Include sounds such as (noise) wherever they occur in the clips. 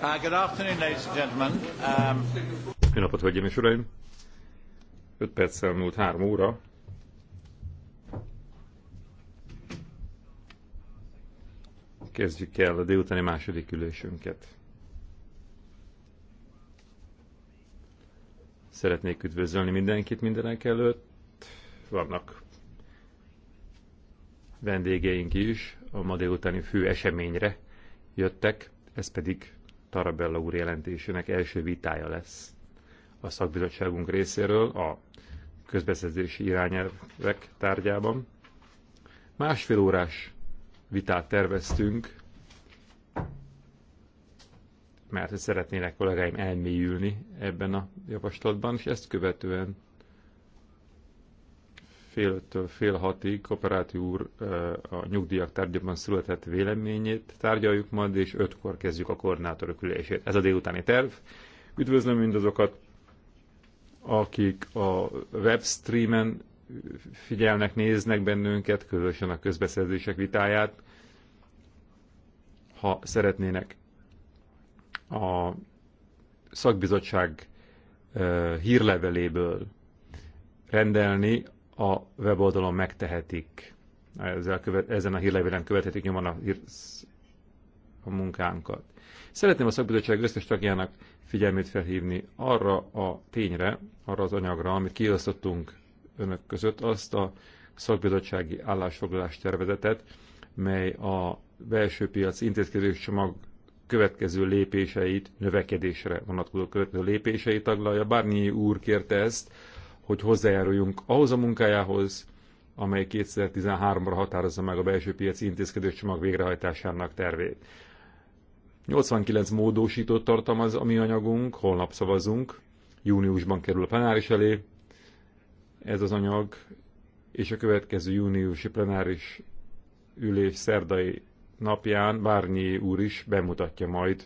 Uh, good afternoon, ladies and gentlemen. Um, Jó napot, hölgyeim és uraim! 5 perccel múlt 3 óra. Kezdjük el a délutáni második ülésünket. Szeretnék üdvözölni mindenkit mindenek előtt vannak vendégeink is a ma délutáni fő eseményre jöttek, ez pedig Tarabella úr jelentésének első vitája lesz a szakbizottságunk részéről a közbeszerzési irányelvek tárgyában. Másfél órás vitát terveztünk, mert szeretnének kollégáim elmélyülni ebben a javaslatban, és ezt követően fél öttől fél hatig Koperáti úr a nyugdíjak tárgyában született véleményét tárgyaljuk majd, és ötkor kezdjük a koordinátorok ülését. Ez a délutáni terv. Üdvözlöm mindazokat, akik a webstreamen figyelnek, néznek bennünket, közösen a közbeszerzések vitáját. Ha szeretnének a szakbizottság hírleveléből rendelni a weboldalon megtehetik, ezzel követ, ezen a hírlevélen követhetik nyomon a, hír, a munkánkat. Szeretném a szakbizottság összes tagjának figyelmét felhívni arra a tényre, arra az anyagra, amit kiosztottunk önök között, azt a szakbizottsági állásfoglalás tervezetet, mely a belső piac intézkedés csomag következő lépéseit, növekedésre vonatkozó következő lépéseit taglalja. Bárnyi úr kérte ezt hogy hozzájáruljunk ahhoz a munkájához, amely 2013-ra határozza meg a belső piaci intézkedés csomag végrehajtásának tervét. 89 módosítót tartalmaz a mi anyagunk, holnap szavazunk, júniusban kerül a plenáris elé ez az anyag, és a következő júniusi plenáris ülés szerdai napján Várnyi úr is bemutatja majd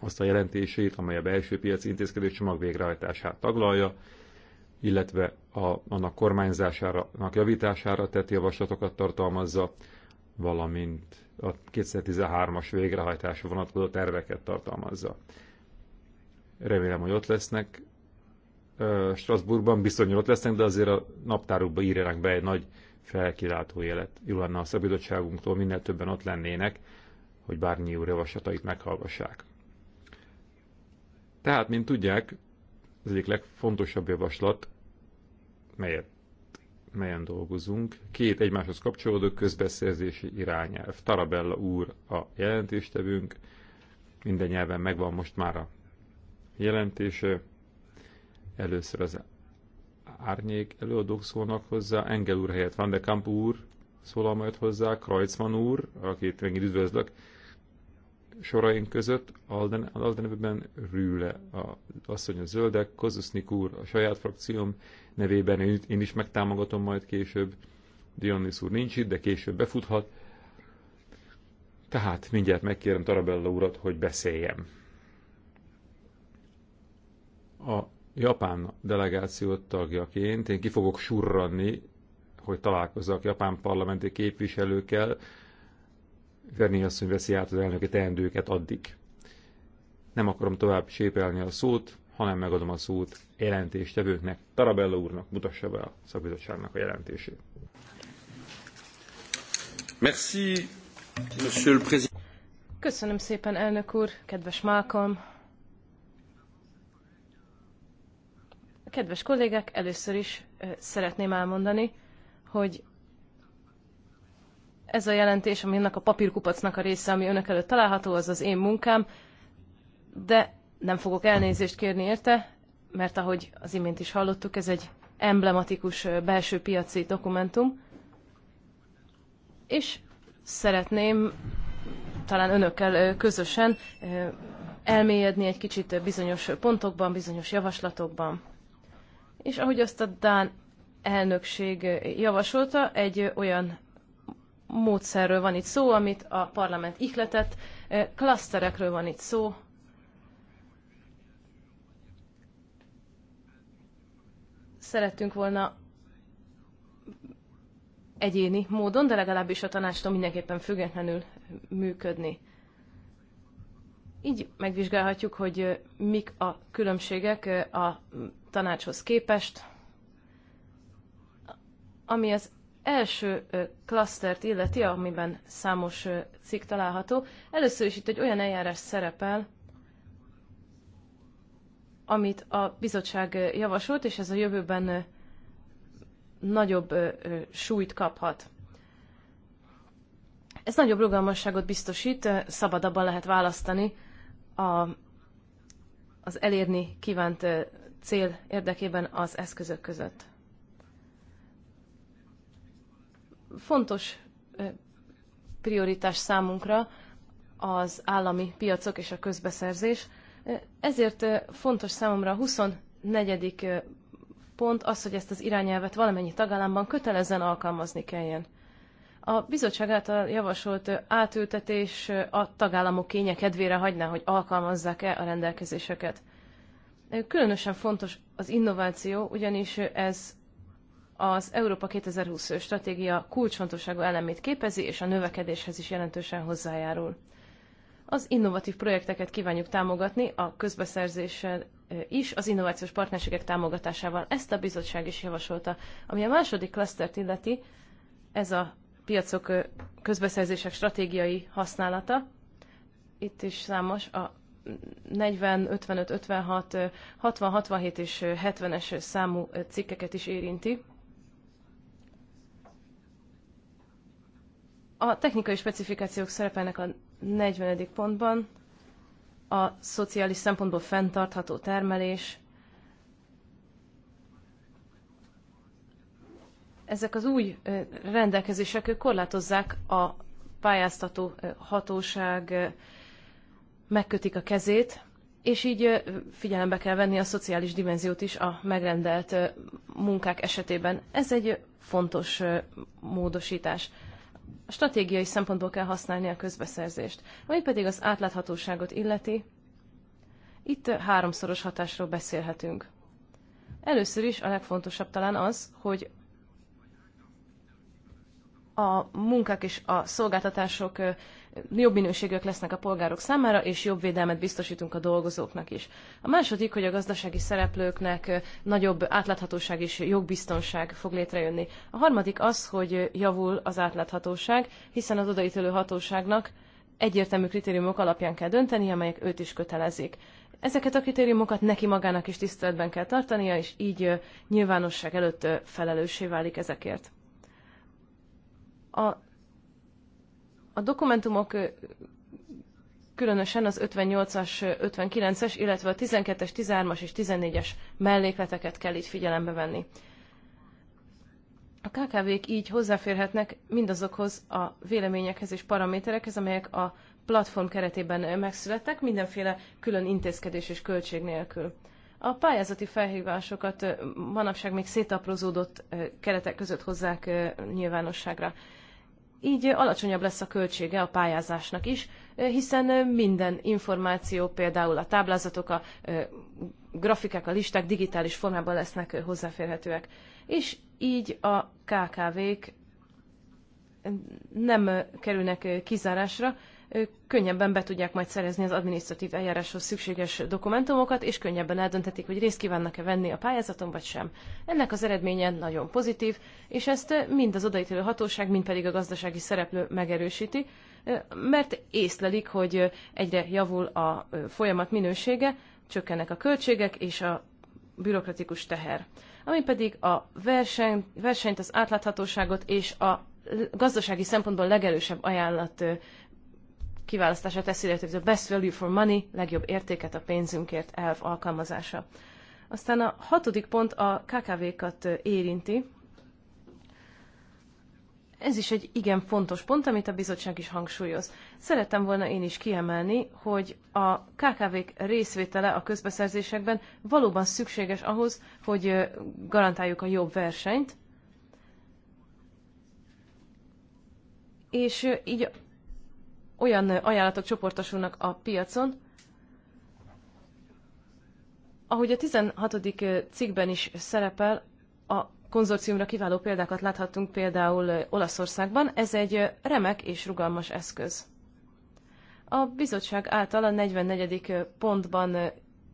azt a jelentését, amely a belső piaci intézkedés csomag végrehajtását taglalja, illetve a, annak kormányzására, javítására tett javaslatokat tartalmazza, valamint a 2013-as végrehajtásra vonatkozó terveket tartalmazza. Remélem, hogy ott lesznek. Strasbourgban bizony ott lesznek, de azért a naptárukba írjanak be egy nagy felkiláltó jelet. Jó lenne a szabadságunktól, minél többen ott lennének, hogy bármi úr javaslatait meghallgassák. Tehát, mint tudják, az egyik legfontosabb javaslat, melyet, melyen dolgozunk, két egymáshoz kapcsolódó közbeszerzési irányelv. Tarabella úr a jelentéstevünk, minden nyelven megvan most már a jelentése. Először az árnyék előadók szólnak hozzá, Engel úr helyett Van de Kamp úr szólal majd hozzá, Kreutzmann úr, akit megint üdvözlök, soraink között, Alden nevében Rüle, a, asszony a zöldek, Kozusznik úr a saját frakcióm nevében, én is megtámogatom majd később, Dionys úr nincs itt, de később befuthat. Tehát mindjárt megkérem Tarabella urat, hogy beszéljem. A japán delegáció tagjaként én ki fogok surranni, hogy találkozzak japán parlamenti képviselőkkel, Verni asszony veszi át az elnöki teendőket addig. Nem akarom tovább sépelni a szót, hanem megadom a szót jelentéstevőknek, Tarabella úrnak mutassa be a szakbizottságnak a jelentését. Merci, monsieur le président. Köszönöm szépen, elnök úr, kedves Malcolm. Kedves kollégák, először is szeretném elmondani, hogy ez a jelentés, aminek a papírkupacnak a része, ami önök előtt található, az az én munkám, de nem fogok elnézést kérni érte, mert ahogy az imént is hallottuk, ez egy emblematikus belső piaci dokumentum, és szeretném talán önökkel közösen elmélyedni egy kicsit bizonyos pontokban, bizonyos javaslatokban. És ahogy azt a Dán elnökség javasolta, egy olyan módszerről van itt szó, amit a parlament ihletett, klaszterekről van itt szó, szerettünk volna egyéni módon, de legalábbis a tanácstól mindenképpen függetlenül működni. Így megvizsgálhatjuk, hogy mik a különbségek a tanácshoz képest, ami az első klasztert illeti, amiben számos cikk található, először is itt egy olyan eljárás szerepel, amit a bizottság javasolt, és ez a jövőben nagyobb súlyt kaphat. Ez nagyobb rugalmasságot biztosít, szabadabban lehet választani a, az elérni kívánt cél érdekében az eszközök között. fontos prioritás számunkra az állami piacok és a közbeszerzés. Ezért fontos számomra a 24. pont az, hogy ezt az irányelvet valamennyi tagállamban kötelezen alkalmazni kelljen. A bizottság által javasolt átültetés a tagállamok kénye kedvére hagyná, hogy alkalmazzák-e a rendelkezéseket. Különösen fontos az innováció, ugyanis ez az Európa 2020 stratégia kulcsfontosságú elemét képezi, és a növekedéshez is jelentősen hozzájárul. Az innovatív projekteket kívánjuk támogatni a közbeszerzéssel is, az innovációs partnerségek támogatásával. Ezt a bizottság is javasolta. Ami a második klasztert illeti, ez a piacok közbeszerzések stratégiai használata. Itt is számos a 40, 55, 56, 60, 67 és 70-es számú cikkeket is érinti. A technikai specifikációk szerepelnek a 40. pontban, a szociális szempontból fenntartható termelés. Ezek az új rendelkezések korlátozzák a pályáztató hatóság megkötik a kezét, és így figyelembe kell venni a szociális dimenziót is a megrendelt munkák esetében. Ez egy fontos módosítás stratégiai szempontból kell használni a közbeszerzést. Ami pedig az átláthatóságot illeti, itt háromszoros hatásról beszélhetünk. Először is a legfontosabb talán az, hogy a munkák és a szolgáltatások jobb minőségűek lesznek a polgárok számára, és jobb védelmet biztosítunk a dolgozóknak is. A második, hogy a gazdasági szereplőknek nagyobb átláthatóság és jogbiztonság fog létrejönni. A harmadik az, hogy javul az átláthatóság, hiszen az odaítélő hatóságnak egyértelmű kritériumok alapján kell dönteni, amelyek őt is kötelezik. Ezeket a kritériumokat neki magának is tiszteletben kell tartania, és így nyilvánosság előtt felelőssé válik ezekért. A, a dokumentumok különösen az 58-as, 59-es, illetve a 12-es, 13-as és 14-es mellékleteket kell itt figyelembe venni. A KKV-k így hozzáférhetnek mindazokhoz a véleményekhez és paraméterekhez, amelyek a platform keretében megszülettek, mindenféle külön intézkedés és költség nélkül. A pályázati felhívásokat manapság még szétaprozódott keretek között hozzák nyilvánosságra így alacsonyabb lesz a költsége a pályázásnak is, hiszen minden információ, például a táblázatok, a grafikák, a listák digitális formában lesznek hozzáférhetőek. És így a KKV-k nem kerülnek kizárásra, könnyebben be tudják majd szerezni az adminisztratív eljáráshoz szükséges dokumentumokat, és könnyebben eldönthetik, hogy részt kívánnak-e venni a pályázaton vagy sem. Ennek az eredménye nagyon pozitív, és ezt mind az odaítélő hatóság, mind pedig a gazdasági szereplő megerősíti, mert észlelik, hogy egyre javul a folyamat minősége, csökkennek a költségek és a bürokratikus teher. Ami pedig a verseny, versenyt, az átláthatóságot és a gazdasági szempontból legerősebb ajánlat kiválasztása teszi lehetővé a best value for money, legjobb értéket a pénzünkért elv alkalmazása. Aztán a hatodik pont a KKV-kat érinti. Ez is egy igen fontos pont, amit a bizottság is hangsúlyoz. Szerettem volna én is kiemelni, hogy a KKV-k részvétele a közbeszerzésekben valóban szükséges ahhoz, hogy garantáljuk a jobb versenyt, és így olyan ajánlatok csoportosulnak a piacon, ahogy a 16. Eh, cikkben is szerepel, a konzorciumra kiváló példákat láthattunk például eh, Olaszországban, ez egy eh, remek és rugalmas eszköz. A bizottság által a 44. pontban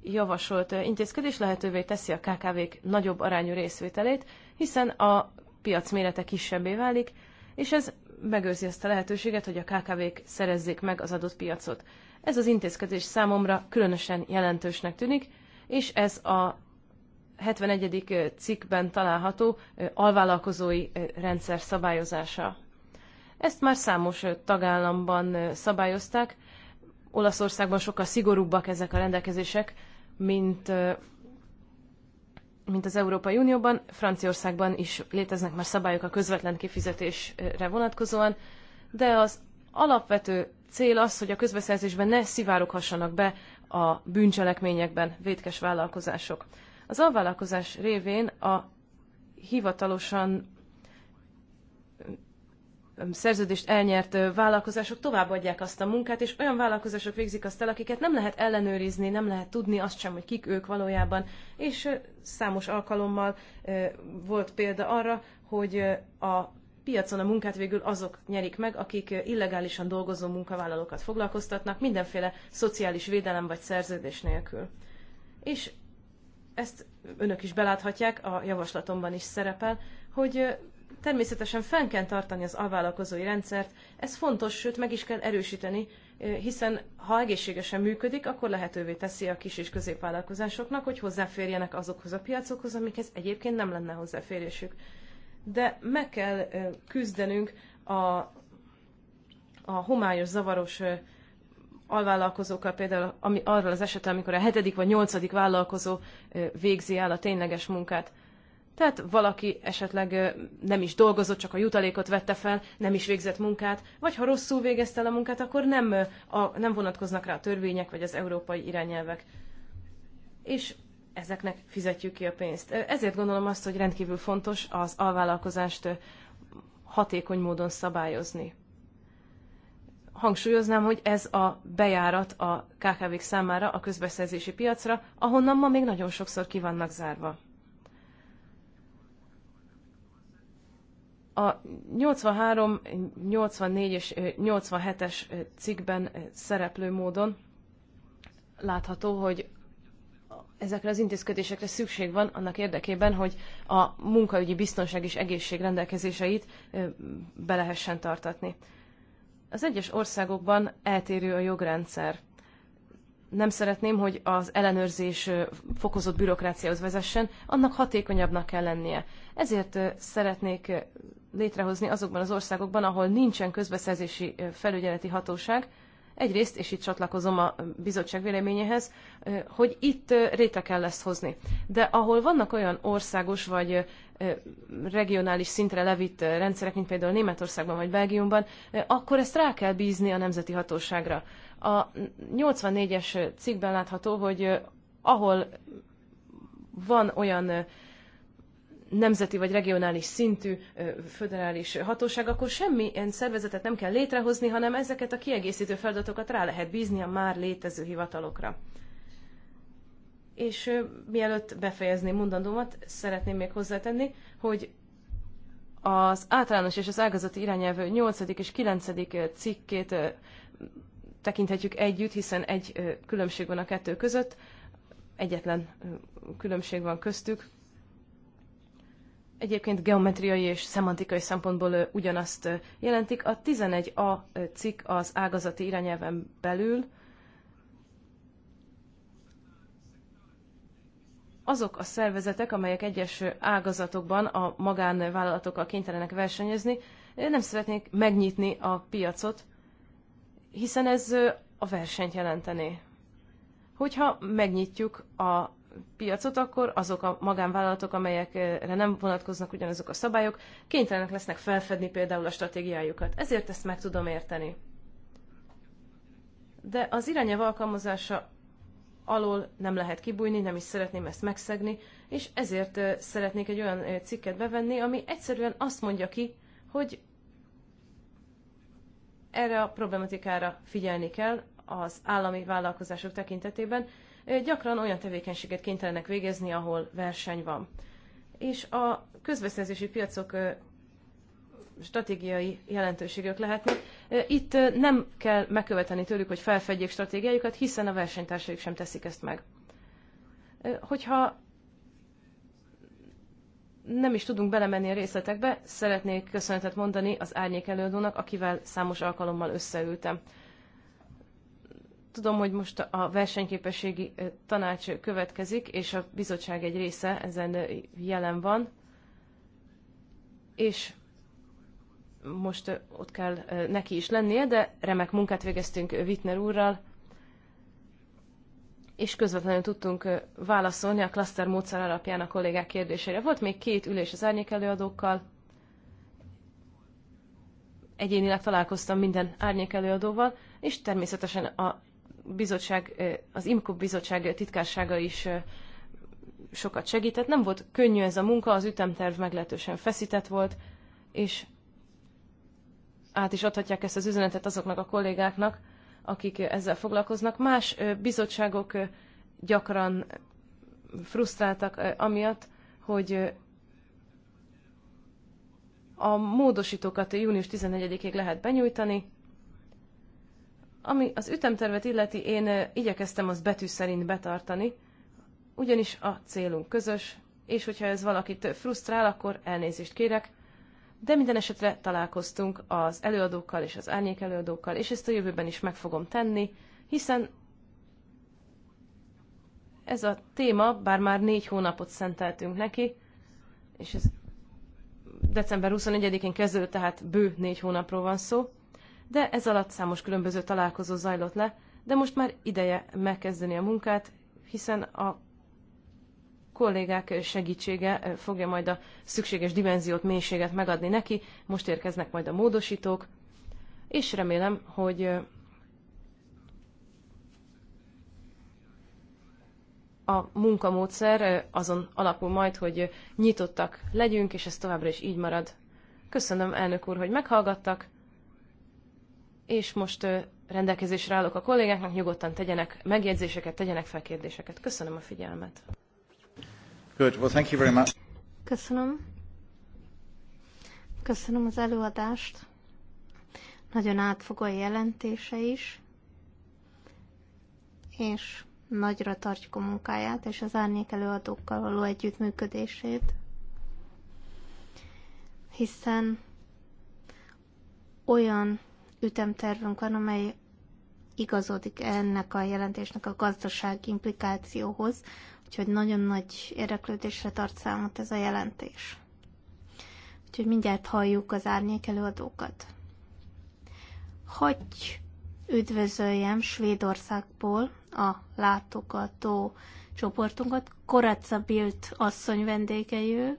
javasolt intézkedés lehetővé teszi a KKV-k nagyobb arányú részvételét, hiszen a piac mérete kisebbé válik, és ez megőrzi ezt a lehetőséget, hogy a KKV-k szerezzék meg az adott piacot. Ez az intézkedés számomra különösen jelentősnek tűnik, és ez a 71. cikkben található alvállalkozói rendszer szabályozása. Ezt már számos tagállamban szabályozták. Olaszországban sokkal szigorúbbak ezek a rendelkezések, mint mint az Európai Unióban, Franciaországban is léteznek már szabályok a közvetlen kifizetésre vonatkozóan, de az alapvető cél az, hogy a közbeszerzésben ne szivároghassanak be a bűncselekményekben vétkes vállalkozások. Az alvállalkozás révén a hivatalosan szerződést elnyert vállalkozások továbbadják azt a munkát, és olyan vállalkozások végzik azt el, akiket nem lehet ellenőrizni, nem lehet tudni azt sem, hogy kik ők valójában. És számos alkalommal volt példa arra, hogy a piacon a munkát végül azok nyerik meg, akik illegálisan dolgozó munkavállalókat foglalkoztatnak, mindenféle szociális védelem vagy szerződés nélkül. És ezt önök is beláthatják, a javaslatomban is szerepel, hogy Természetesen fenn kell tartani az alvállalkozói rendszert, ez fontos, sőt meg is kell erősíteni, hiszen ha egészségesen működik, akkor lehetővé teszi a kis és középvállalkozásoknak, hogy hozzáférjenek azokhoz a piacokhoz, amikhez egyébként nem lenne hozzáférésük. De meg kell küzdenünk a, a homályos, zavaros alvállalkozókkal, például ami, arról az esetre, amikor a hetedik vagy nyolcadik vállalkozó végzi el a tényleges munkát. Tehát valaki esetleg nem is dolgozott, csak a jutalékot vette fel, nem is végzett munkát, vagy ha rosszul végezte el a munkát, akkor nem, a, nem vonatkoznak rá a törvények vagy az európai irányelvek. És ezeknek fizetjük ki a pénzt. Ezért gondolom azt, hogy rendkívül fontos az alvállalkozást hatékony módon szabályozni. Hangsúlyoznám, hogy ez a bejárat a KKV-k számára a közbeszerzési piacra, ahonnan ma még nagyon sokszor ki vannak zárva. A 83, 84 és 87-es cikkben szereplő módon látható, hogy ezekre az intézkedésekre szükség van annak érdekében, hogy a munkaügyi biztonság és egészség rendelkezéseit be lehessen tartatni. Az egyes országokban eltérő a jogrendszer. Nem szeretném, hogy az ellenőrzés fokozott bürokráciához vezessen, annak hatékonyabbnak kell lennie. Ezért szeretnék létrehozni azokban az országokban, ahol nincsen közbeszerzési felügyeleti hatóság, egyrészt, és itt csatlakozom a bizottság véleményéhez, hogy itt rétre kell ezt hozni. De ahol vannak olyan országos vagy regionális szintre levitt rendszerek, mint például Németországban vagy Belgiumban, akkor ezt rá kell bízni a nemzeti hatóságra. A 84-es cikkben látható, hogy ahol van olyan nemzeti vagy regionális szintű föderális hatóság, akkor semmilyen szervezetet nem kell létrehozni, hanem ezeket a kiegészítő feladatokat rá lehet bízni a már létező hivatalokra. És mielőtt befejezném mondandómat, szeretném még hozzátenni, hogy az általános és az ágazati irányelv 8. és 9. cikkét tekinthetjük együtt, hiszen egy különbség van a kettő között, egyetlen különbség van köztük, egyébként geometriai és szemantikai szempontból ugyanazt jelentik. A 11a cikk az ágazati irányelven belül azok a szervezetek, amelyek egyes ágazatokban a magánvállalatokkal kénytelenek versenyezni, nem szeretnék megnyitni a piacot, hiszen ez a versenyt jelenteni. Hogyha megnyitjuk a piacot, akkor azok a magánvállalatok, amelyekre nem vonatkoznak ugyanazok a szabályok, kénytelenek lesznek felfedni például a stratégiájukat. Ezért ezt meg tudom érteni. De az irányelv alkalmazása alól nem lehet kibújni, nem is szeretném ezt megszegni, és ezért szeretnék egy olyan cikket bevenni, ami egyszerűen azt mondja ki, hogy erre a problematikára figyelni kell az állami vállalkozások tekintetében, gyakran olyan tevékenységet kénytelenek végezni, ahol verseny van. És a közbeszerzési piacok stratégiai jelentőségek lehetnek. Itt nem kell megköveteni tőlük, hogy felfedjék stratégiájukat, hiszen a versenytársaik sem teszik ezt meg. Hogyha nem is tudunk belemenni a részletekbe, szeretnék köszönetet mondani az árnyék előadónak, akivel számos alkalommal összeültem. Tudom, hogy most a versenyképességi tanács következik, és a bizottság egy része ezen jelen van, és most ott kell neki is lennie, de remek munkát végeztünk Wittner úrral, és közvetlenül tudtunk válaszolni a klaszter módszer alapján a kollégák kérdésére. Volt még két ülés az árnyék előadókkal, egyénileg találkoztam minden árnyék előadóval, és természetesen a bizottság, az IMCO bizottság titkársága is sokat segített. Nem volt könnyű ez a munka, az ütemterv meglehetősen feszített volt, és át is adhatják ezt az üzenetet azoknak a kollégáknak, akik ezzel foglalkoznak. Más bizottságok gyakran frusztráltak amiatt, hogy a módosítókat június 14-ig lehet benyújtani, ami az ütemtervet illeti, én igyekeztem az betű szerint betartani, ugyanis a célunk közös, és hogyha ez valakit frusztrál, akkor elnézést kérek, de minden esetre találkoztunk az előadókkal és az árnyék előadókkal, és ezt a jövőben is meg fogom tenni, hiszen ez a téma, bár már négy hónapot szenteltünk neki, és ez december 24-én kezdődött, tehát bő négy hónapról van szó, de ez alatt számos különböző találkozó zajlott le, de most már ideje megkezdeni a munkát, hiszen a kollégák segítsége fogja majd a szükséges dimenziót, mélységet megadni neki, most érkeznek majd a módosítók, és remélem, hogy a munkamódszer azon alapul majd, hogy nyitottak legyünk, és ez továbbra is így marad. Köszönöm, elnök úr, hogy meghallgattak, és most rendelkezésre állok a kollégáknak, nyugodtan tegyenek megjegyzéseket, tegyenek fel kérdéseket. Köszönöm a figyelmet. Good. Well, thank you very much. Köszönöm. Köszönöm az előadást. Nagyon átfogó a jelentése is, és nagyra tartjuk a munkáját, és az árnyék előadókkal való együttműködését, hiszen olyan ütemtervünk van, amely igazodik ennek a jelentésnek a gazdaság implikációhoz, úgyhogy nagyon nagy érdeklődésre tart számot ez a jelentés. Úgyhogy mindjárt halljuk az árnyék előadókat. Hogy üdvözöljem Svédországból a látogató csoportunkat. Koraca Bilt asszony vendégei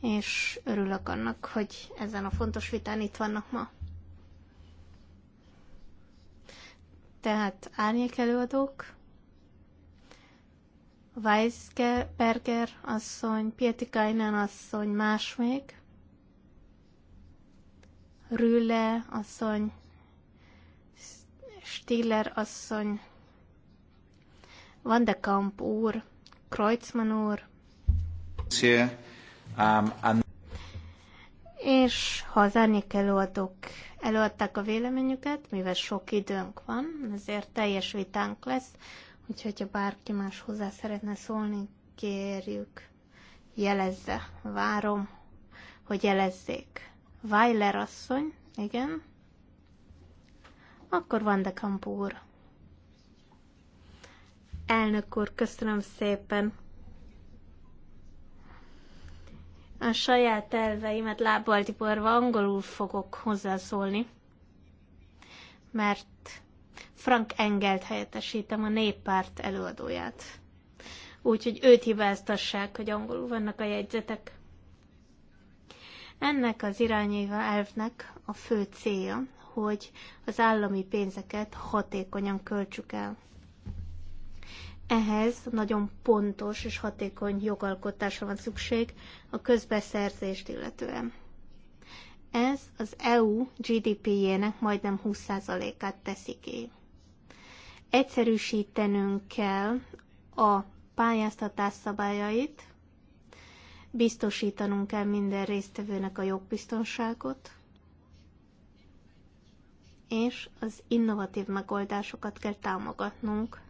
és örülök annak, hogy ezen a fontos vitán itt vannak ma. Tehát árnyék előadók, Weisberger asszony, Pietikainen asszony, más még, Rüle asszony, Stiller asszony, Van de Kamp úr, Kreuzmann úr, és ha az előadók Előadták a véleményüket, mivel sok időnk van, ezért teljes vitánk lesz, úgyhogy ha bárki más hozzá szeretne szólni, kérjük, jelezze, várom, hogy jelezzék. Weiler asszony, igen. Akkor van de Kampúr. Elnök úr, köszönöm szépen. a saját elveimet lábbal tiporva angolul fogok hozzászólni, mert Frank Engelt helyettesítem a néppárt előadóját. Úgyhogy őt hibáztassák, hogy angolul vannak a jegyzetek. Ennek az irányéva elvnek a fő célja, hogy az állami pénzeket hatékonyan költsük el. Ehhez nagyon pontos és hatékony jogalkotásra van szükség a közbeszerzést illetően. Ez az EU GDP-jének majdnem 20%-át teszi ki. Egyszerűsítenünk kell a pályáztatás szabályait, biztosítanunk kell minden résztvevőnek a jogbiztonságot, és az innovatív megoldásokat kell támogatnunk,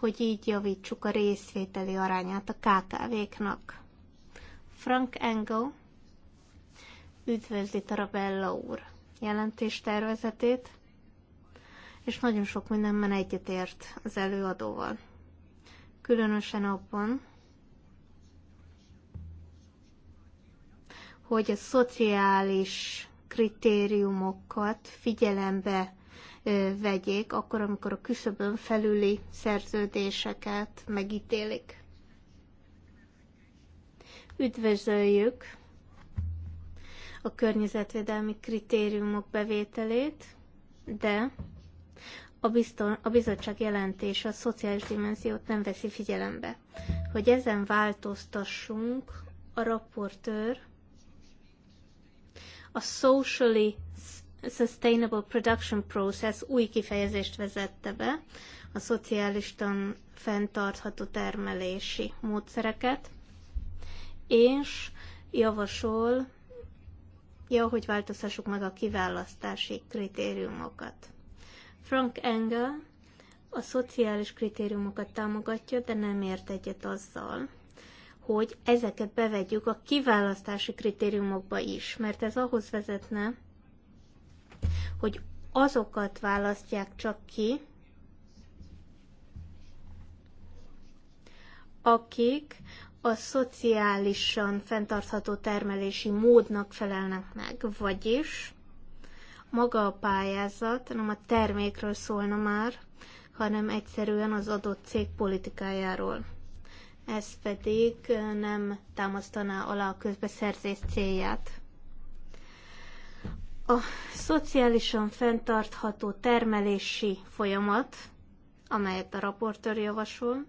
hogy így javítsuk a részvételi arányát a KKV-knak. Frank Engel üdvözli Tarabella úr jelentéstervezetét, és nagyon sok mindenben egyetért az előadóval. Különösen abban, hogy a szociális kritériumokat figyelembe vegyék, akkor, amikor a küszöbön felüli szerződéseket megítélik. Üdvözöljük a környezetvédelmi kritériumok bevételét, de a, bizton, a bizottság jelentése a szociális dimenziót nem veszi figyelembe. Hogy ezen változtassunk, a raportőr a socially Sustainable Production Process új kifejezést vezette be, a szocialistan fenntartható termelési módszereket, és javasol, ja, hogy változtassuk meg a kiválasztási kritériumokat. Frank Engel a szociális kritériumokat támogatja, de nem ért egyet azzal, hogy ezeket bevegyük a kiválasztási kritériumokba is, mert ez ahhoz vezetne, hogy azokat választják csak ki, akik a szociálisan fenntartható termelési módnak felelnek meg, vagyis maga a pályázat nem a termékről szólna már, hanem egyszerűen az adott cég politikájáról. Ez pedig nem támasztaná alá a közbeszerzés célját. A szociálisan fenntartható termelési folyamat, amelyet a raportőr javasol,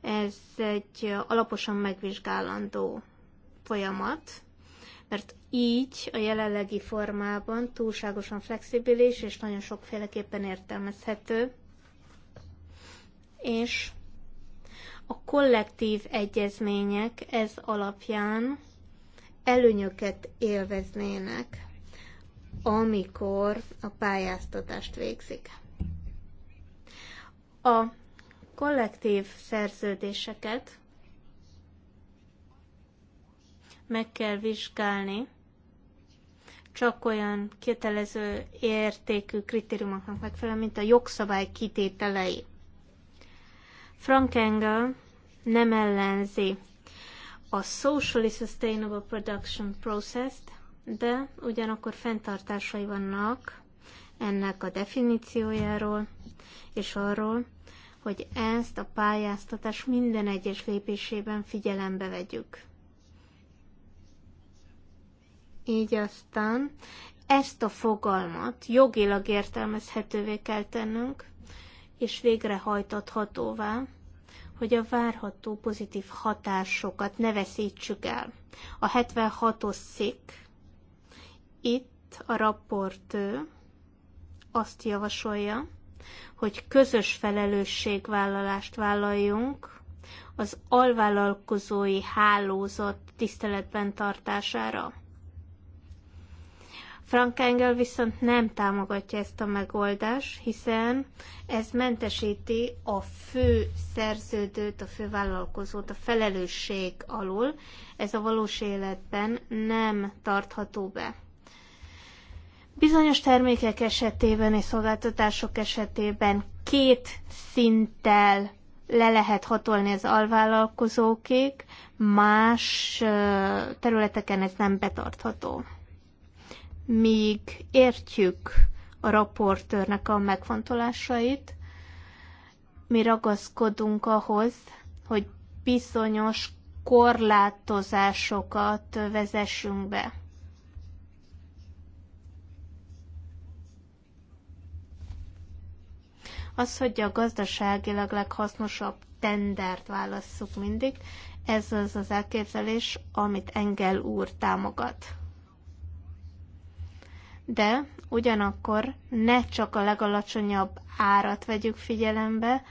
ez egy alaposan megvizsgálandó folyamat, mert így a jelenlegi formában túlságosan flexibilis és nagyon sokféleképpen értelmezhető, és a kollektív egyezmények ez alapján előnyöket élveznének amikor a pályáztatást végzik. A kollektív szerződéseket meg kell vizsgálni, csak olyan kételező értékű kritériumoknak megfelelően, mint a jogszabály kitételei. Frank Engel nem ellenzi a Socially Sustainable Production Process-t, de ugyanakkor fenntartásai vannak ennek a definíciójáról és arról, hogy ezt a pályáztatás minden egyes lépésében figyelembe vegyük. Így aztán ezt a fogalmat jogilag értelmezhetővé kell tennünk, és végrehajtathatóvá, hogy a várható pozitív hatásokat ne veszítsük el. A 76-os szik itt a raportő azt javasolja, hogy közös felelősségvállalást vállaljunk az alvállalkozói hálózat tiszteletben tartására. Frank Engel viszont nem támogatja ezt a megoldást, hiszen ez mentesíti a fő szerződőt, a fő vállalkozót a felelősség alól. Ez a valós életben nem tartható be. Bizonyos termékek esetében és szolgáltatások esetében két szinttel le lehet hatolni az alvállalkozókig, más területeken ez nem betartható. Míg értjük a raportőrnek a megfontolásait, mi ragaszkodunk ahhoz, hogy bizonyos korlátozásokat vezessünk be. Az, hogy a gazdaságilag leghasznosabb tendert válasszuk mindig, ez az az elképzelés, amit Engel úr támogat. De ugyanakkor ne csak a legalacsonyabb árat vegyük figyelembe,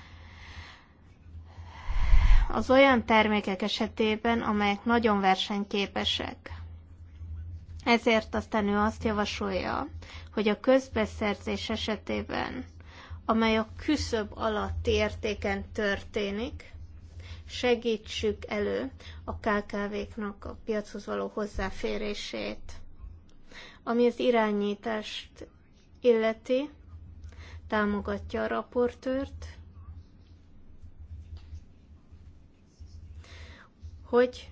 az olyan termékek esetében, amelyek nagyon versenyképesek. Ezért aztán ő azt javasolja, hogy a közbeszerzés esetében amely a küszöb alatti értéken történik, segítsük elő a KKV-knak a piachoz való hozzáférését. Ami az irányítást illeti, támogatja a raportőrt, hogy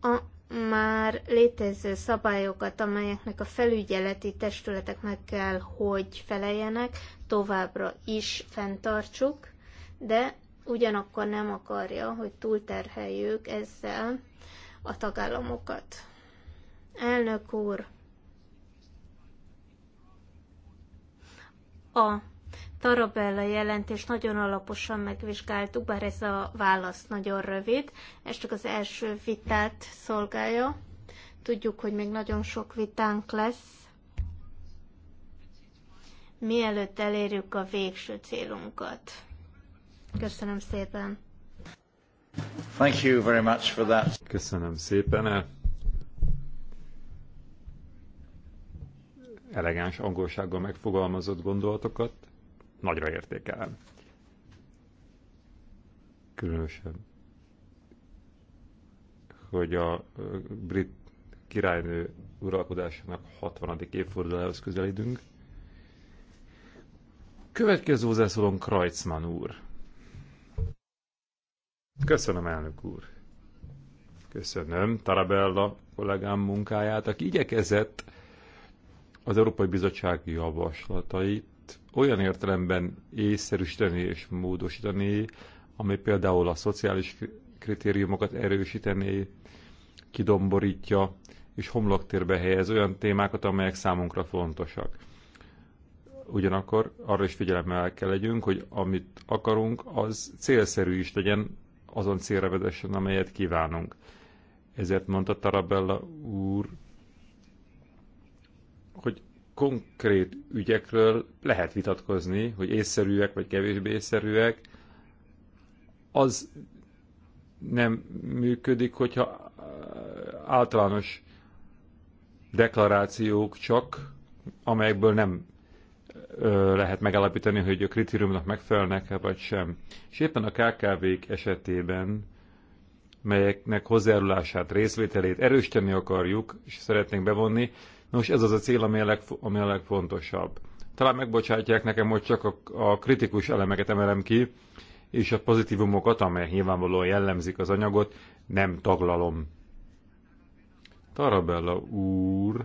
a már létező szabályokat, amelyeknek a felügyeleti testületek meg kell, hogy feleljenek, továbbra is fenntartsuk, de ugyanakkor nem akarja, hogy túlterheljük ezzel a tagállamokat. Elnök úr, a Tarabella jelentést nagyon alaposan megvizsgáltuk, bár ez a válasz nagyon rövid, ez csak az első vitát szolgálja. Tudjuk, hogy még nagyon sok vitánk lesz, mielőtt elérjük a végső célunkat. Köszönöm szépen! Thank you very much for that. Köszönöm szépen! elegáns angolsággal megfogalmazott gondolatokat nagyra értékelem. Különösen, hogy a brit királynő uralkodásának 60. évfordulához közelítünk. Következő hozzászólom Kreutzmann úr. Köszönöm, elnök úr. Köszönöm Tarabella kollégám munkáját, aki igyekezett az Európai Bizottság javaslatait olyan értelemben észszerűsíteni és módosítani, ami például a szociális kritériumokat erősíteni, kidomborítja és homloktérbe helyez olyan témákat, amelyek számunkra fontosak. Ugyanakkor arra is figyelemmel kell legyünk, hogy amit akarunk, az célszerű is legyen, azon célra vezessen, amelyet kívánunk. Ezért mondta Tarabella úr, konkrét ügyekről lehet vitatkozni, hogy észszerűek vagy kevésbé észszerűek, az nem működik, hogyha eh, általános deklarációk csak, amelyekből nem ö, eh, lehet megállapítani, hogy a kritériumnak megfelelnek-e vagy sem. És éppen a KKV-k esetében, melyeknek hozzájárulását, részvételét erősíteni akarjuk, és szeretnénk bevonni, Nos, ez az a cél, ami a, leg, ami a legfontosabb. Talán megbocsátják nekem, hogy csak a, a kritikus elemeket emelem ki, és a pozitívumokat, amelyek nyilvánvalóan jellemzik az anyagot, nem taglalom. Tarabella úr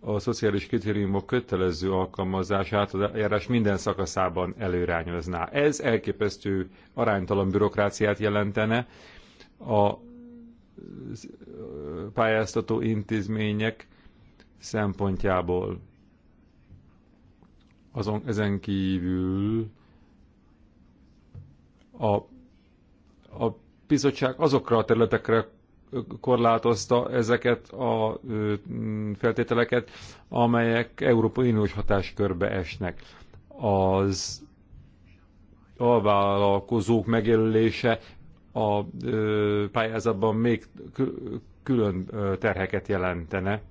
a szociális kritériumok kötelező alkalmazását az eljárás minden szakaszában előrányozná. Ez elképesztő aránytalan bürokráciát jelentene a pályáztató intézmények szempontjából. Azon, ezen kívül a, a bizottság azokra a területekre korlátozta ezeket a feltételeket, amelyek Európai Uniós hatáskörbe esnek. Az alvállalkozók megjelölése a pályázatban még külön terheket jelentene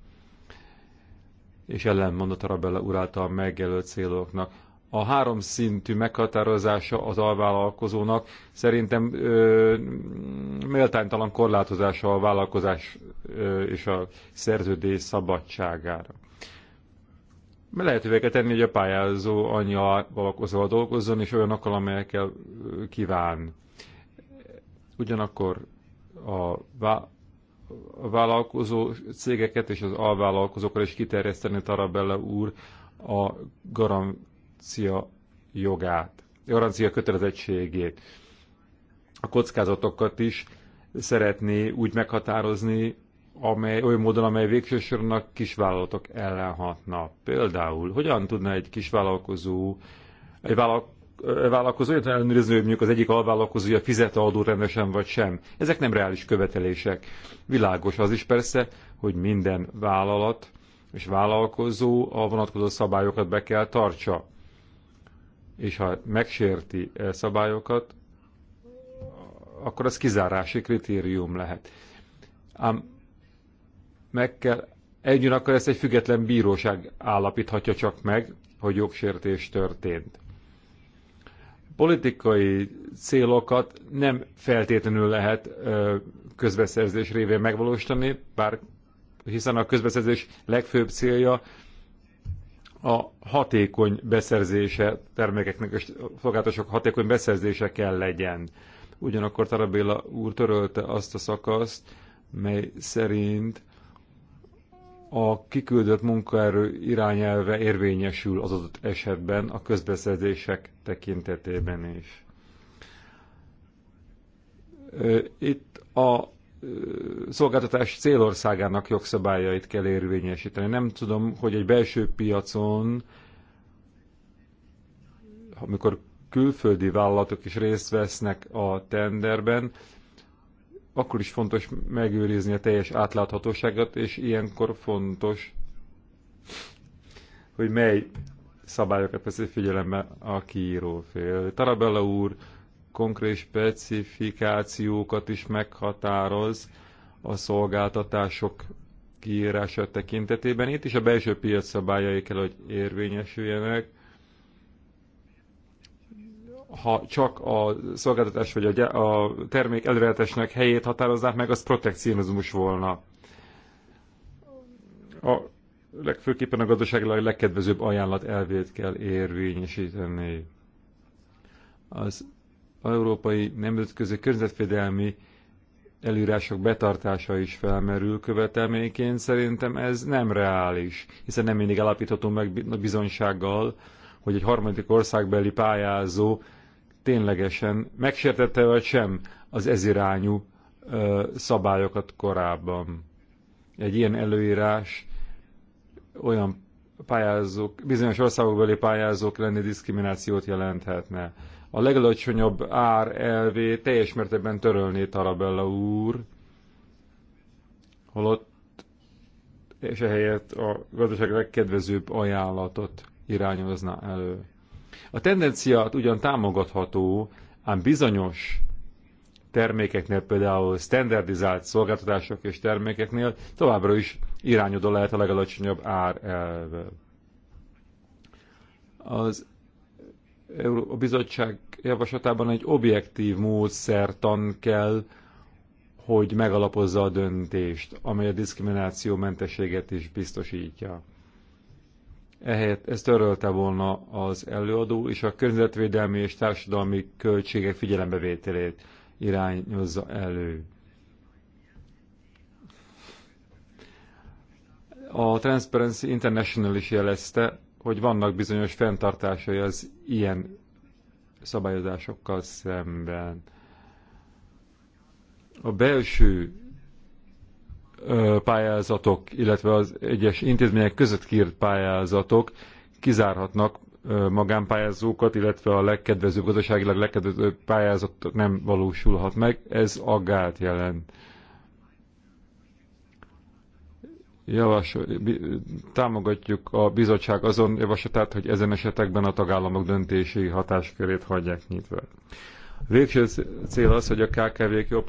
és ellenmondott Arabella úr által megjelölt céloknak. A három szintű meghatározása az alvállalkozónak szerintem ö, méltánytalan korlátozása a vállalkozás ö, és a szerződés szabadságára. Lehetővé kell tenni, hogy a pályázó annyi vállalkozóval dolgozzon, és olyanokkal, amelyekkel kíván. Ugyanakkor a vállalkozó cégeket és az alvállalkozókra is kiterjeszteni Tarabella úr a garancia jogát, garancia kötelezettségét. A kockázatokat is szeretné úgy meghatározni, amely, oly módon, amely végső soron a kisvállalatok ellen hatna. Például, hogyan tudna egy kisvállalkozó, egy vállalkozó vállalkozó, illetve ellenőrizni, hogy mondjuk az egyik alvállalkozója fizet adó rendesen vagy sem. Ezek nem reális követelések. Világos az is persze, hogy minden vállalat és vállalkozó a vonatkozó szabályokat be kell tartsa. És ha megsérti e szabályokat, akkor az kizárási kritérium lehet. Ám meg kell Együtt akkor ezt egy független bíróság állapíthatja csak meg, hogy jogsértés történt politikai célokat nem feltétlenül lehet közbeszerzés révén megvalósítani, bár hiszen a közbeszerzés legfőbb célja a hatékony beszerzése termékeknek és szolgáltatások hatékony beszerzése kell legyen. Ugyanakkor Tarabéla úr törölte azt a szakaszt, mely szerint a kiküldött munkaerő irányelve érvényesül az adott esetben a közbeszerzések tekintetében is. Itt a szolgáltatás célországának jogszabályait kell érvényesíteni. Nem tudom, hogy egy belső piacon, amikor külföldi vállalatok is részt vesznek a tenderben, akkor is fontos megőrizni a teljes átláthatóságot, és ilyenkor fontos, hogy mely szabályokat veszi figyelembe a kiírófél. Tarabella úr konkrét specifikációkat is meghatároz a szolgáltatások kiírása tekintetében. Itt is a belső piac szabályai kell, hogy érvényesüljenek, ha csak a szolgáltatás vagy a, a termék előrehetesnek helyét határozzák meg, az protekcionizmus volna. A legfőképpen a gazdaságilag legkedvezőbb ajánlat elvét kell érvényesíteni. Az európai nemzetközi környezetvédelmi előírások betartása is felmerül követelményként, szerintem ez nem reális, hiszen nem mindig alapítható meg bizonysággal, hogy egy harmadik országbeli pályázó ténylegesen megsértette vagy sem az ezirányú szabályokat korábban. Egy ilyen előírás olyan pályázók, bizonyos országokbeli pályázók lenni diszkriminációt jelenthetne. A legalacsonyabb ár elvé teljes mértékben törölné Tarabella úr, holott és ehelyett a gazdaság legkedvezőbb ajánlatot irányozna elő. A tendenciát ugyan támogatható, ám bizonyos termékeknél, például standardizált szolgáltatások és termékeknél továbbra is irányodó lehet a legalacsonyabb ár elve. Az a bizottság javaslatában egy objektív módszertan kell, hogy megalapozza a döntést, amely a diszkrimináció mentességet is biztosítja. Ehelyett ez törölte volna az előadó, és a környezetvédelmi és társadalmi költségek figyelembevételét irányozza elő. A Transparency International is jelezte, hogy vannak bizonyos fenntartásai az ilyen szabályozásokkal szemben. A belső pályázatok, illetve az egyes intézmények között kírt pályázatok kizárhatnak magánpályázókat, illetve a legkedvezőbb, gazdaságilag legkedvezőbb pályázatok nem valósulhat meg. Ez aggát jelent. Javasol, támogatjuk a bizottság azon javaslatát, hogy ezen esetekben a tagállamok döntési hatáskörét hagyják nyitva. Végső cél az, hogy a KKV-k jobb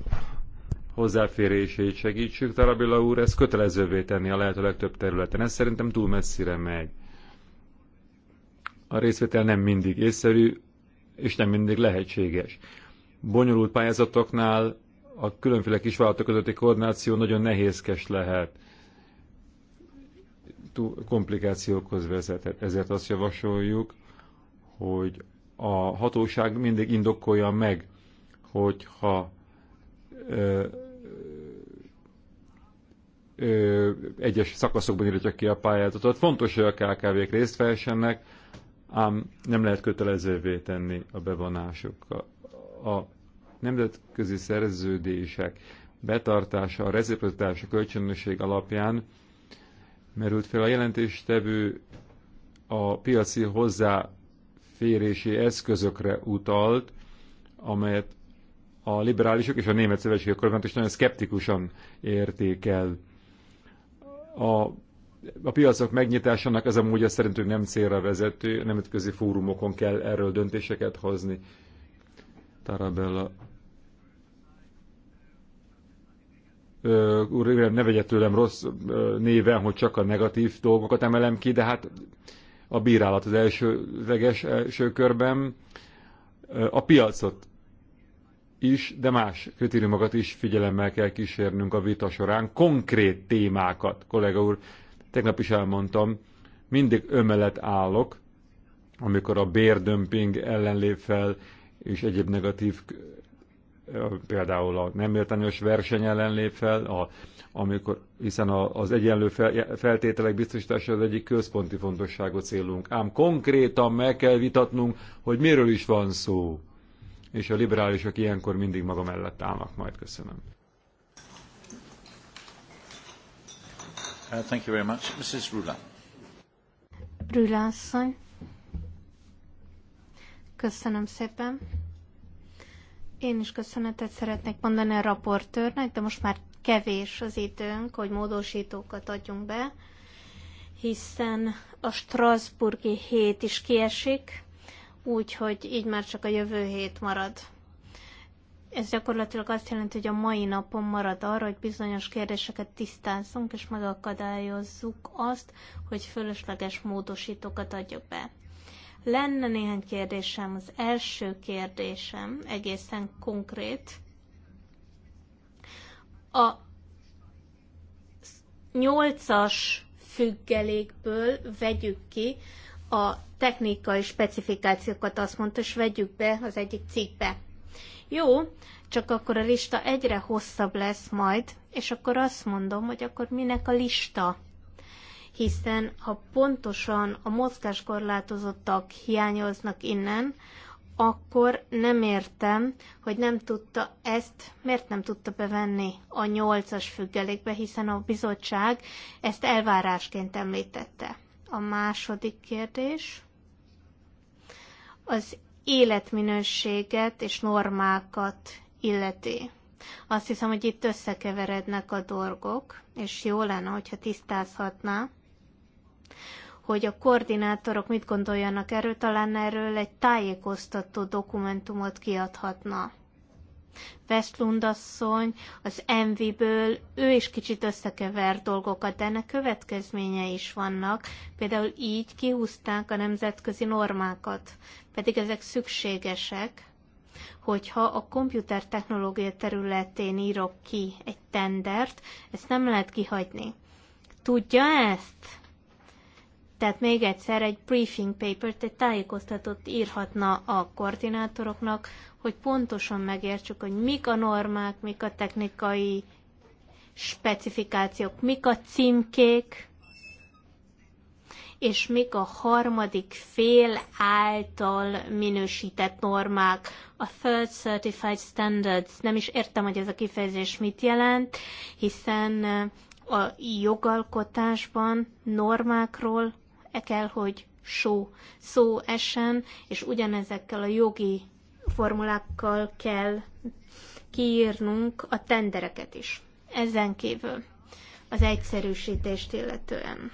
hozzáférését segítsük. Tarabilla úr ezt kötelezővé tenni a lehető legtöbb területen. Ez szerintem túl messzire megy. A részvétel nem mindig észszerű, és nem mindig lehetséges. Bonyolult pályázatoknál a különféle kisvállalatok közötti koordináció nagyon nehézkes lehet. Túl komplikációkhoz vezethet. Ezért azt javasoljuk, hogy a hatóság mindig indokolja meg, hogyha ö, egyes szakaszokban írja ki a pályázatot. Fontos, hogy a KKV-k részt vehessenek, ám nem lehet kötelezővé tenni a bevonásuk. A, a nemzetközi szerződések betartása, a reciprocitása, kölcsönösség alapján merült fel a jelentéstevő a piaci hozzáférési eszközökre utalt, amelyet a liberálisok és a német szövetségek kormányt is nagyon szkeptikusan értékel a, a piacok megnyitásának ez a módja szerintük nem célra vezető, nemzetközi fórumokon kell erről döntéseket hozni. Tarabella úr, ne vegye tőlem rossz néven, hogy csak a negatív dolgokat emelem ki, de hát a bírálat az elsőleges első körben a piacot is, de más kritériumokat is figyelemmel kell kísérnünk a vita során. Konkrét témákat, kollega úr, tegnap is elmondtam, mindig mellett állok, amikor a bérdömping ellen lép fel, és egyéb negatív, például a nem értelmes verseny ellen lép fel, a, amikor, hiszen a, az egyenlő fel, feltételek biztosítása az egyik központi fontosságú célunk. Ám konkrétan meg kell vitatnunk, hogy miről is van szó és a liberálisok ilyenkor mindig maga mellett állnak majd. Köszönöm. Uh, thank you very much. Mrs. Rula. Rula asszony. Köszönöm szépen. Én is köszönetet szeretnék mondani a raportőrnek, de most már kevés az időnk, hogy módosítókat adjunk be, hiszen a Strasburgi hét is kiesik, úgyhogy így már csak a jövő hét marad. Ez gyakorlatilag azt jelenti, hogy a mai napon marad arra, hogy bizonyos kérdéseket tisztázzunk, és megakadályozzuk azt, hogy fölösleges módosítókat adjuk be. Lenne néhány kérdésem. Az első kérdésem egészen konkrét. A nyolcas függelékből vegyük ki a technikai specifikációkat, azt mondta, és vegyük be az egyik cikkbe. Jó, csak akkor a lista egyre hosszabb lesz majd, és akkor azt mondom, hogy akkor minek a lista? Hiszen ha pontosan a mozgáskorlátozottak hiányoznak innen, akkor nem értem, hogy nem tudta ezt, miért nem tudta bevenni a nyolcas függelékbe, hiszen a bizottság ezt elvárásként említette a második kérdés. Az életminőséget és normákat illeti. Azt hiszem, hogy itt összekeverednek a dolgok, és jó lenne, hogyha tisztázhatná, hogy a koordinátorok mit gondoljanak erről, talán erről egy tájékoztató dokumentumot kiadhatna. Westlund asszony az Envy-ből, ő is kicsit összekever dolgokat, de ennek következménye is vannak. Például így kihúzták a nemzetközi normákat, pedig ezek szükségesek, hogyha a komputer technológia területén írok ki egy tendert, ezt nem lehet kihagyni. Tudja ezt? Tehát még egyszer egy briefing papert, egy tájékoztatót írhatna a koordinátoroknak, hogy pontosan megértsük, hogy mik a normák, mik a technikai specifikációk, mik a címkék, és mik a harmadik fél által minősített normák, a Third Certified Standards. Nem is értem, hogy ez a kifejezés mit jelent, hiszen a jogalkotásban normákról e kell, hogy só szó essen, és ugyanezekkel a jogi formulákkal kell kiírnunk a tendereket is. Ezen kívül az egyszerűsítést illetően.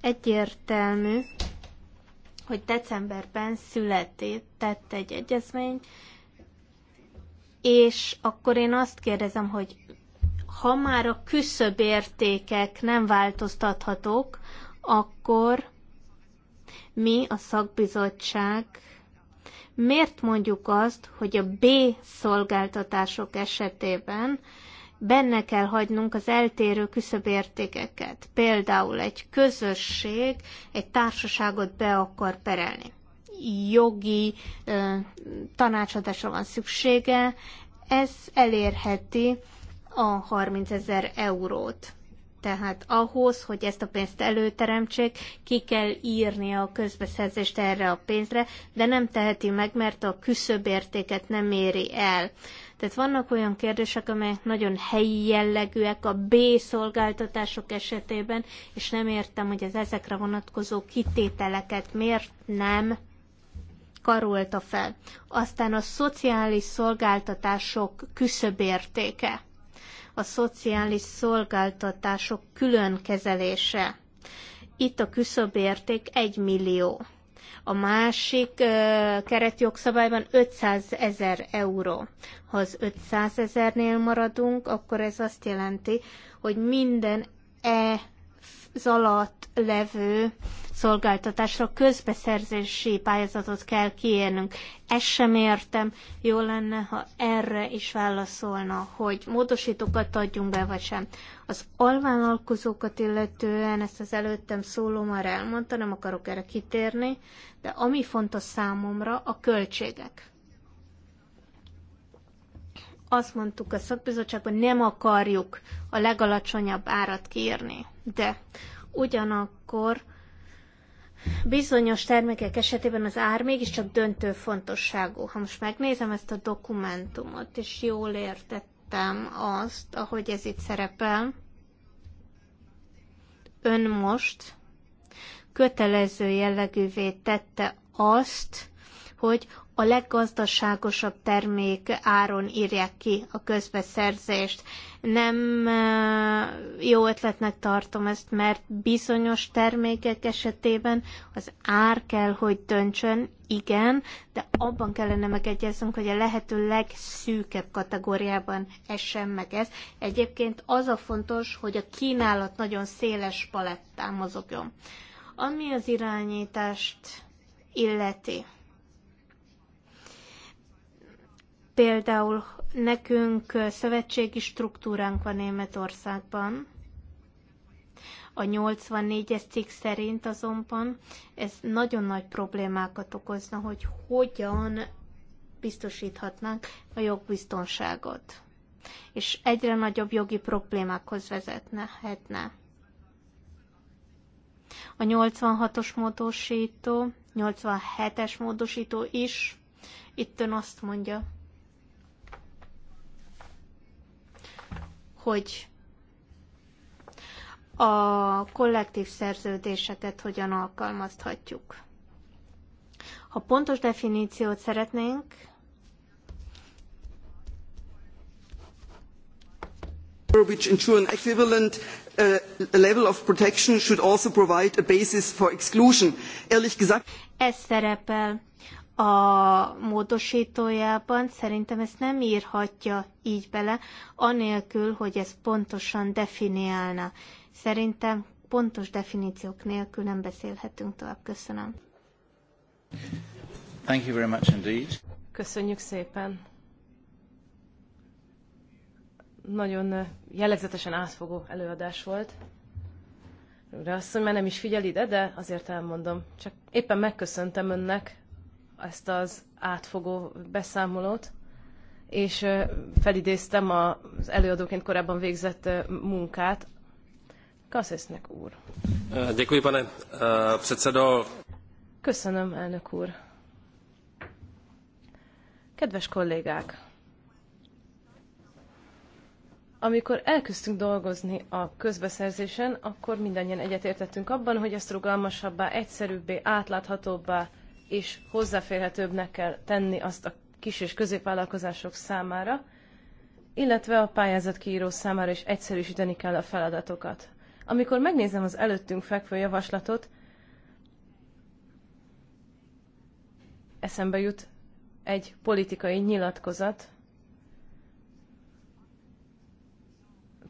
Egyértelmű, hogy decemberben született tett egy egyezmény, és akkor én azt kérdezem, hogy ha már a küszöb értékek nem változtathatók, akkor mi a szakbizottság miért mondjuk azt, hogy a B szolgáltatások esetében benne kell hagynunk az eltérő küszöbértékeket. Például egy közösség egy társaságot be akar perelni. Jogi ö, tanácsadásra van szüksége, ez elérheti a 30 ezer eurót. Tehát ahhoz, hogy ezt a pénzt előteremtsék, ki kell írni a közbeszerzést erre a pénzre, de nem teheti meg, mert a értéket nem éri el. Tehát vannak olyan kérdések, amelyek nagyon helyi jellegűek a B szolgáltatások esetében, és nem értem, hogy az ezekre vonatkozó kitételeket miért nem karolta fel. Aztán a szociális szolgáltatások küszöbértéke a szociális szolgáltatások külön kezelése. Itt a küszöbérték 1 millió. A másik keretjogszabályban 500 ezer euró. Ha az 500 ezernél maradunk, akkor ez azt jelenti, hogy minden e az alatt levő szolgáltatásra közbeszerzési pályázatot kell kiérnünk. Ezt sem értem. Jó lenne, ha erre is válaszolna, hogy módosítókat adjunk be, vagy sem. Az alvállalkozókat illetően, ezt az előttem szóló már elmondta, nem akarok erre kitérni, de ami fontos számomra, a költségek azt mondtuk a szakbizottságban, nem akarjuk a legalacsonyabb árat kiírni, de ugyanakkor Bizonyos termékek esetében az ár mégiscsak döntő fontosságú. Ha most megnézem ezt a dokumentumot, és jól értettem azt, ahogy ez itt szerepel, ön most kötelező jellegűvé tette azt, hogy a leggazdaságosabb termék áron írják ki a közbeszerzést. Nem e, jó ötletnek tartom ezt, mert bizonyos termékek esetében az ár kell, hogy döntsön, igen, de abban kellene megegyeznünk, hogy a lehető legszűkebb kategóriában essen meg ez. Egyébként az a fontos, hogy a kínálat nagyon széles palettán mozogjon. Ami az irányítást illeti Például nekünk szövetségi struktúránk van Németországban. A 84-es cikk szerint azonban ez nagyon nagy problémákat okozna, hogy hogyan biztosíthatnánk a jogbiztonságot. És egyre nagyobb jogi problémákhoz vezethetne. A 86-os módosító, 87-es módosító is itt ön azt mondja, hogy a kollektív szerződéseket hogyan alkalmazhatjuk. Ha pontos definíciót szeretnénk, which ensure an equivalent uh, level of protection should also provide a basis for exclusion. Ehrlich gesagt, es szerepel a módosítójában szerintem ezt nem írhatja így bele, anélkül, hogy ez pontosan definiálna. Szerintem pontos definíciók nélkül nem beszélhetünk tovább. Köszönöm. Thank you very much indeed. Köszönjük szépen. Nagyon eh, jellegzetesen átfogó előadás volt. Úr azt, hogy már nem is figyel ide, de azért elmondom. Csak éppen megköszöntem önnek ezt az átfogó beszámolót, és felidéztem az előadóként korábban végzett munkát. Kaszesznek úr. Děkuji, pane předsedo. Köszönöm, elnök úr. Kedves kollégák! Amikor elkezdtünk dolgozni a közbeszerzésen, akkor mindannyian egyetértettünk abban, hogy ezt rugalmasabbá, egyszerűbbé, átláthatóbbá, és hozzáférhetőbbnek kell tenni azt a kis és középvállalkozások számára, illetve a pályázat kiíró számára is egyszerűsíteni kell a feladatokat. Amikor megnézem az előttünk fekvő javaslatot, eszembe jut egy politikai nyilatkozat.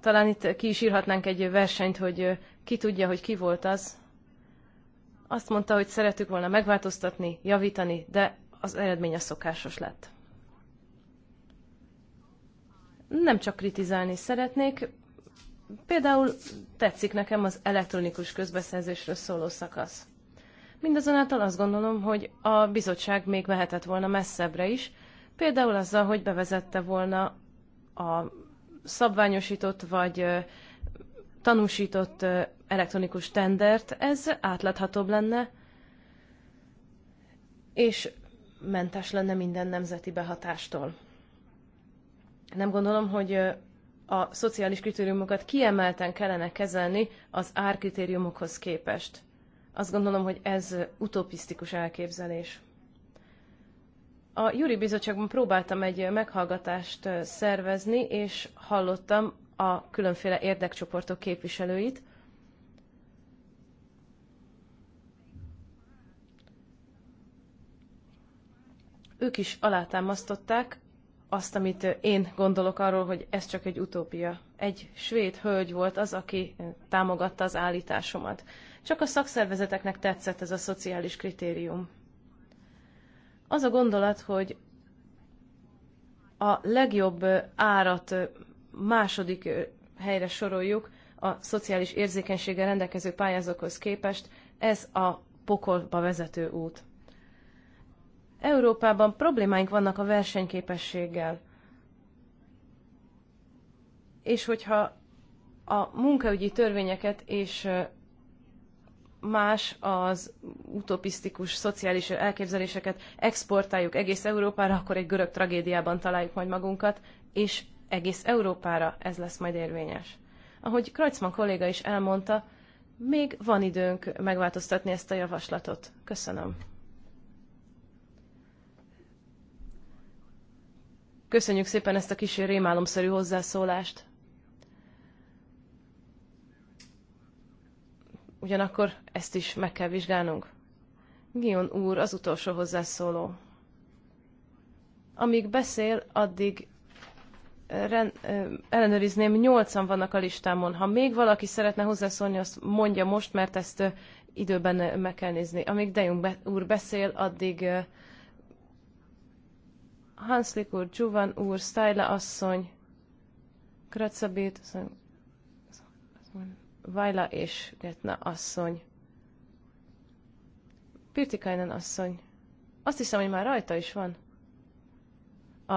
Talán itt ki is írhatnánk egy versenyt, hogy ki tudja, hogy ki volt az, azt mondta, hogy szeretük volna megváltoztatni, javítani, de az eredmény a szokásos lett. Nem csak kritizálni szeretnék, például tetszik nekem az elektronikus közbeszerzésről szóló szakasz. Mindazonáltal azt gondolom, hogy a bizottság még mehetett volna messzebbre is, például azzal, hogy bevezette volna a szabványosított vagy tanúsított elektronikus tendert, ez átláthatóbb lenne, és mentes lenne minden nemzeti behatástól. Nem gondolom, hogy a szociális kritériumokat kiemelten kellene kezelni az árkritériumokhoz képest. Azt gondolom, hogy ez utopisztikus elképzelés. A Júri Bizottságban próbáltam egy meghallgatást szervezni, és hallottam a különféle érdekcsoportok képviselőit. Ők is alátámasztották azt, amit én gondolok arról, hogy ez csak egy utópia. Egy svéd hölgy volt az, aki támogatta az állításomat. Csak a szakszervezeteknek tetszett ez a szociális kritérium. Az a gondolat, hogy a legjobb árat második helyre soroljuk a szociális érzékenységgel rendelkező pályázókhoz képest, ez a pokolba vezető út. Európában problémáink vannak a versenyképességgel. És hogyha a munkaügyi törvényeket és más az utopisztikus szociális elképzeléseket exportáljuk egész Európára, akkor egy görög tragédiában találjuk majd magunkat, és egész Európára ez lesz majd érvényes. Ahogy Kreutzmann kolléga is elmondta, még van időnk megváltoztatni ezt a javaslatot. Köszönöm. Köszönjük szépen ezt a kis rémálomszerű hozzászólást. Ugyanakkor ezt is meg kell vizsgálnunk. Gion úr, az utolsó hozzászóló. Amíg beszél, addig ren, ellenőrizném, nyolcan vannak a listámon. Ha még valaki szeretne hozzászólni, azt mondja most, mert ezt időben meg kell nézni. Amíg Dejunk úr beszél, addig Hanslik úr, Csúvan úr, Stájla asszony, Kratzabét, Vajla és Getna asszony. Pirtikainen asszony. Azt hiszem, hogy már rajta is van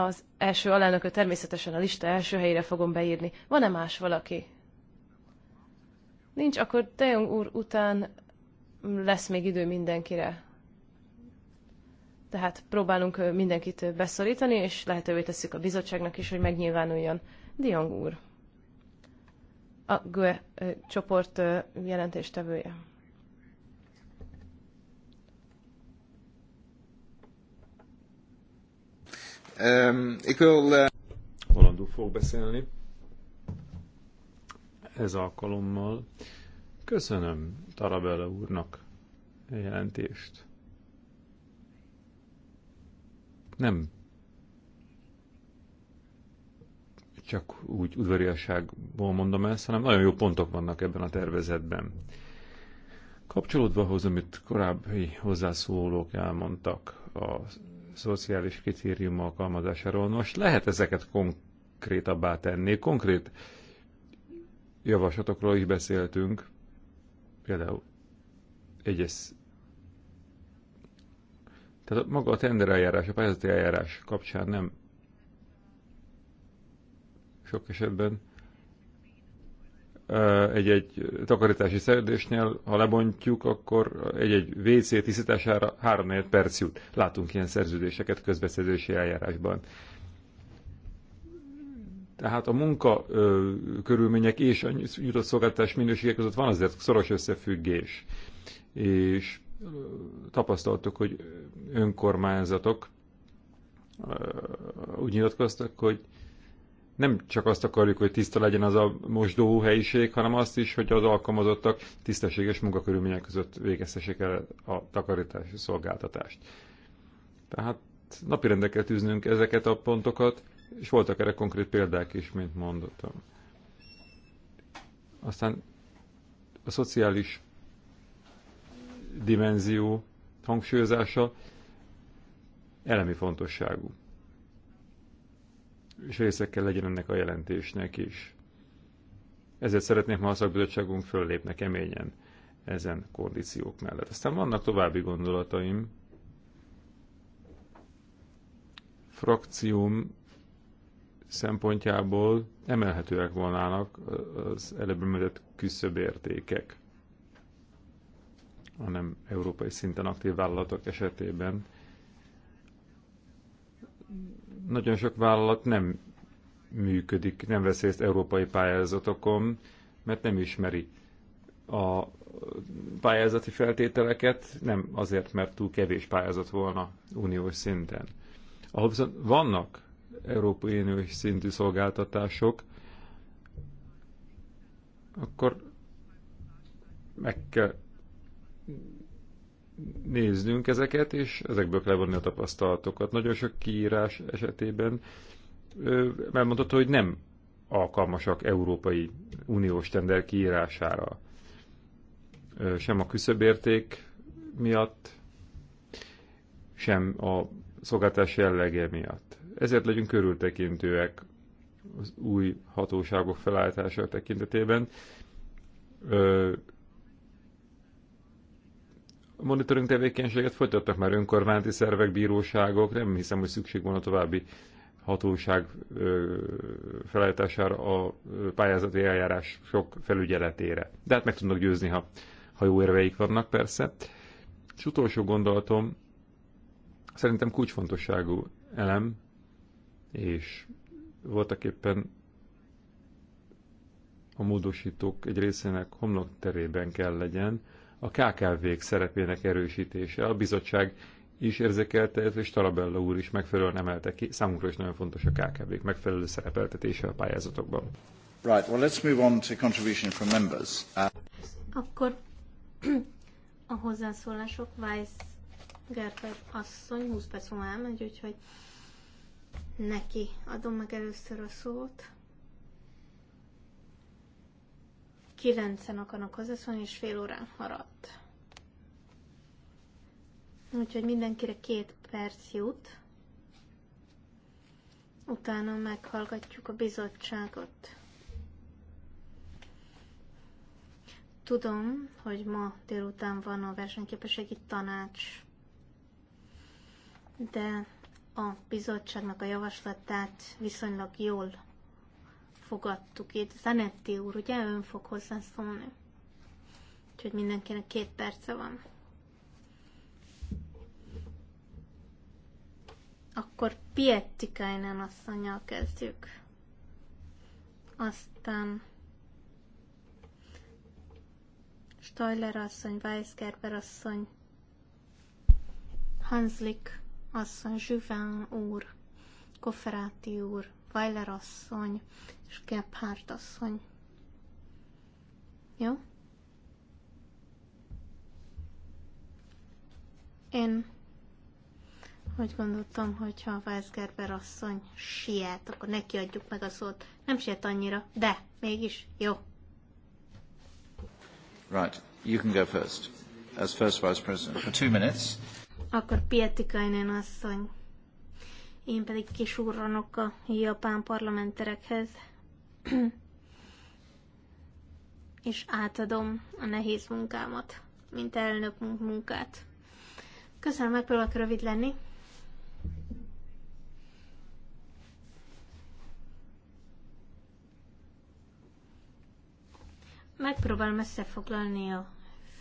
az első alelnököt természetesen a lista első helyére fogom beírni. Van-e más valaki? Nincs, akkor Dejong úr után lesz még idő mindenkire. Tehát próbálunk mindenkit beszorítani, és lehetővé tesszük a bizottságnak is, hogy megnyilvánuljon. Diang úr, a GUE csoport jelentéstevője. Um, ik wil... Uh... Hollandul fog beszélni. Ez alkalommal. Köszönöm Tarabella úrnak a jelentést. Nem csak úgy udvariasságból mondom ezt, hanem nagyon jó pontok vannak ebben a tervezetben. Kapcsolódva ahhoz, amit korábbi hozzászólók elmondtak, a szociális kritérium alkalmazásáról. Most lehet ezeket konkrétabbá tenni, konkrét javaslatokról is beszéltünk, például egyes tehát maga a tender eljárás, a pályázati eljárás kapcsán nem sok esetben egy-egy takarítási szerződésnél, ha lebontjuk, akkor egy-egy WC tisztítására 3 perc jut. Látunk ilyen szerződéseket közbeszerzési eljárásban. Tehát a munka ö, körülmények és a nyújtott szolgáltatás minősége között van azért szoros összefüggés. És ö, tapasztaltuk, hogy önkormányzatok ö, úgy nyilatkoztak, hogy ö, nem csak azt akarjuk, hogy tiszta legyen az a mosdó helyiség, hanem azt is, hogy az alkalmazottak tisztességes munkakörülmények között végeztessék el a takarítási szolgáltatást. Tehát napi kell tűznünk ezeket a pontokat, és voltak erre konkrét példák is, mint mondottam. Aztán a szociális dimenzió hangsúlyozása elemi fontosságú és részekkel legyen ennek a jelentésnek is. Ezért szeretnék, ha a szakbizottságunk föllépne keményen ezen kondíciók mellett. Aztán vannak további gondolataim. Frakcióm szempontjából emelhetőek volnának az előbb említett küszöbértékek hanem európai szinten aktív vállalatok esetében nagyon sok vállalat nem működik, nem vesz részt európai pályázatokon, mert nem ismeri a pályázati feltételeket, nem azért, mert túl kevés pályázat volna uniós szinten. Ahol viszont vannak Európai Uniós szintű szolgáltatások, akkor meg kell néznünk ezeket, és ezekből kell vonni a tapasztalatokat. Nagyon sok kiírás esetében elmondható, hogy nem alkalmasak Európai Uniós tender kiírására. Sem a küszöbérték miatt, sem a szolgáltás jellege miatt. Ezért legyünk körültekintőek az új hatóságok felállítása tekintetében monitoring tevékenységet folytattak már önkormányzati szervek, bíróságok, nem hiszem, hogy szükség volna további hatóság felállítására a pályázati eljárás sok felügyeletére. De hát meg tudnak győzni, ha, ha jó érveik vannak persze. És utolsó gondolatom, szerintem kulcsfontosságú elem, és voltak éppen a módosítók egy részének homlok terében kell legyen, a KKV-k szerepének erősítése. A bizottság is érzékelte, ezt, és Tarabella úr is megfelelően emelte ki. Számunkra is nagyon fontos a KKV-k megfelelő szerepeltetése a pályázatokban. Right, well let's move on to contribution from members. Uh, Akkor a hozzászólások Weiss Gerber asszony 20 perc múlva elmegy, úgyhogy neki adom meg először a szót. Kilencen akarnak hozzászólni, és fél órán maradt. Úgyhogy mindenkire két perc jut. Utána meghallgatjuk a bizottságot. Tudom, hogy ma délután van a versenyképességi tanács, de a bizottságnak a javaslatát viszonylag jól fogadtuk itt. Zanetti úr, ugye ön fog hozzászólni. Úgyhogy mindenkinek két perce van. Akkor Piettikainen asszonyjal kezdjük. Aztán Steiler asszony, Weisgerber asszony, Hanslik asszony, Juven úr, Kofferáti úr, Weiler asszony, és Gebhardt asszony. Jó? Én úgy gondoltam, hogy ha a Weisgerber asszony siet, akkor neki adjuk meg a szót. Nem siet annyira, de mégis jó. Right, you can go first. As first vice president for two minutes. Akkor Pietikainen asszony. Én pedig kisurranok a japán parlamenterekhez. (clears throat) és átadom a nehéz munkámat, mint elnök munkát. Köszönöm, megpróbálok rövid lenni. Megpróbálom összefoglalni a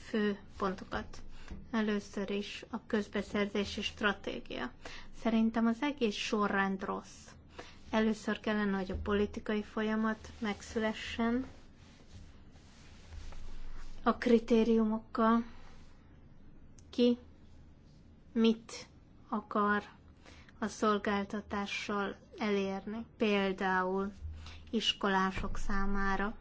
fő pontokat. Először is a közbeszerzési stratégia. Szerintem az egész sorrend rossz. Először kellene, hogy a politikai folyamat megszülessen a kritériumokkal, ki mit akar a szolgáltatással elérni, például iskolások számára.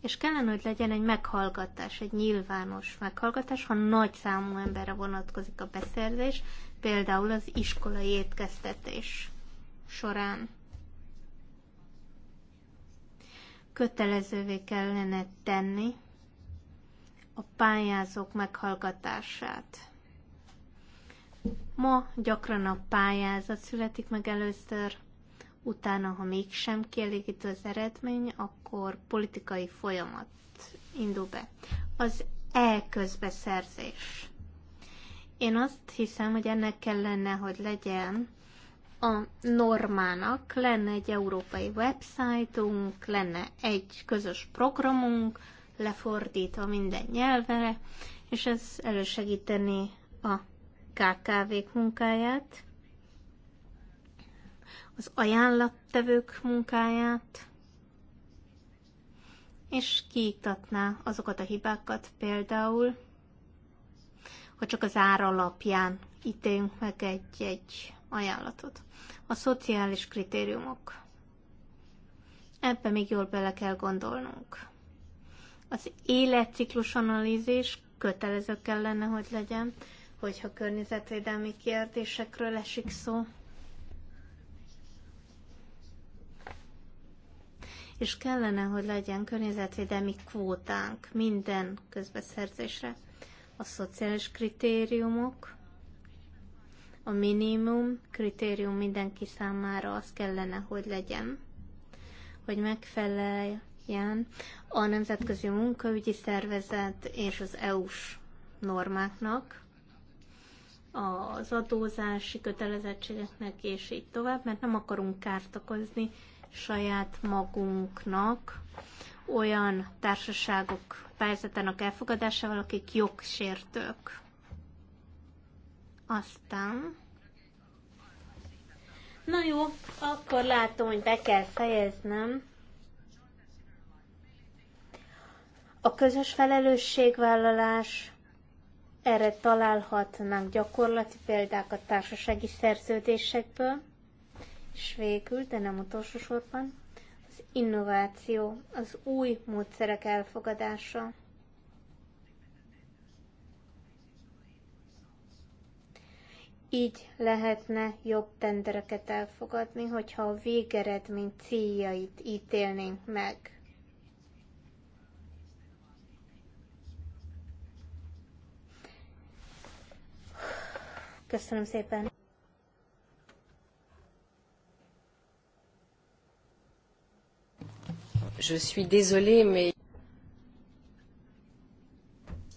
És kellene, hogy legyen egy meghallgatás, egy nyilvános meghallgatás, ha nagy számú emberre vonatkozik a beszerzés, például az iskolai étkeztetés során kötelezővé kellene tenni a pályázók meghallgatását. Ma gyakran a pályázat születik meg először, utána, ha mégsem kielégítő az eredmény, akkor politikai folyamat indul be. Az e-közbeszerzés. Én azt hiszem, hogy ennek kellene, hogy legyen a normának lenne egy európai websájtunk, lenne egy közös programunk, lefordítva minden nyelvre, és ez elősegíteni a KKV-k munkáját, az ajánlattevők munkáját, és kiiktatná azokat a hibákat például, hogy csak az ár alapján ítéljünk meg egy-egy ajánlatot. A szociális kritériumok. ebben még jól bele kell gondolnunk. Az életciklus analízis kötelező kellene, hogy legyen, hogyha környezetvédelmi kérdésekről esik szó. És kellene, hogy legyen környezetvédelmi kvótánk minden közbeszerzésre. A szociális kritériumok, a minimum kritérium mindenki számára az kellene, hogy legyen, hogy megfeleljen a Nemzetközi Munkaügyi Szervezet és az EU-s normáknak, az adózási kötelezettségeknek, és így tovább, mert nem akarunk kárt okozni saját magunknak olyan társaságok pályázatának elfogadásával, akik jogsértők. Aztán... Na jó, akkor látom, hogy be kell fejeznem. A közös felelősségvállalás, erre találhatnánk gyakorlati példákat társasági szerződésekből, és végül, de nem utolsó sorban, az innováció, az új módszerek elfogadása. Így lehetne jobb tendereket elfogadni, hogyha a végeredmény céljait ítélnénk meg. Köszönöm szépen! Je suis désolée, mais...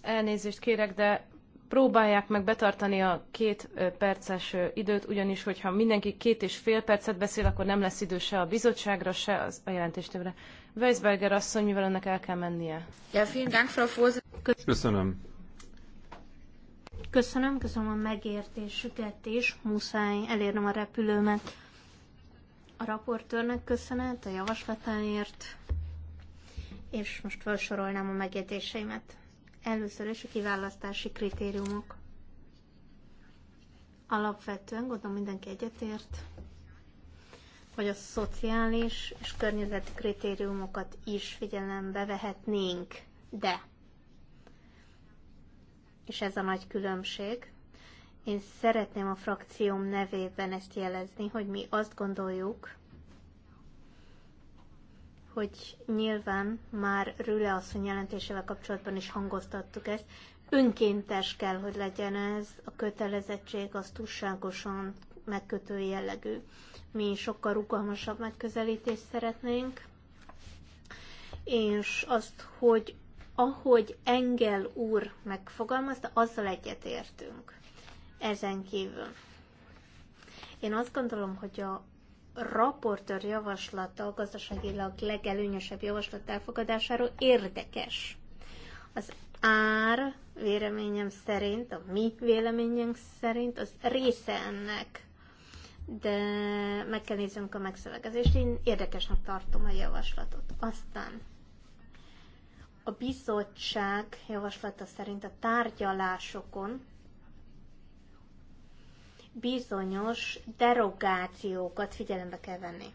Elnézést kérek, de próbálják meg betartani a két perces időt, ugyanis hogyha mindenki két és fél percet beszél, akkor nem lesz idő se a bizottságra, se az a jelentéstevre. Weisberger asszony, mivel önnek el kell mennie. Ja, vielen Dank, Frau Voss. Köszönöm. Köszönöm, köszönöm a megértésüket, és muszáj elérnem a repülőmet. A raportőrnek köszönet a javaslatáért, és most felsorolnám a megjegyzéseimet. Először is a kiválasztási kritériumok. Alapvetően gondolom mindenki egyetért, hogy a szociális és környezeti kritériumokat is figyelembe vehetnénk, de és ez a nagy különbség. Én szeretném a frakcióm nevében ezt jelezni, hogy mi azt gondoljuk, hogy nyilván már Rüle asszony jelentésével kapcsolatban is hangoztattuk ezt, önkéntes kell, hogy legyen ez, a kötelezettség az túlságosan megkötő jellegű. Mi sokkal rugalmasabb megközelítést szeretnénk, és azt, hogy ahogy Engel úr megfogalmazta, azzal egyetértünk. Ezen kívül. Én azt gondolom, hogy a raportőr javaslata a gazdaságilag legelőnyösebb javaslat elfogadásáról érdekes. Az ár véleményem szerint, a mi véleményünk szerint az része ennek, de meg kell néznünk a megszövegezést, én érdekesnek tartom a javaslatot. Aztán a bizottság javaslata szerint a tárgyalásokon bizonyos derogációkat figyelembe kell venni.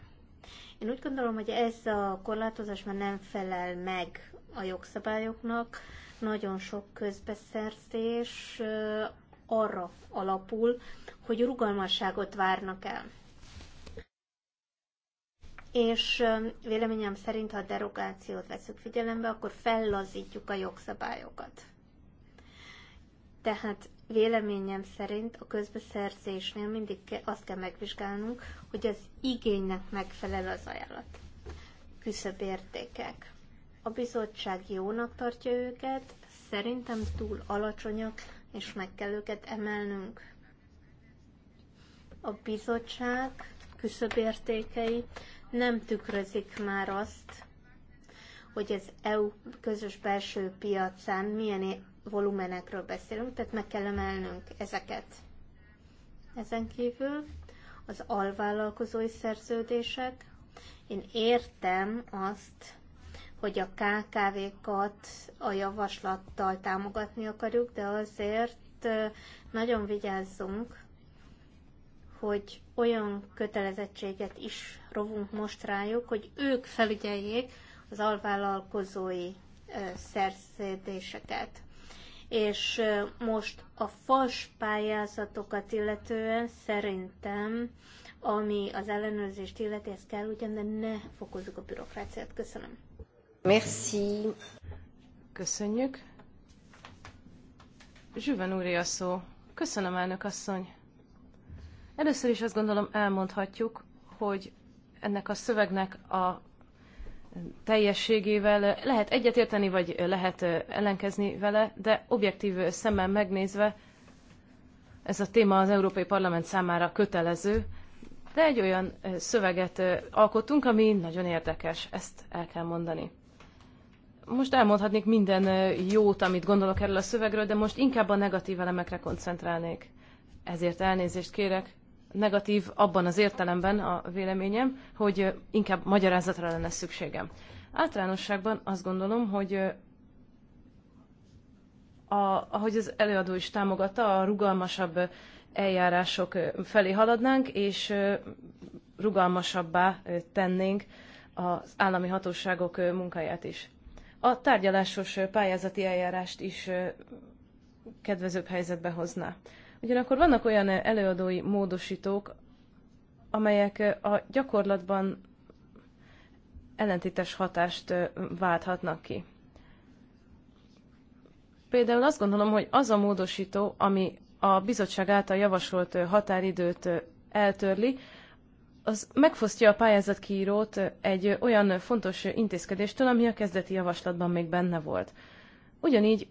Én úgy gondolom, hogy ez a korlátozás már nem felel meg a jogszabályoknak. Nagyon sok közbeszerzés arra alapul, hogy rugalmasságot várnak el. És véleményem szerint, ha a derogációt veszük figyelembe, akkor fellazítjuk a jogszabályokat. Tehát véleményem szerint a közbeszerzésnél mindig azt kell megvizsgálnunk, hogy az igénynek megfelel az ajánlat. Küszöbb értékek. A bizottság jónak tartja őket, szerintem túl alacsonyak, és meg kell őket emelnünk. A bizottság értékei nem tükrözik már azt, hogy az EU közös belső piacán milyen volumenekről beszélünk, tehát meg kell emelnünk ezeket. Ezen kívül az alvállalkozói szerződések. Én értem azt, hogy a KKV-kat a javaslattal támogatni akarjuk, de azért nagyon vigyázzunk, hogy olyan kötelezettséget is rovunk most rájuk, hogy ők felügyeljék az alvállalkozói szerződéseket és most a fals pályázatokat illetően szerintem, ami az ellenőrzést illeti, ez kell ugyan, de ne fokozzuk a bürokráciát. Köszönöm. Merci. Köszönjük. Zsüven úré a szó. Köszönöm, elnök asszony. Először is azt gondolom elmondhatjuk, hogy ennek a szövegnek a teljességével lehet egyetérteni, vagy lehet ellenkezni vele, de objektív szemmel megnézve ez a téma az Európai Parlament számára kötelező, de egy olyan szöveget alkottunk, ami nagyon érdekes, ezt el kell mondani. Most elmondhatnék minden jót, amit gondolok erről a szövegről, de most inkább a negatív elemekre koncentrálnék. Ezért elnézést kérek negatív abban az értelemben a véleményem, hogy inkább magyarázatra lenne szükségem. Általánosságban azt gondolom, hogy a, ahogy az előadó is támogatta, a rugalmasabb eljárások felé haladnánk, és rugalmasabbá tennénk az állami hatóságok munkáját is. A tárgyalásos pályázati eljárást is kedvezőbb helyzetbe hozná. Ugyanakkor vannak olyan előadói módosítók, amelyek a gyakorlatban ellentétes hatást válthatnak ki. Például azt gondolom, hogy az a módosító, ami a bizottság által javasolt határidőt eltörli, az megfosztja a kiírót egy olyan fontos intézkedéstől, ami a kezdeti javaslatban még benne volt. Ugyanígy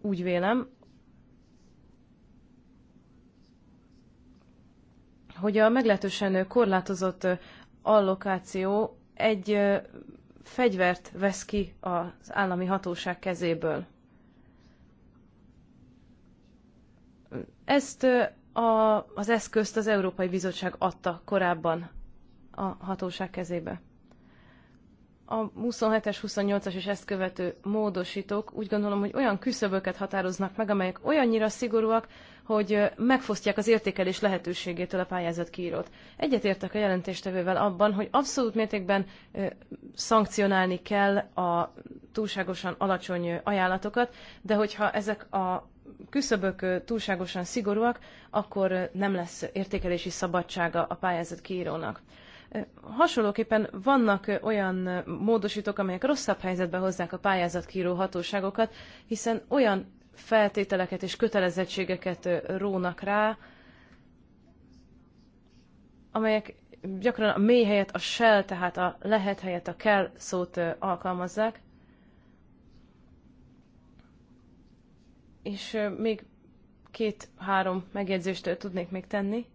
úgy vélem, hogy a meglehetősen korlátozott allokáció egy fegyvert vesz ki az állami hatóság kezéből. Ezt a, az eszközt az Európai Bizottság adta korábban a hatóság kezébe. A 27-es, 28-as és ezt követő módosítók úgy gondolom, hogy olyan küszöböket határoznak meg, amelyek olyannyira szigorúak, hogy megfosztják az értékelés lehetőségétől a pályázat kiírót. Egyetértek a jelentéstevővel abban, hogy abszolút mértékben szankcionálni kell a túlságosan alacsony ajánlatokat, de hogyha ezek a küszöbök túlságosan szigorúak, akkor nem lesz értékelési szabadsága a pályázat kiírónak. Hasonlóképpen vannak olyan módosítók, amelyek rosszabb helyzetbe hozzák a pályázat kíró hatóságokat, hiszen olyan feltételeket és kötelezettségeket rónak rá, amelyek gyakran a mély helyett a shell, tehát a lehet helyett a kell szót alkalmazzák. És még két-három megjegyzést tudnék még tenni.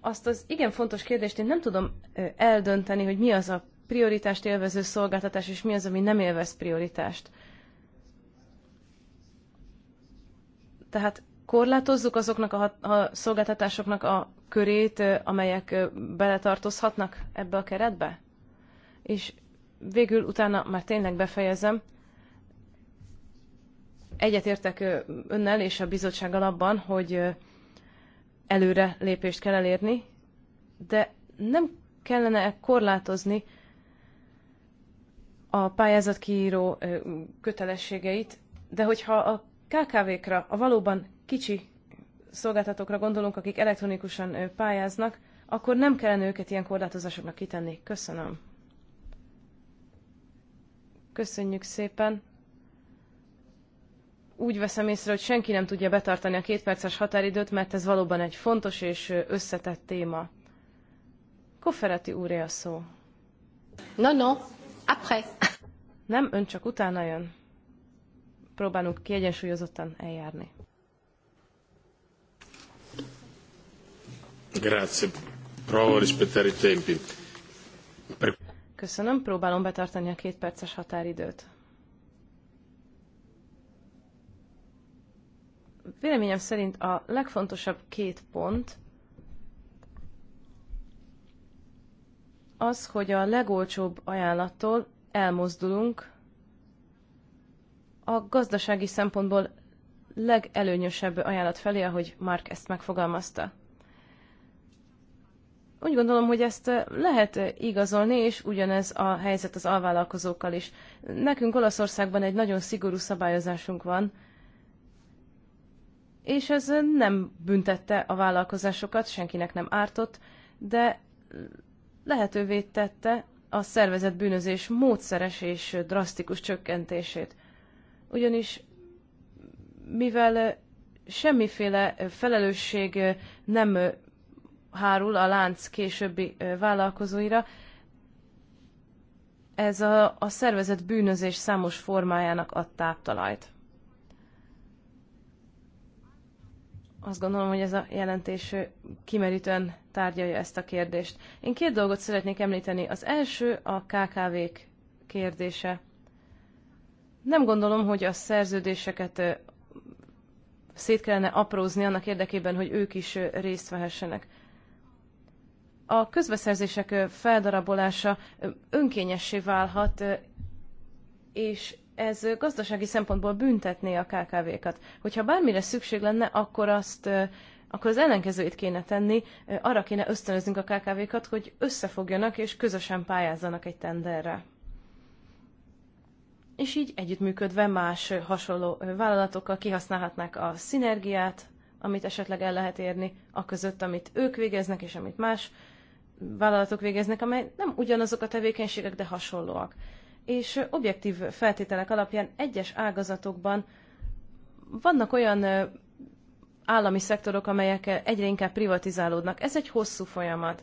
Azt az igen fontos kérdést én nem tudom eldönteni, hogy mi az a prioritást élvező szolgáltatás, és mi az, ami nem élvez prioritást. Tehát korlátozzuk azoknak a, a szolgáltatásoknak a körét, amelyek beletartozhatnak ebbe a keretbe? És végül utána már tényleg befejezem. Egyetértek önnel és a bizottsággal abban, hogy előre lépést kell elérni, de nem kellene korlátozni a pályázat kiíró kötelességeit, de hogyha a KKV-kra, a valóban kicsi szolgáltatókra gondolunk, akik elektronikusan pályáznak, akkor nem kellene őket ilyen korlátozásoknak kitenni. Köszönöm. Köszönjük szépen. Úgy veszem észre, hogy senki nem tudja betartani a kétperces határidőt, mert ez valóban egy fontos és összetett téma. Koferati úré a szó. Na, no, na, no après. Nem, ön csak utána jön. Próbálunk kiegyensúlyozottan eljárni. Grazie. Provo rispettare i tempi. Per... Köszönöm, próbálom betartani a két perces határidőt. Véleményem szerint a legfontosabb két pont az, hogy a legolcsóbb ajánlattól elmozdulunk a gazdasági szempontból legelőnyösebb ajánlat felé, ahogy Mark ezt megfogalmazta. Úgy gondolom, hogy ezt lehet igazolni, és ugyanez a helyzet az alvállalkozókkal is. Nekünk Olaszországban egy nagyon szigorú szabályozásunk van, és ez nem büntette a vállalkozásokat, senkinek nem ártott, de lehetővé tette a szervezett bűnözés módszeres és drasztikus csökkentését. Ugyanis mivel semmiféle felelősség nem hárul a lánc későbbi vállalkozóira, ez a, a szervezet bűnözés számos formájának ad táptalajt. Azt gondolom, hogy ez a jelentés kimerítően tárgyalja ezt a kérdést. Én két dolgot szeretnék említeni. Az első a KKV-k kérdése. Nem gondolom, hogy a szerződéseket szét kellene aprózni annak érdekében, hogy ők is részt vehessenek. A közbeszerzések feldarabolása önkényessé válhat, és ez gazdasági szempontból büntetné a KKV-kat. Hogyha bármire szükség lenne, akkor azt akkor az ellenkezőjét kéne tenni, arra kéne ösztönöznünk a KKV-kat, hogy összefogjanak és közösen pályázzanak egy tenderre. És így együttműködve más hasonló vállalatokkal kihasználhatnák a szinergiát, amit esetleg el lehet érni, a között, amit ők végeznek, és amit más vállalatok végeznek, amely nem ugyanazok a tevékenységek, de hasonlóak. És objektív feltételek alapján egyes ágazatokban vannak olyan állami szektorok, amelyek eh, egyre inkább privatizálódnak. Ez egy hosszú folyamat.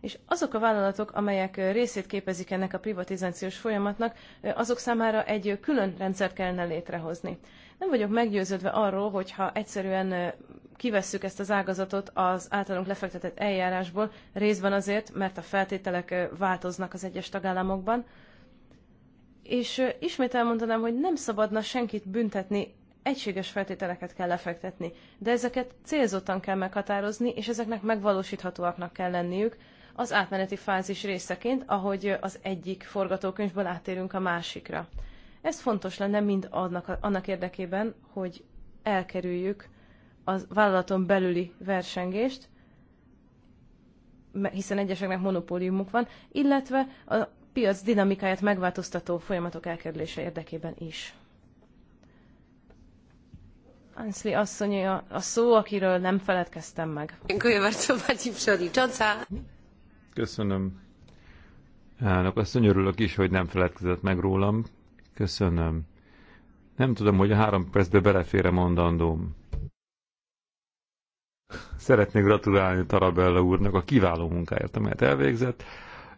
És azok a vállalatok, amelyek eh, részét képezik ennek a privatizációs folyamatnak, eh, azok számára egy külön rendszert kellene létrehozni. Nem vagyok meggyőződve arról, hogyha egyszerűen kivesszük ezt az ágazatot az általunk lefektetett eljárásból, részben azért, mert a feltételek változnak az egyes tagállamokban, és ismét elmondanám, hogy nem szabadna senkit büntetni egységes feltételeket kell lefektetni, de ezeket célzottan kell meghatározni, és ezeknek megvalósíthatóaknak kell lenniük az átmeneti fázis részeként, ahogy az egyik forgatókönyvből átérünk a másikra. Ez fontos lenne mind annak, annak érdekében, hogy elkerüljük a vállalaton belüli versengést, hiszen egyeseknek monopóliumuk van, illetve a piac dinamikáját megváltoztató folyamatok elkerülése érdekében is. Anszli asszony a, a szó, akiről nem feledkeztem meg. Köszönöm. Elnök asszony, örülök is, hogy nem feledkezett meg rólam. Köszönöm. Nem tudom, hogy a három percbe belefére mondandóm. Szeretnék gratulálni Tarabella úrnak a kiváló munkáért, amelyet elvégzett.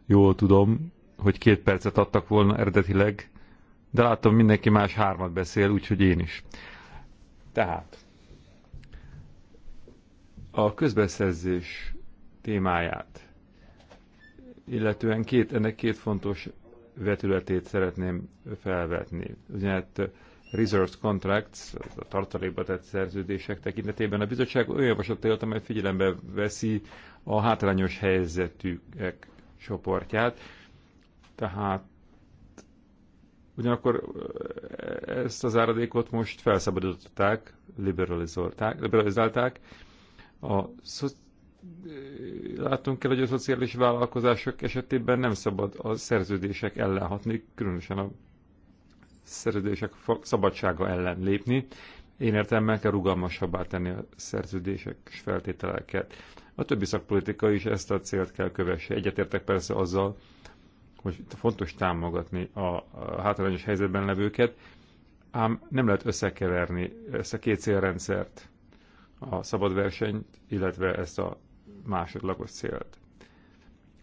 Jól tudom, hogy két percet adtak volna eredetileg, de látom mindenki más hármat beszél, úgyhogy én is. Tehát a közbeszerzés témáját, illetően két, ennek két fontos vetületét szeretném felvetni. Ugyanett reserved contracts, a tartalékba tett szerződések tekintetében a bizottság olyan javaslata amely figyelembe veszi a hátrányos helyzetűek csoportját, tehát Ugyanakkor ezt az áradékot most felszabadították, liberalizálták, liberalizálták. A szo... Látunk kell, hogy a szociális vállalkozások esetében nem szabad a szerződések ellen hatni, különösen a szerződések szabadsága ellen lépni. Én értem, meg kell rugalmasabbá tenni a szerződések és feltételeket. A többi szakpolitika is ezt a célt kell kövesse. Egyetértek persze azzal, hogy fontos támogatni a, a hátrányos helyzetben levőket, ám nem lehet összekeverni ezt a két célrendszert, a szabad versenyt, illetve ezt a másodlagos célt.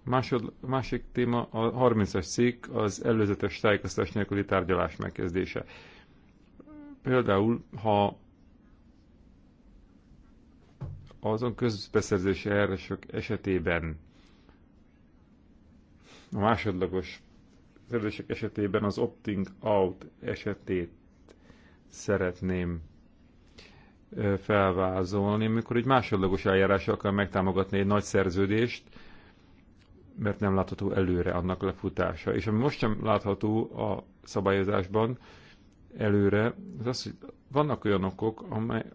Másod, másik téma a 30-as cikk az előzetes tájékoztatás nélküli tárgyalás megkezdése. Például, ha azon közbeszerzési eljárások esetében a másodlagos szerződések esetében az opting out esetét szeretném felvázolni, amikor egy másodlagos eljárással kell megtámogatni egy nagy szerződést, mert nem látható előre annak lefutása. És ami most sem látható a szabályozásban előre, az az, hogy vannak olyan okok, amely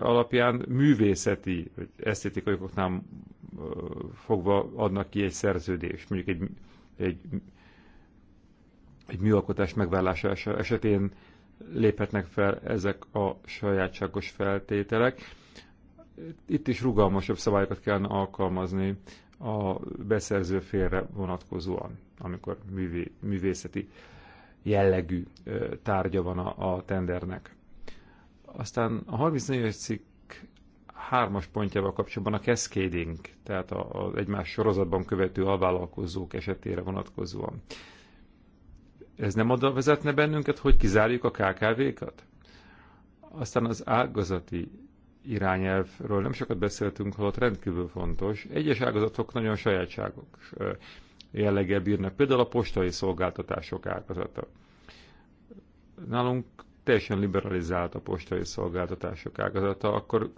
alapján művészeti, vagy esztétikai okoknál fogva adnak ki egy szerződést, mondjuk egy, egy, egy műalkotás megvállása esetén léphetnek fel ezek a sajátságos feltételek. Itt is rugalmasabb szabályokat kellene alkalmazni a beszerző félre vonatkozóan, amikor művé, művészeti jellegű tárgya van a, a tendernek. Aztán a 34 cikk hármas pontjával kapcsolatban a cascading, tehát az egymás sorozatban követő alvállalkozók esetére vonatkozóan. Ez nem oda vezetne bennünket, hogy kizárjuk a KKV-kat? Aztán az ágazati irányelvről nem sokat beszéltünk, holott rendkívül fontos. Egyes ágazatok nagyon sajátságok jelleggel bírnak, például a postai szolgáltatások ágazata. Nálunk teljesen liberalizált a postai szolgáltatások ágazata, akkor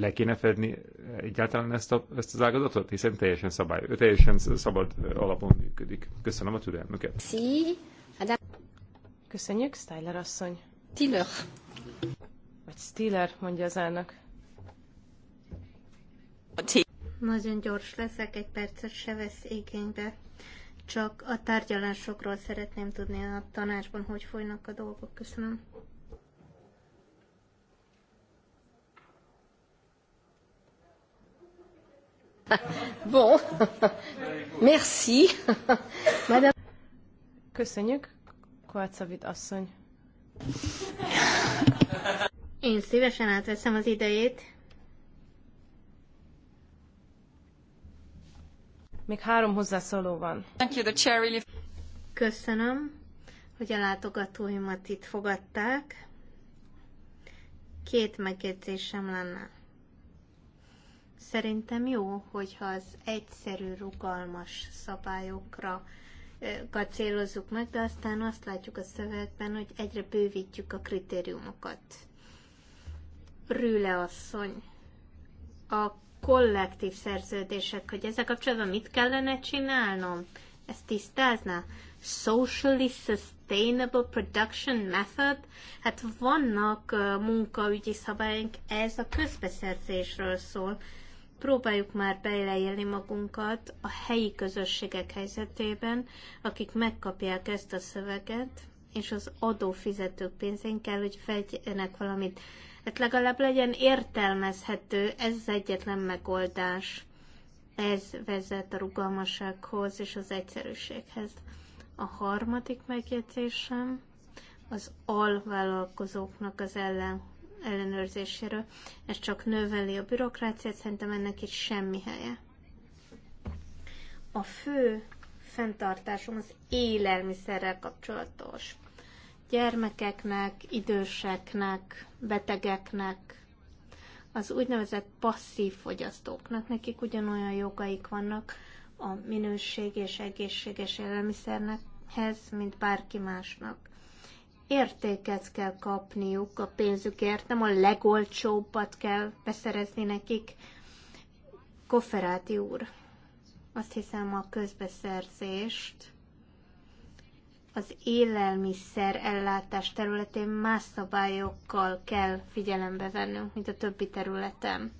le kéne fedni egyáltalán ezt, a, ezt az ágazatot, hiszen teljesen szabály, teljesen szabad alapon működik. Köszönöm a türelmüket. Köszönjük, Styler asszony. Stiller. Vagy Stiller, mondja az elnök. Nagyon gyors leszek, egy percet se vesz igénybe. Csak a tárgyalásokról szeretném tudni a tanácsban, hogy folynak a dolgok. Köszönöm. (laughs) Bon. Merci. Madame. Köszönjük, Kovácsavit asszony. Én szívesen átveszem az idejét. Még három hozzászóló van. Köszönöm, hogy a látogatóimat itt fogadták. Két megjegyzésem lenne. Szerintem jó, hogyha az egyszerű, rugalmas szabályokra célozzuk meg, de aztán azt látjuk a szövegben, hogy egyre bővítjük a kritériumokat. Rüle asszony, a kollektív szerződések, hogy ezzel kapcsolatban mit kellene csinálnom? Ezt tisztázná? Socially Sustainable Production Method? Hát vannak munkaügyi szabályok, ez a közbeszerzésről szól próbáljuk már beleélni magunkat a helyi közösségek helyzetében, akik megkapják ezt a szöveget, és az adófizetők pénzén kell, hogy vegyenek valamit. Hát legalább legyen értelmezhető, ez az egyetlen megoldás. Ez vezet a rugalmassághoz és az egyszerűséghez. A harmadik megjegyzésem az alvállalkozóknak az ellen ellenőrzéséről. Ez csak növeli a bürokráciát, szerintem ennek itt semmi helye. A fő fenntartásom az élelmiszerrel kapcsolatos. Gyermekeknek, időseknek, betegeknek, az úgynevezett passzív fogyasztóknak, nekik ugyanolyan jogaik vannak a minőség és egészséges élelmiszernek, mint bárki másnak értéket kell kapniuk a pénzükért, nem a legolcsóbbat kell beszerezni nekik. Kofferáti úr, azt hiszem a közbeszerzést az élelmiszer ellátás területén más szabályokkal kell figyelembe vennünk, mint a többi területen.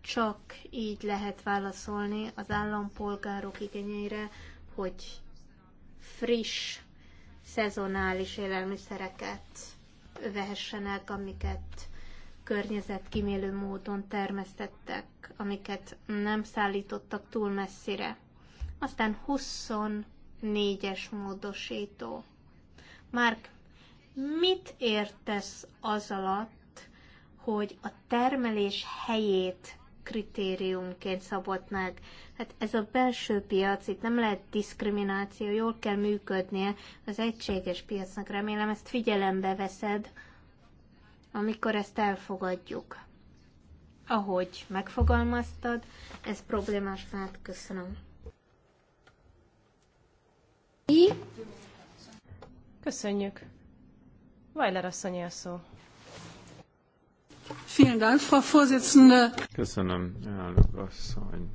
Csak így lehet válaszolni az állampolgárok igényeire, hogy friss szezonális élelmiszereket vehessenek, amiket környezetkímélő módon termesztettek, amiket nem szállítottak túl messzire. Aztán 24-es módosító. Márk, mit értesz az alatt, hogy a termelés helyét kritériumként szabott meg. Hát ez a belső piac, itt nem lehet diszkrimináció, jól kell működnie az egységes piacnak. Remélem ezt figyelembe veszed, amikor ezt elfogadjuk. Ahogy megfogalmaztad, ez problémás mert Köszönöm. Köszönjük. Vajler asszonyi a szó. Köszönöm, elnök asszony.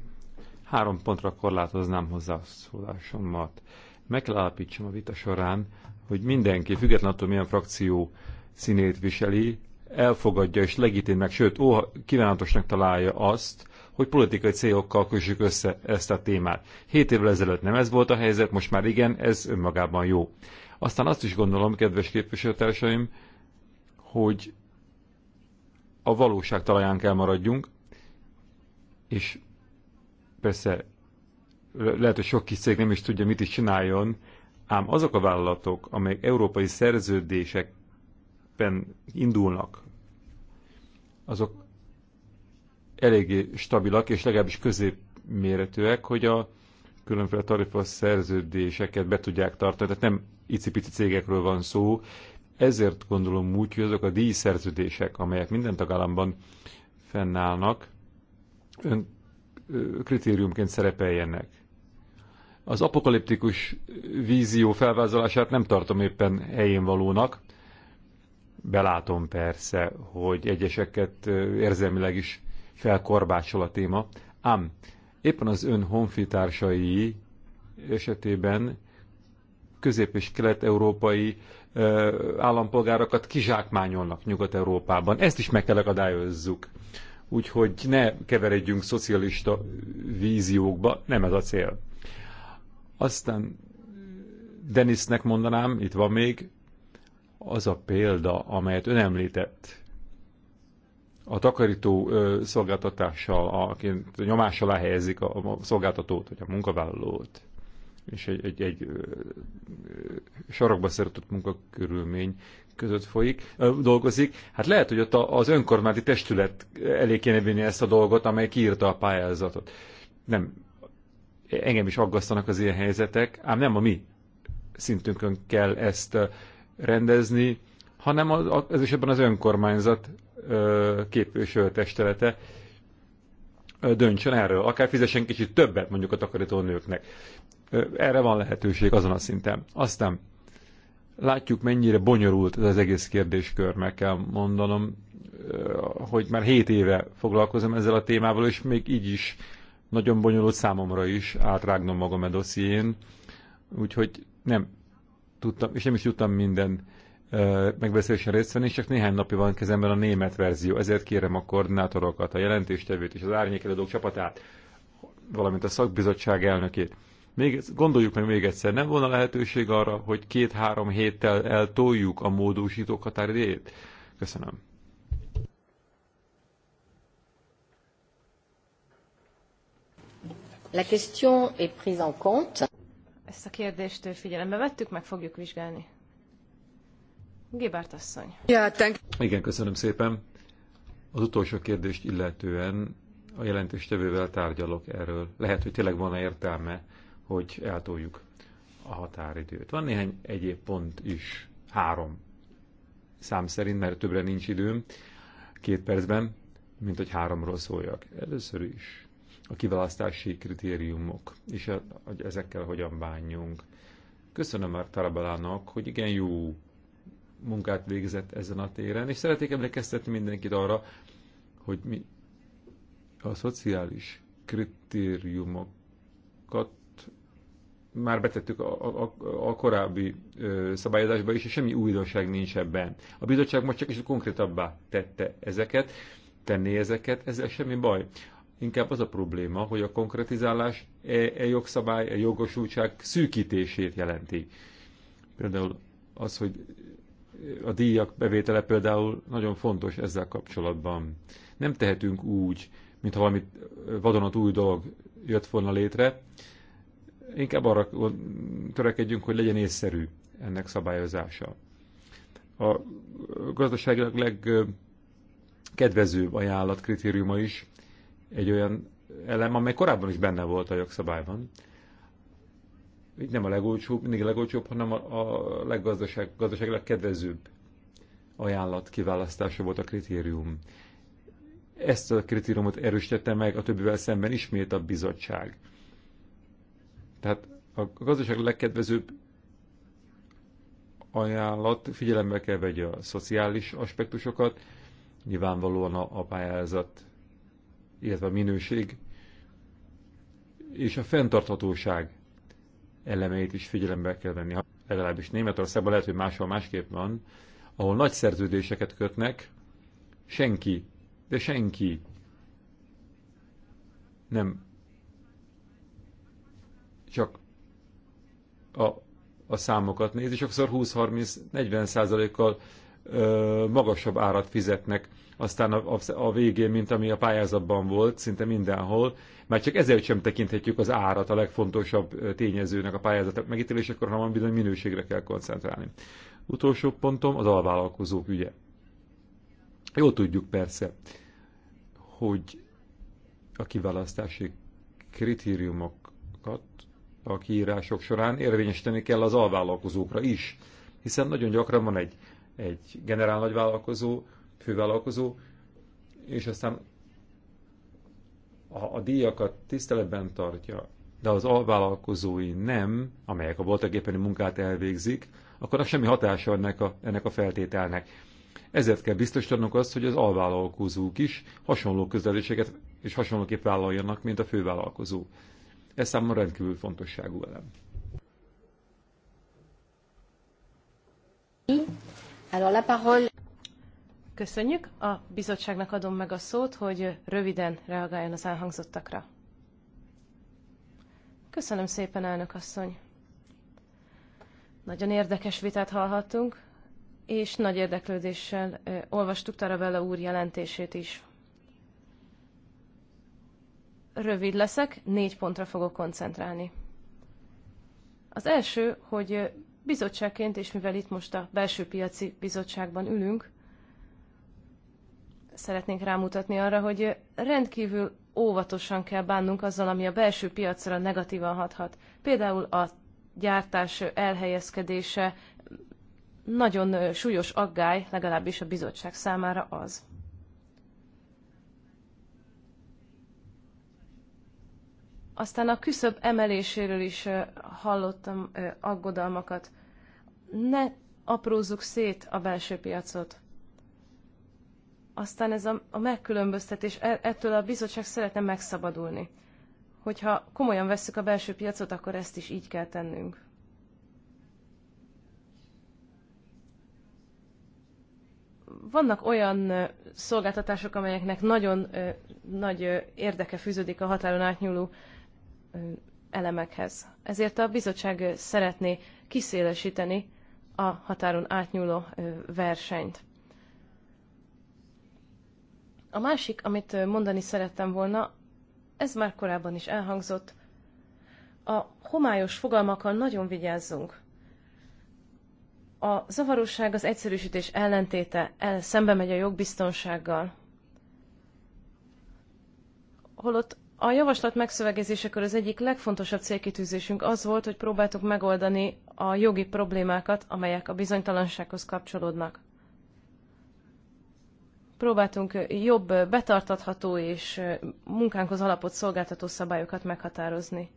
Három pontra korlátoznám hozzászólásomat. Meg kell állapítsam a vita során, hogy mindenki, függetlenül attól milyen frakció színét viseli, elfogadja és legitimnek, sőt, óha, kívánatosnak találja azt, hogy politikai célokkal kössük össze ezt a témát. Hét évvel ezelőtt nem ez volt a helyzet, most már igen, ez önmagában jó. Aztán azt is gondolom, kedves képviselőtársaim, hogy a valóság talaján kell maradjunk, és persze lehet, hogy sok kis cég nem is tudja, mit is csináljon, ám azok a vállalatok, amelyek európai szerződésekben indulnak, azok eléggé stabilak, és legalábbis középméretűek, hogy a különféle tarifa szerződéseket be tudják tartani. Tehát nem icipici cégekről van szó, ezért gondolom úgy, hogy azok a díjszerződések, amelyek minden tagállamban fennállnak, ön kritériumként szerepeljenek. Az apokaliptikus vízió felvázolását nem tartom éppen helyén valónak. Belátom persze, hogy egyeseket érzelmileg is felkorbácsol a téma, ám éppen az ön honfitársai esetében közép- és kelet-európai állampolgárokat kizsákmányolnak Nyugat-Európában. Ezt is meg kell akadályozzuk. Úgyhogy ne keveredjünk szocialista víziókba, nem ez a cél. Aztán Denisnek mondanám, itt van még, az a példa, amelyet ön említett, a takarító szolgáltatással, aként nyomás alá helyezik a, szolgáltatót, vagy a munkavállalót és egy, egy, egy sarokba szertett munkakörülmény között folyik, dolgozik. Hát lehet, hogy ott az önkormányzati testület elé kéne vinni ezt a dolgot, amely kiírta a pályázatot. Nem, engem is aggasztanak az ilyen helyzetek, ám nem a mi szintünkön kell ezt rendezni, hanem az, az esetben az önkormányzat képviselő testülete döntsön erről, akár fizessen kicsit többet mondjuk a takarító nőknek. Erre van lehetőség azon a szinten. Aztán látjuk, mennyire bonyolult ez az egész kérdéskör, meg kell mondanom, hogy már 7 éve foglalkozom ezzel a témával, és még így is nagyon bonyolult számomra is átrágnom magam a e dosszién, úgyhogy nem tudtam, és nem is tudtam minden megbeszélésen részt venni, és csak néhány napja van kezemben a német verzió, ezért kérem a koordinátorokat, a jelentéstevőt és az árnyékelődők csapatát, valamint a szakbizottság elnökét. Még, gondoljuk meg még egyszer, nem volna lehetőség arra, hogy két-három héttel eltoljuk a módosítók határidejét? Köszönöm. La question est prise en compte. Ezt a kérdést figyelembe vettük, meg fogjuk vizsgálni. Gébárt asszony. Igen, köszönöm szépen. Az utolsó kérdést illetően a jelentéstevővel tárgyalok erről. Lehet, hogy tényleg van -e értelme, hogy eltoljuk a határidőt. Van néhány egyéb pont is, három szám szerint, mert többre nincs időm, két percben, mint hogy háromról szóljak. Először is a kiválasztási kritériumok, és ezekkel hogyan bánjunk. Köszönöm már Tarabalának, hogy igen jó munkát végzett ezen a téren, és szeretnék emlékeztetni mindenkit arra, hogy mi a szociális kritériumokat már betettük a, a, a korábbi ö, szabályozásba is, és semmi újdonság nincs ebben. A bizottság most csak is konkrétabbá tette ezeket, tenné ezeket, ezzel semmi baj. Inkább az a probléma, hogy a konkretizálás e, e jogszabály, e jogosultság szűkítését jelenti. Például az, hogy a díjak bevétele például nagyon fontos ezzel kapcsolatban. Nem tehetünk úgy, mintha valami vadonat új dolog jött volna létre. Inkább arra törekedjünk, hogy legyen észszerű ennek szabályozása. A gazdaságilag legkedvezőbb ajánlat kritériuma is egy olyan elem, amely korábban is benne volt a jogszabályban, nem a legolcsóbb, mindig a legolcsóbb, hanem a, a leggazdaság, gazdaság legkedvezőbb ajánlat kiválasztása volt a kritérium. Ezt a kritériumot erősítette meg a többivel szemben ismét a bizottság. Tehát a gazdaság legkedvezőbb ajánlat figyelembe kell vegye a szociális aspektusokat, nyilvánvalóan a, a pályázat, illetve a minőség és a fenntarthatóság elemeit is figyelembe kell venni. Legalábbis Németországban lehet, hogy máshol másképp van, ahol nagy szerződéseket kötnek, senki, de senki nem csak a, a számokat nézi, sokszor 20-30-40 százalékkal magasabb árat fizetnek aztán a, a, a végén, mint ami a pályázatban volt, szinte mindenhol. Már csak ezért sem tekinthetjük az árat a legfontosabb tényezőnek a pályázatok megítélésekor, hanem bizony minőségre kell koncentrálni. Utolsó pontom az alvállalkozók ügye. Jó tudjuk persze, hogy a kiválasztási kritériumokat a kiírások során érvényesíteni kell az alvállalkozókra is, hiszen nagyon gyakran van egy egy generál nagyvállalkozó, fővállalkozó, és aztán a, a díjakat tiszteletben tartja, de az alvállalkozói nem, amelyek a voltagépeni munkát elvégzik, akkor az semmi hatása ennek a, ennek a feltételnek. Ezért kell biztosítanunk azt, hogy az alvállalkozók is hasonló közeléseket és hasonlóképp vállaljanak, mint a fővállalkozó. Ez számomra rendkívül fontosságú elem. Alors la parole... Köszönjük. A bizottságnak adom meg a szót, hogy röviden reagáljon az elhangzottakra. Köszönöm szépen, elnök asszony. Nagyon érdekes vitát hallhattunk, és nagy érdeklődéssel olvastuk Tarabella úr jelentését is. Rövid leszek, négy pontra fogok koncentrálni. Az első, hogy Bizottságként, és mivel itt most a belső piaci bizottságban ülünk, szeretnénk rámutatni arra, hogy rendkívül óvatosan kell bánnunk azzal, ami a belső piacra negatívan hathat. Például a gyártás elhelyezkedése nagyon súlyos aggály, legalábbis a bizottság számára az. Aztán a küszöb emeléséről is hallottam aggodalmakat. Ne aprózzuk szét a belső piacot. Aztán ez a, a megkülönböztetés, e, ettől a bizottság szeretne megszabadulni. Hogyha komolyan vesszük a belső piacot, akkor ezt is így kell tennünk. vannak olyan szolgáltatások, amelyeknek nagyon nagy érdeke fűződik a határon átnyúló elemekhez. Ezért a bizottság szeretné kiszélesíteni a határon átnyúló versenyt. A másik, amit mondani szerettem volna, ez már korábban is elhangzott, a homályos fogalmakkal nagyon vigyázzunk. A zavaróság az egyszerűsítés ellentéte, el, szembe megy a jogbiztonsággal. Holott a javaslat megszövegezésekor az egyik legfontosabb célkitűzésünk az volt, hogy próbáltuk megoldani a jogi problémákat, amelyek a bizonytalansághoz kapcsolódnak. Próbáltunk jobb, betartatható és munkánkhoz alapot szolgáltató szabályokat meghatározni.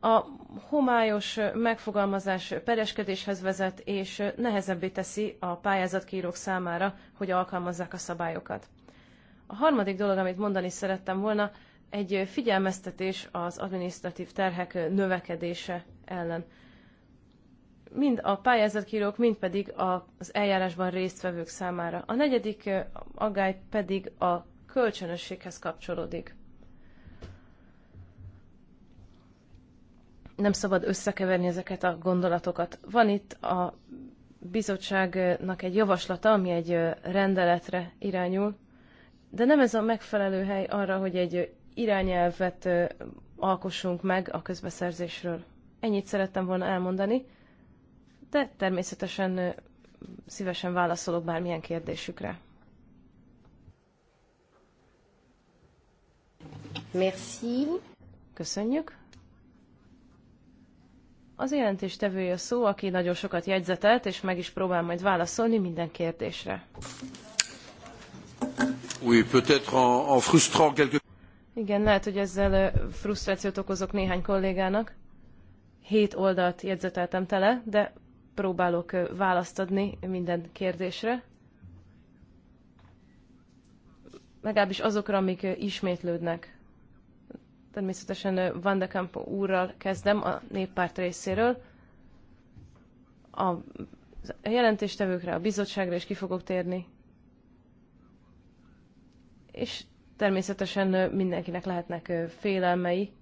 A homályos megfogalmazás pereskedéshez vezet, és nehezebbé teszi a pályázatkírók számára, hogy alkalmazzák a szabályokat. A harmadik dolog, amit mondani szerettem volna, egy figyelmeztetés az adminisztratív terhek növekedése ellen. Mind a pályázatkírók, mind pedig az eljárásban résztvevők számára. A negyedik aggály pedig a kölcsönösséghez kapcsolódik. Nem szabad összekeverni ezeket a gondolatokat. Van itt a bizottságnak egy javaslata, ami egy rendeletre irányul, de nem ez a megfelelő hely arra, hogy egy irányelvet alkossunk meg a közbeszerzésről. Ennyit szerettem volna elmondani, de természetesen szívesen válaszolok bármilyen kérdésükre. Merci. Köszönjük. Az jelentéstevője szó, aki nagyon sokat jegyzetelt, és meg is próbál majd válaszolni minden kérdésre. Oui, peut-être en, en frustrant quelque igen, lehet, hogy ezzel frusztrációt okozok néhány kollégának. Hét oldalt jegyzeteltem tele, de próbálok választ adni minden kérdésre. Legalábbis azokra, amik ismétlődnek. Természetesen Van de Campo úrral kezdem a néppárt részéről. A jelentéstevőkre, a bizottságra is ki fogok térni. És Természetesen mindenkinek lehetnek félelmei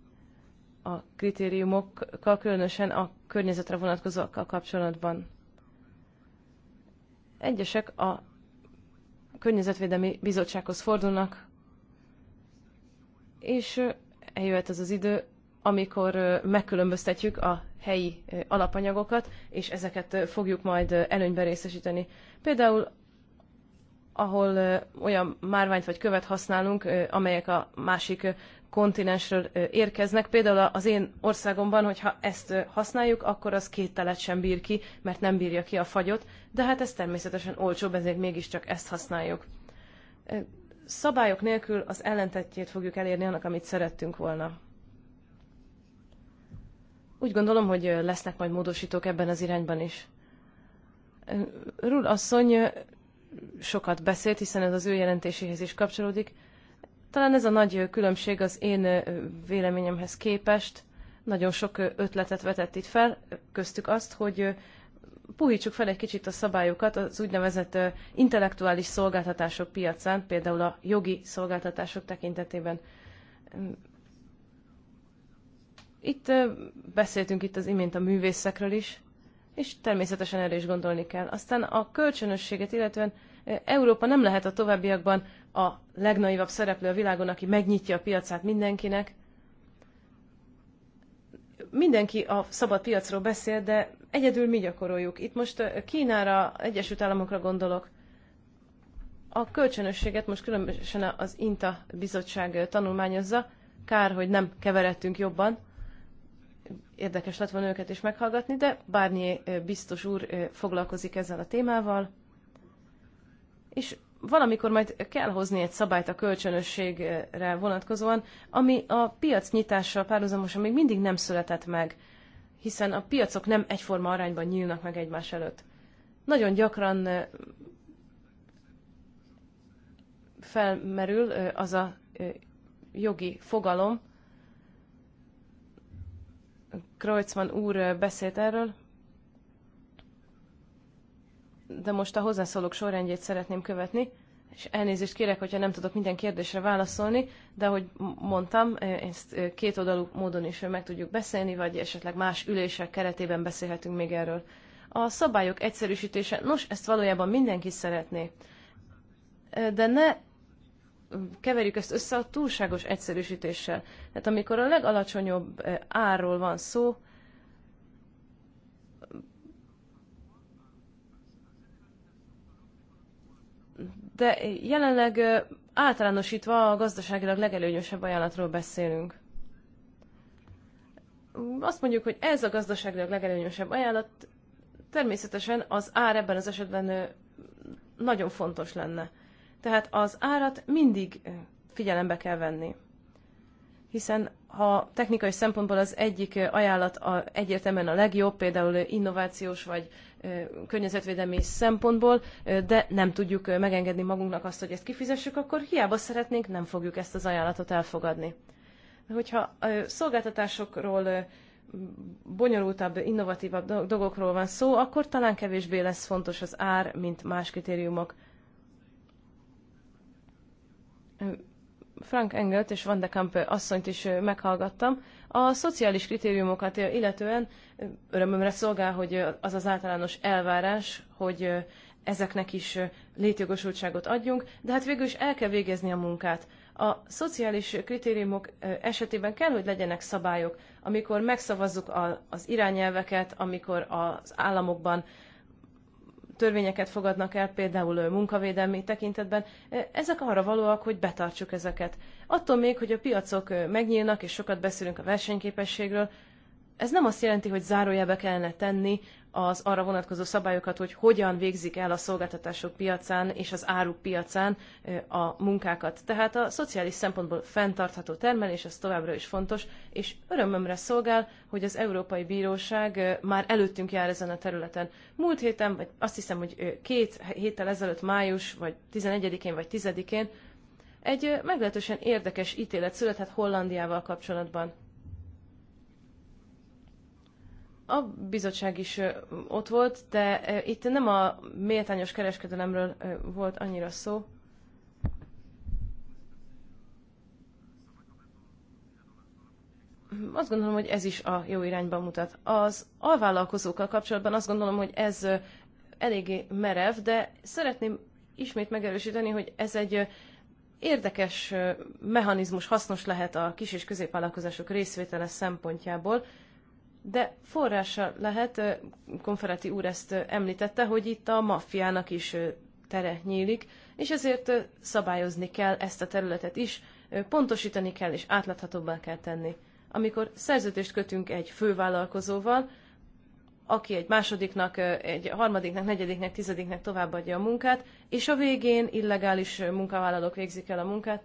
a kritériumokkal, különösen a környezetre vonatkozókkal kapcsolatban. Egyesek a Környezetvédelmi Bizottsághoz fordulnak, és eljöhet az az idő, amikor megkülönböztetjük a helyi alapanyagokat, és ezeket fogjuk majd előnyben részesíteni. Például ahol olyan márványt vagy követ használunk, amelyek a másik kontinensről érkeznek. Például az én országomban, hogyha ezt használjuk, akkor az két telet sem bír ki, mert nem bírja ki a fagyot, de hát ez természetesen olcsóbb, ezért mégiscsak ezt használjuk. Szabályok nélkül az ellentetjét fogjuk elérni annak, amit szerettünk volna. Úgy gondolom, hogy lesznek majd módosítók ebben az irányban is. Rul asszony sokat beszélt, hiszen ez az ő jelentéséhez is kapcsolódik. Talán ez a nagy különbség az én véleményemhez képest. Nagyon sok ötletet vetett itt fel, köztük azt, hogy puhítsuk fel egy kicsit a szabályokat az úgynevezett intellektuális szolgáltatások piacán, például a jogi szolgáltatások tekintetében. Itt beszéltünk itt az imént a művészekről is, és természetesen erre is gondolni kell. Aztán a kölcsönösséget illetően Európa nem lehet a továbbiakban a legnaivabb szereplő a világon, aki megnyitja a piacát mindenkinek. Mindenki a szabad piacról beszél, de egyedül mi gyakoroljuk. Itt most Kínára, Egyesült Államokra gondolok. A kölcsönösséget most különösen az INTA bizottság tanulmányozza. Kár, hogy nem keveredtünk jobban érdekes lett volna őket is meghallgatni, de Barnier biztos úr foglalkozik ezzel a témával, és valamikor majd kell hozni egy szabályt a kölcsönösségre vonatkozóan, ami a piac nyitással párhuzamosan még mindig nem született meg, hiszen a piacok nem egyforma arányban nyílnak meg egymás előtt. Nagyon gyakran felmerül az a jogi fogalom, Kreutzmann úr beszélt erről, de most a hozzászólók sorrendjét szeretném követni, és elnézést kérek, hogyha nem tudok minden kérdésre válaszolni, de ahogy mondtam, ezt kétoldalú módon is meg tudjuk beszélni, vagy esetleg más ülések keretében beszélhetünk még erről. A szabályok egyszerűsítése, nos, ezt valójában mindenki szeretné. De ne keverjük ezt össze a túlságos egyszerűsítéssel. Tehát amikor a legalacsonyabb eh, árról van szó, de jelenleg eh, általánosítva a gazdaságilag legelőnyösebb ajánlatról beszélünk. Azt mondjuk, hogy ez a gazdaságilag legelőnyösebb ajánlat, természetesen az ár ebben az esetben eh, nagyon fontos lenne. Tehát az árat mindig eh, figyelembe kell venni. Hiszen ha technikai szempontból az egyik eh, ajánlat a, egyértelműen a legjobb, például eh, innovációs vagy környezetvédelmi szempontból, de nem tudjuk megengedni magunknak azt, hogy ezt kifizessük, akkor hiába szeretnénk, nem fogjuk ezt az ajánlatot elfogadni. Hogyha szolgáltatásokról bonyolultabb, innovatívabb dolgokról van szó, akkor talán kevésbé lesz fontos az ár, mint más kritériumok. Frank Engelt és Van de Kamp asszonyt is meghallgattam. A szociális kritériumokat illetően örömömre szolgál, hogy az az általános elvárás, hogy ezeknek is létjogosultságot adjunk, de hát végül is el kell végezni a munkát. A szociális kritériumok esetében kell, hogy legyenek szabályok, amikor megszavazzuk az irányelveket, amikor az államokban törvényeket fogadnak el, például munkavédelmi tekintetben, ezek arra valóak, hogy betartsuk ezeket. Attól még, hogy a piacok megnyílnak, és sokat beszélünk a versenyképességről, ez nem azt jelenti, hogy zárójelbe kellene tenni az arra vonatkozó szabályokat, hogy hogyan végzik el a szolgáltatások piacán és az áruk piacán a munkákat. Tehát a szociális szempontból fenntartható termelés az továbbra is fontos, és örömömre szolgál, hogy az Európai Bíróság már előttünk jár ezen a területen. Múlt héten, vagy azt hiszem, hogy két héttel ezelőtt, május, vagy 11-én, vagy 10-én, egy meglehetősen érdekes ítélet született Hollandiával kapcsolatban. A bizottság is ott volt, de itt nem a méltányos kereskedelemről volt annyira szó. Azt gondolom, hogy ez is a jó irányba mutat. Az alvállalkozókkal kapcsolatban azt gondolom, hogy ez eléggé merev, de szeretném ismét megerősíteni, hogy ez egy érdekes mechanizmus, hasznos lehet a kis és középvállalkozások részvétele szempontjából, de forrása lehet, Konferati úr ezt említette, hogy itt a maffiának is tere nyílik, és ezért szabályozni kell ezt a területet is, pontosítani kell és átláthatóbbá kell tenni. Amikor szerződést kötünk egy fővállalkozóval, aki egy másodiknak, egy harmadiknak, negyediknek, tizediknek továbbadja a munkát, és a végén illegális munkavállalók végzik el a munkát.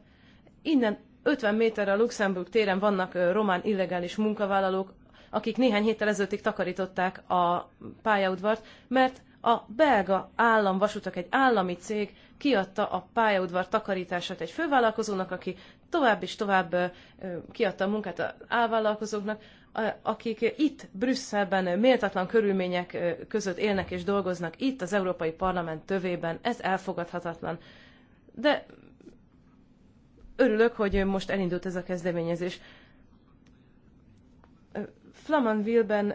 Innen 50 méterre a Luxemburg téren vannak román illegális munkavállalók, akik néhány héttel ezelőttig takarították a pályaudvart, mert a belga államvasutak, egy állami cég kiadta a pályaudvar takarítását egy fővállalkozónak, aki tovább és tovább kiadta a munkát az állvállalkozóknak, akik itt Brüsszelben méltatlan körülmények között élnek és dolgoznak, itt az Európai Parlament tövében, ez elfogadhatatlan. De örülök, hogy most elindult ez a kezdeményezés. Flamanville-ben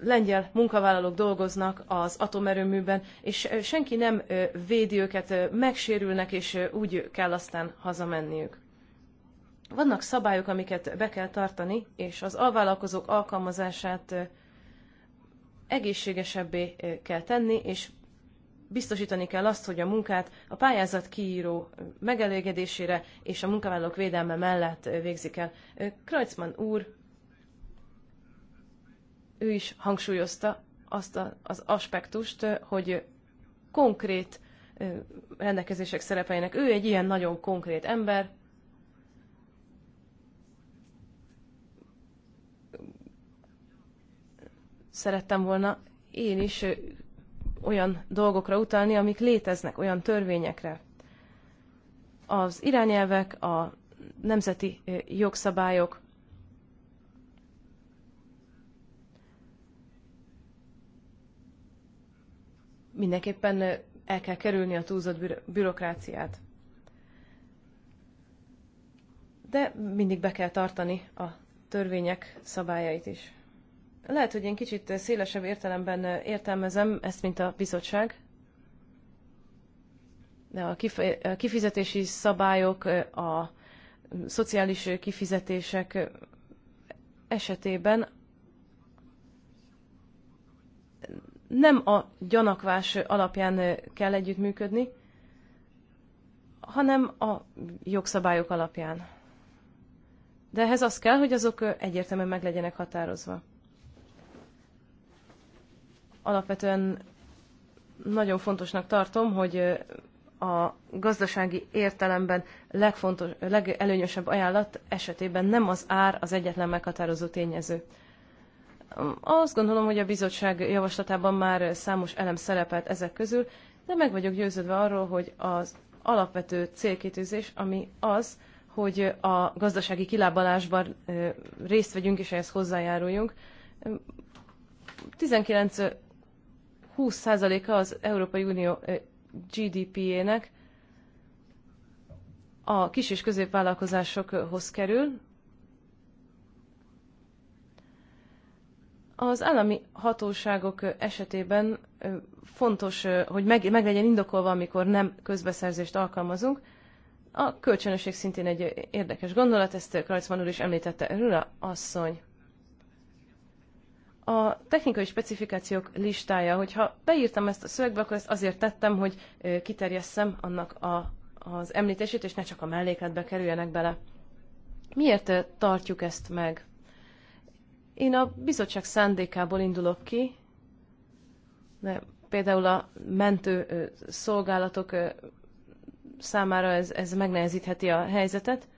lengyel munkavállalók dolgoznak az atomerőműben, és senki nem védi őket, megsérülnek, és úgy kell aztán hazamenniük. Vannak szabályok, amiket be kell tartani, és az alvállalkozók alkalmazását egészségesebbé kell tenni, és biztosítani kell azt, hogy a munkát a pályázat kiíró megelégedésére és a munkavállalók védelme mellett végzik el. Kreutzmann úr ő is hangsúlyozta azt a, az aspektust, hogy konkrét rendelkezések szerepeljenek. Ő egy ilyen nagyon konkrét ember, szerettem volna én is olyan dolgokra utalni, amik léteznek, olyan törvényekre. Az irányelvek, a nemzeti jogszabályok, mindenképpen el kell kerülni a túlzott bürokráciát. De mindig be kell tartani a törvények szabályait is. Lehet, hogy én kicsit szélesebb értelemben értelmezem ezt, mint a bizottság, de a kifizetési szabályok, a szociális kifizetések esetében nem a gyanakvás alapján kell együttműködni, hanem a jogszabályok alapján. De ehhez az kell, hogy azok egyértelműen meg legyenek határozva. Alapvetően nagyon fontosnak tartom, hogy a gazdasági értelemben legfontos, legelőnyösebb ajánlat esetében nem az ár az egyetlen meghatározó tényező. Azt gondolom, hogy a bizottság javaslatában már számos elem szerepelt ezek közül, de meg vagyok győződve arról, hogy az alapvető célkitűzés, ami az, hogy a gazdasági kilábalásban részt vegyünk és ehhez hozzájáruljunk. 19-20 százaléka az Európai Unió GDP-ének a kis és középvállalkozásokhoz kerül, Az állami hatóságok esetében fontos, hogy meg, meg legyen indokolva, amikor nem közbeszerzést alkalmazunk. A kölcsönösség szintén egy érdekes gondolat, ezt Krajcman úr is említette, Rula asszony. A technikai specifikációk listája, hogyha beírtam ezt a szövegbe, akkor ezt azért tettem, hogy kiterjesszem annak a, az említését, és ne csak a mellékletbe kerüljenek bele. Miért tartjuk ezt meg? Én a bizottság szándékából indulok ki, de például a mentő szolgálatok számára ez, ez megnehezítheti a helyzetet.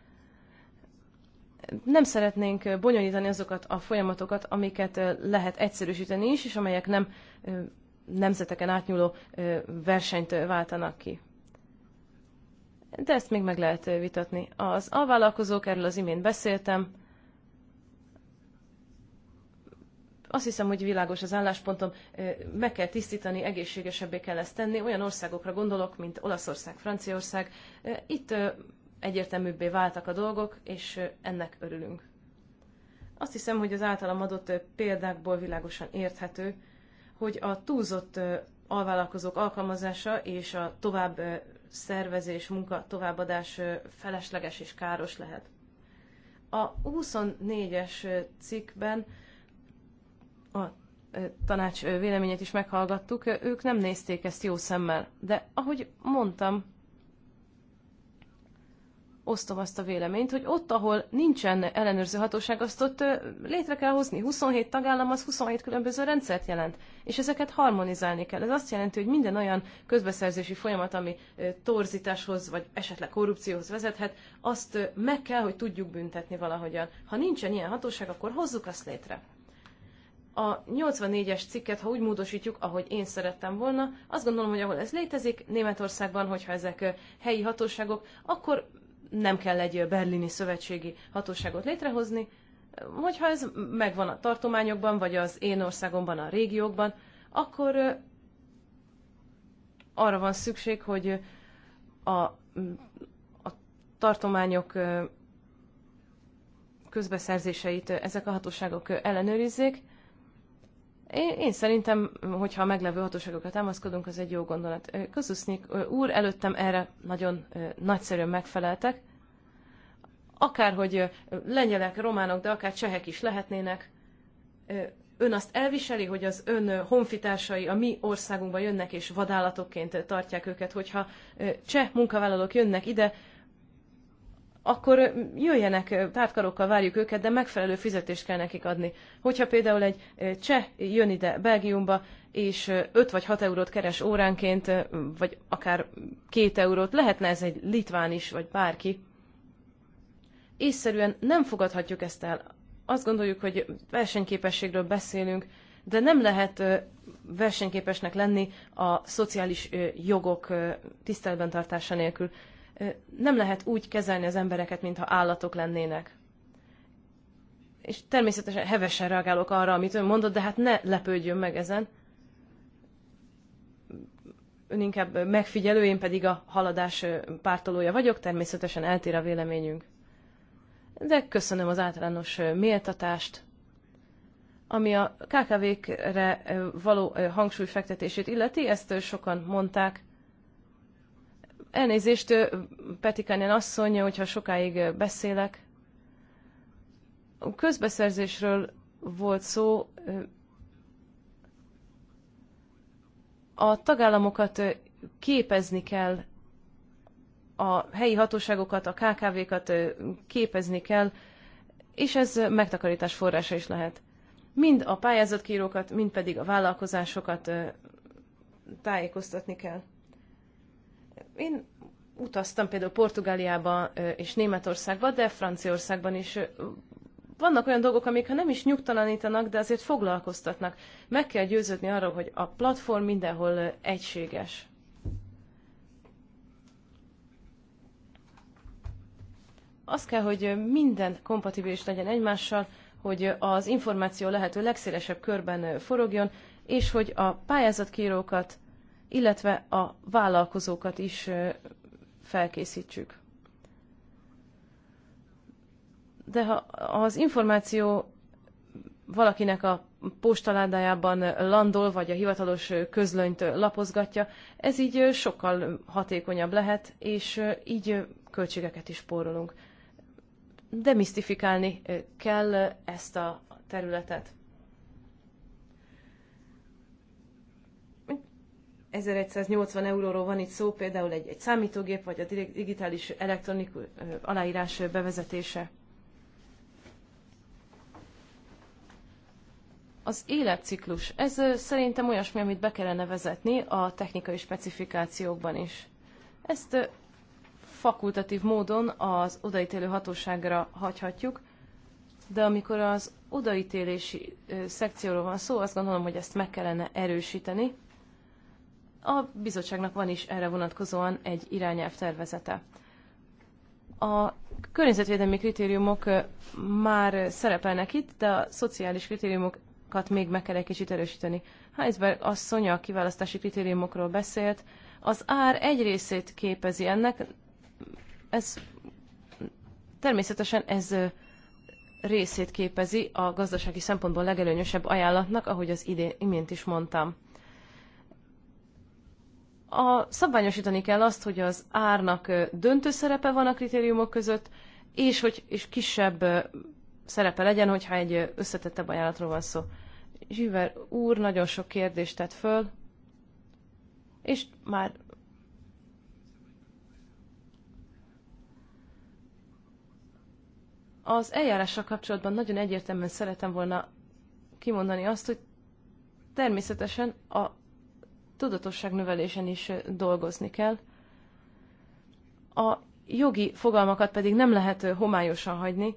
Nem szeretnénk bonyolítani azokat a folyamatokat, amiket lehet egyszerűsíteni is, és amelyek nem nemzeteken átnyúló versenyt váltanak ki. De ezt még meg lehet vitatni. Az alvállalkozók, erről az imént beszéltem, Azt hiszem, hogy világos az álláspontom, meg kell tisztítani, egészségesebbé kell ezt tenni. Olyan országokra gondolok, mint Olaszország, Franciaország. Itt egyértelműbbé váltak a dolgok, és ennek örülünk. Azt hiszem, hogy az általam adott példákból világosan érthető, hogy a túlzott alvállalkozók alkalmazása és a tovább szervezés, munka továbbadás felesleges és káros lehet. A 24-es cikkben a tanács véleményét is meghallgattuk, ők nem nézték ezt jó szemmel. De ahogy mondtam, osztom azt a véleményt, hogy ott, ahol nincsen ellenőrző hatóság, azt ott létre kell hozni. 27 tagállam az 27 különböző rendszert jelent, és ezeket harmonizálni kell. Ez azt jelenti, hogy minden olyan közbeszerzési folyamat, ami torzításhoz vagy esetleg korrupcióhoz vezethet, azt meg kell, hogy tudjuk büntetni valahogyan. Ha nincsen ilyen hatóság, akkor hozzuk azt létre a 84-es cikket, ha úgy módosítjuk, ahogy én szerettem volna, azt gondolom, hogy ahol ez létezik, Németországban, hogyha ezek helyi hatóságok, akkor nem kell egy berlini szövetségi hatóságot létrehozni, hogyha ez megvan a tartományokban, vagy az én országomban, a régiókban, akkor arra van szükség, hogy a, a tartományok közbeszerzéseit ezek a hatóságok ellenőrizzék, én, én szerintem, hogyha a meglevő hatóságokra támaszkodunk, az egy jó gondolat. Közusznik úr, előttem erre nagyon nagyszerűen megfeleltek. Akárhogy lengyelek, románok, de akár csehek is lehetnének, ön azt elviseli, hogy az ön honfitársai a mi országunkba jönnek és vadállatokként tartják őket, hogyha cseh munkavállalók jönnek ide, akkor jöjjenek, tártkarokkal várjuk őket, de megfelelő fizetést kell nekik adni. Hogyha például egy cseh jön ide Belgiumba, és 5 vagy 6 eurót keres óránként, vagy akár 2 eurót, lehetne ez egy litván is, vagy bárki. Észszerűen nem fogadhatjuk ezt el. Azt gondoljuk, hogy versenyképességről beszélünk, de nem lehet versenyképesnek lenni a szociális jogok tiszteletben tartása nélkül nem lehet úgy kezelni az embereket, mintha állatok lennének. És természetesen hevesen reagálok arra, amit ön mondott, de hát ne lepődjön meg ezen. Ön inkább megfigyelő, én pedig a haladás pártolója vagyok, természetesen eltér a véleményünk. De köszönöm az általános méltatást, ami a KKV-kre való hangsúly fektetését illeti, ezt sokan mondták, Elnézést, Petikányen asszony, hogyha sokáig beszélek. a Közbeszerzésről volt szó. A tagállamokat képezni kell, a helyi hatóságokat, a KKV-kat képezni kell, és ez megtakarítás forrása is lehet. Mind a pályázatkírókat, mind pedig a vállalkozásokat tájékoztatni kell. Én utaztam például Portugáliába és Németországba, de Franciaországban is vannak olyan dolgok, amik ha nem is nyugtalanítanak, de azért foglalkoztatnak. Meg kell győződni arról, hogy a platform mindenhol egységes. Az kell, hogy minden kompatibilis legyen egymással, hogy az információ lehető legszélesebb körben forogjon, és hogy a pályázatkírókat illetve a vállalkozókat is felkészítsük. De ha az információ valakinek a postaládájában landol, vagy a hivatalos közlönyt lapozgatja, ez így sokkal hatékonyabb lehet, és így költségeket is spórolunk. Demisztifikálni kell ezt a területet. 1180 euróról van itt szó, például egy, egy számítógép, vagy a digitális elektronikus aláírás bevezetése. Az életciklus. Ez szerintem olyasmi, amit be kellene vezetni a technikai specifikációkban is. Ezt fakultatív módon az odaítélő hatóságra hagyhatjuk, de amikor az odaítélési szekcióról van szó, azt gondolom, hogy ezt meg kellene erősíteni, a bizottságnak van is erre vonatkozóan egy irányelv tervezete. A környezetvédelmi kritériumok már szerepelnek itt, de a szociális kritériumokat még meg kell egy kicsit erősíteni. Heisberg asszony a kiválasztási kritériumokról beszélt. Az ár egy részét képezi ennek. Ez természetesen ez részét képezi a gazdasági szempontból legelőnyösebb ajánlatnak, ahogy az idén imént is mondtam a szabványosítani kell azt, hogy az árnak döntő szerepe van a kritériumok között, és hogy és kisebb szerepe legyen, hogyha egy összetettebb ajánlatról van szó. Zsíver úr nagyon sok kérdést tett föl, és már az eljárással kapcsolatban nagyon egyértelműen szeretem volna kimondani azt, hogy természetesen a tudatosságnövelésen is dolgozni kell. A jogi fogalmakat pedig nem lehet homályosan hagyni,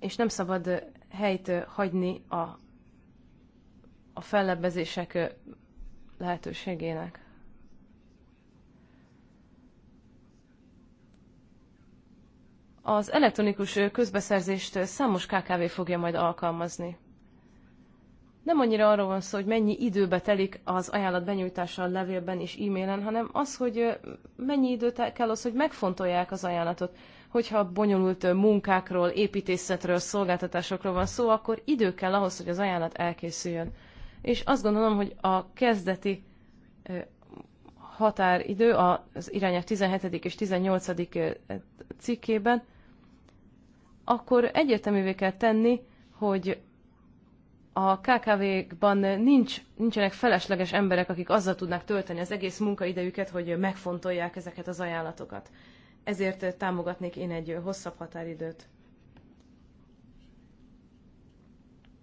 és nem szabad helyt hagyni a, a fellebbezések lehetőségének. Az elektronikus közbeszerzést számos KKV fogja majd alkalmazni nem annyira arról van szó, hogy mennyi időbe telik az ajánlat benyújtása a levélben és e-mailen, hanem az, hogy mennyi idő kell az, hogy megfontolják az ajánlatot. Hogyha bonyolult munkákról, építészetről, szolgáltatásokról van szó, akkor idő kell ahhoz, hogy az ajánlat elkészüljön. És azt gondolom, hogy a kezdeti határidő az irányelv 17. és 18. cikkében, akkor egyértelművé kell tenni, hogy a KKV-kban nincs, nincsenek felesleges emberek, akik azzal tudnak tölteni az egész munkaidejüket, hogy megfontolják ezeket az ajánlatokat. Ezért támogatnék én egy hosszabb határidőt.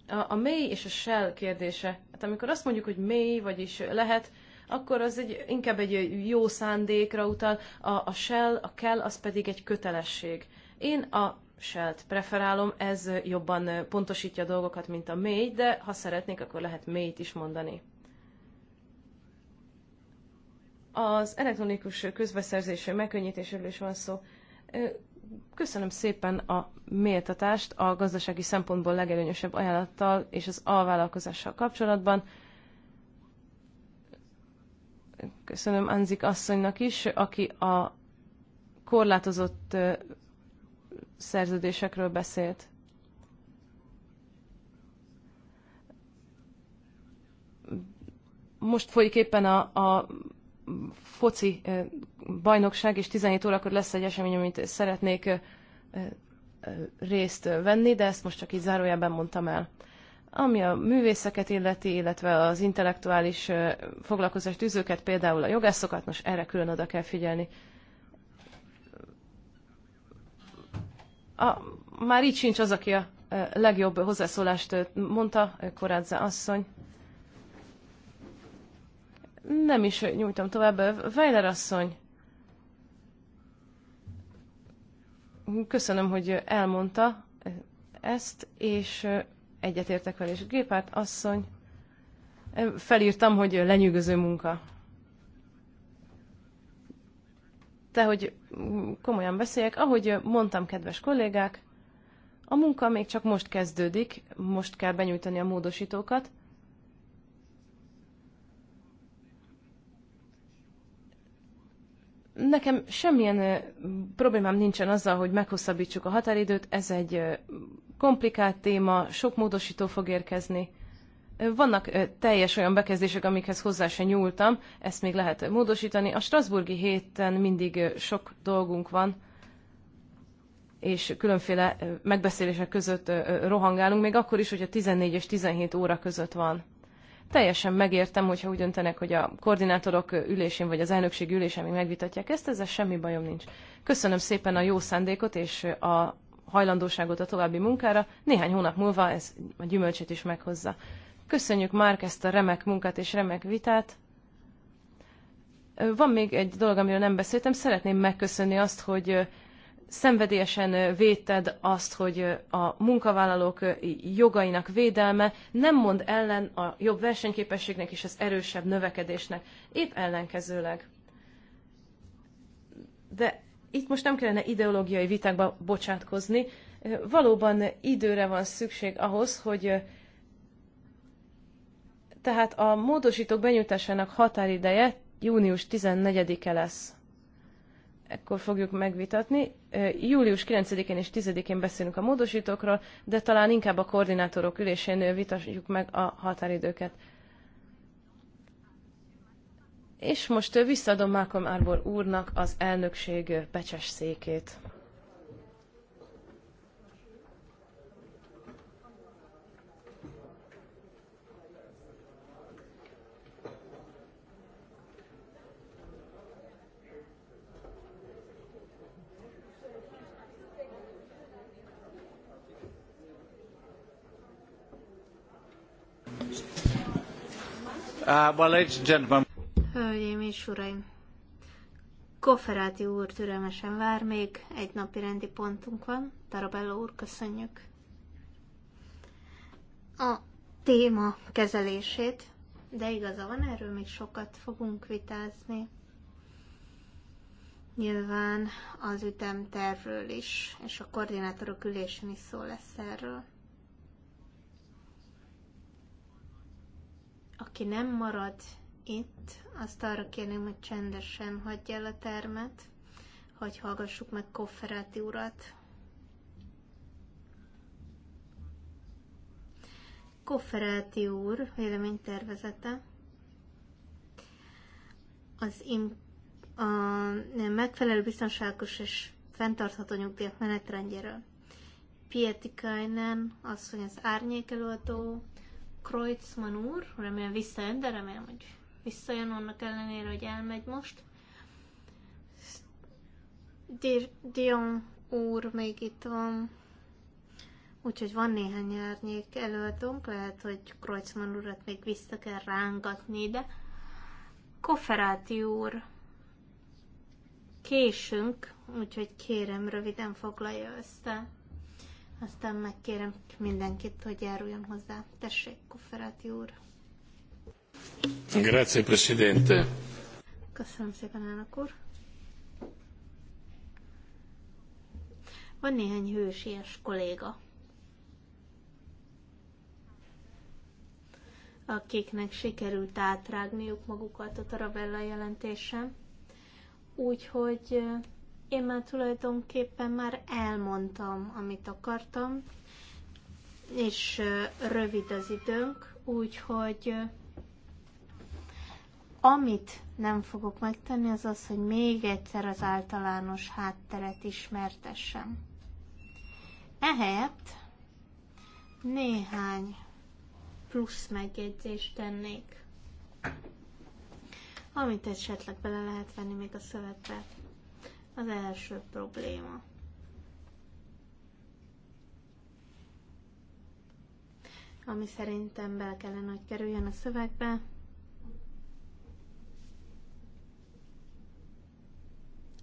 A, a mély és a shell kérdése. Hát amikor azt mondjuk, hogy mély, vagyis lehet, akkor az egy, inkább egy jó szándékra utal, a, a shell, a kell, az pedig egy kötelesség. Én a selt preferálom, ez jobban pontosítja a dolgokat, mint a mély, de ha szeretnék, akkor lehet mélyt is mondani. Az elektronikus közbeszerzés megkönnyítésről is van szó. Köszönöm szépen a méltatást a gazdasági szempontból legelőnyösebb ajánlattal és az alvállalkozással kapcsolatban. Köszönöm Anzik asszonynak is, aki a korlátozott szerződésekről beszélt. Most folyik éppen a, a foci bajnokság, és 17 órakor lesz egy esemény, amit szeretnék részt venni, de ezt most csak így zárójában mondtam el. Ami a művészeket illeti, illetve az intellektuális foglalkozást tűzőket, például a jogászokat, most erre külön oda kell figyelni. A, már így sincs az, aki a legjobb hozzászólást mondta, Korádze asszony. Nem is nyújtom tovább. Weiler asszony. Köszönöm, hogy elmondta ezt, és egyetértek vele, és Gépárt asszony. Felírtam, hogy lenyűgöző munka. de hogy komolyan beszéljek, ahogy mondtam, kedves kollégák, a munka még csak most kezdődik, most kell benyújtani a módosítókat. Nekem semmilyen problémám nincsen azzal, hogy meghosszabbítsuk a határidőt, ez egy komplikált téma, sok módosító fog érkezni vannak teljes olyan bekezdések, amikhez hozzá se nyúltam, ezt még lehet módosítani. A Strasburgi héten mindig sok dolgunk van, és különféle megbeszélések között rohangálunk, még akkor is, hogy a 14 és 17 óra között van. Teljesen megértem, hogyha úgy döntenek, hogy a koordinátorok ülésén vagy az elnökség ülésén még megvitatják ezt, ezzel semmi bajom nincs. Köszönöm szépen a jó szándékot és a hajlandóságot a további munkára. Néhány hónap múlva ez a gyümölcsét is meghozza. Köszönjük már ezt a remek munkát és remek vitát. Van még egy dolog, amiről nem beszéltem. Szeretném megköszönni azt, hogy szenvedélyesen védted azt, hogy a munkavállalók jogainak védelme nem mond ellen a jobb versenyképességnek és az erősebb növekedésnek. Épp ellenkezőleg. De itt most nem kellene ideológiai vitákba bocsátkozni. Valóban időre van szükség ahhoz, hogy tehát a módosítók benyújtásának határideje június 14-e lesz. Ekkor fogjuk megvitatni. Július 9-én és 10-én beszélünk a módosítókról, de talán inkább a koordinátorok ülésén vitatjuk meg a határidőket. És most visszaadom Malcolm Arbor úrnak az elnökség becses székét. Uh, Hölgyeim és uraim, Koferáti úr türelmesen vár, még egy napi rendi pontunk van. Tarabella úr, köszönjük. A téma kezelését, de igaza van, erről még sokat fogunk vitázni. Nyilván az ütemtervről is, és a koordinátorok ülésén is szó lesz erről. aki nem marad itt, azt arra kérném, hogy csendesen hagyja el a termet, hogy hallgassuk meg Kofferáti urat. Kofferáti úr véleménytervezete az im, a megfelelő biztonságos és fenntartható nyugdíjak menetrendjéről. Pietikainen, asszony az árnyékelőadó, Kreutzmann úr, remélem visszajön, de remélem, hogy visszajön annak ellenére, hogy elmegy most. Dion úr még itt van. Úgyhogy van néhány árnyék előadónk, lehet, hogy Kreutzmann urat még vissza kell rángatni, de Koferáti úr, késünk, úgyhogy kérem, röviden foglalja össze. Aztán megkérem mindenkit, hogy járuljon hozzá. Tessék, Kofferati úr. Grazie, Presidente. Köszönöm szépen, elnök úr. Van néhány hősies kolléga, akiknek sikerült átrágniuk magukat a Tarabella jelentésen. Úgyhogy én már tulajdonképpen már elmondtam, amit akartam, és rövid az időnk, úgyhogy amit nem fogok megtenni, az az, hogy még egyszer az általános hátteret ismertessem. Ehelyett néhány plusz megjegyzést tennék, amit esetleg bele lehet venni még a szövetbe az első probléma. Ami szerintem be kellene, hogy kerüljön a szövegbe,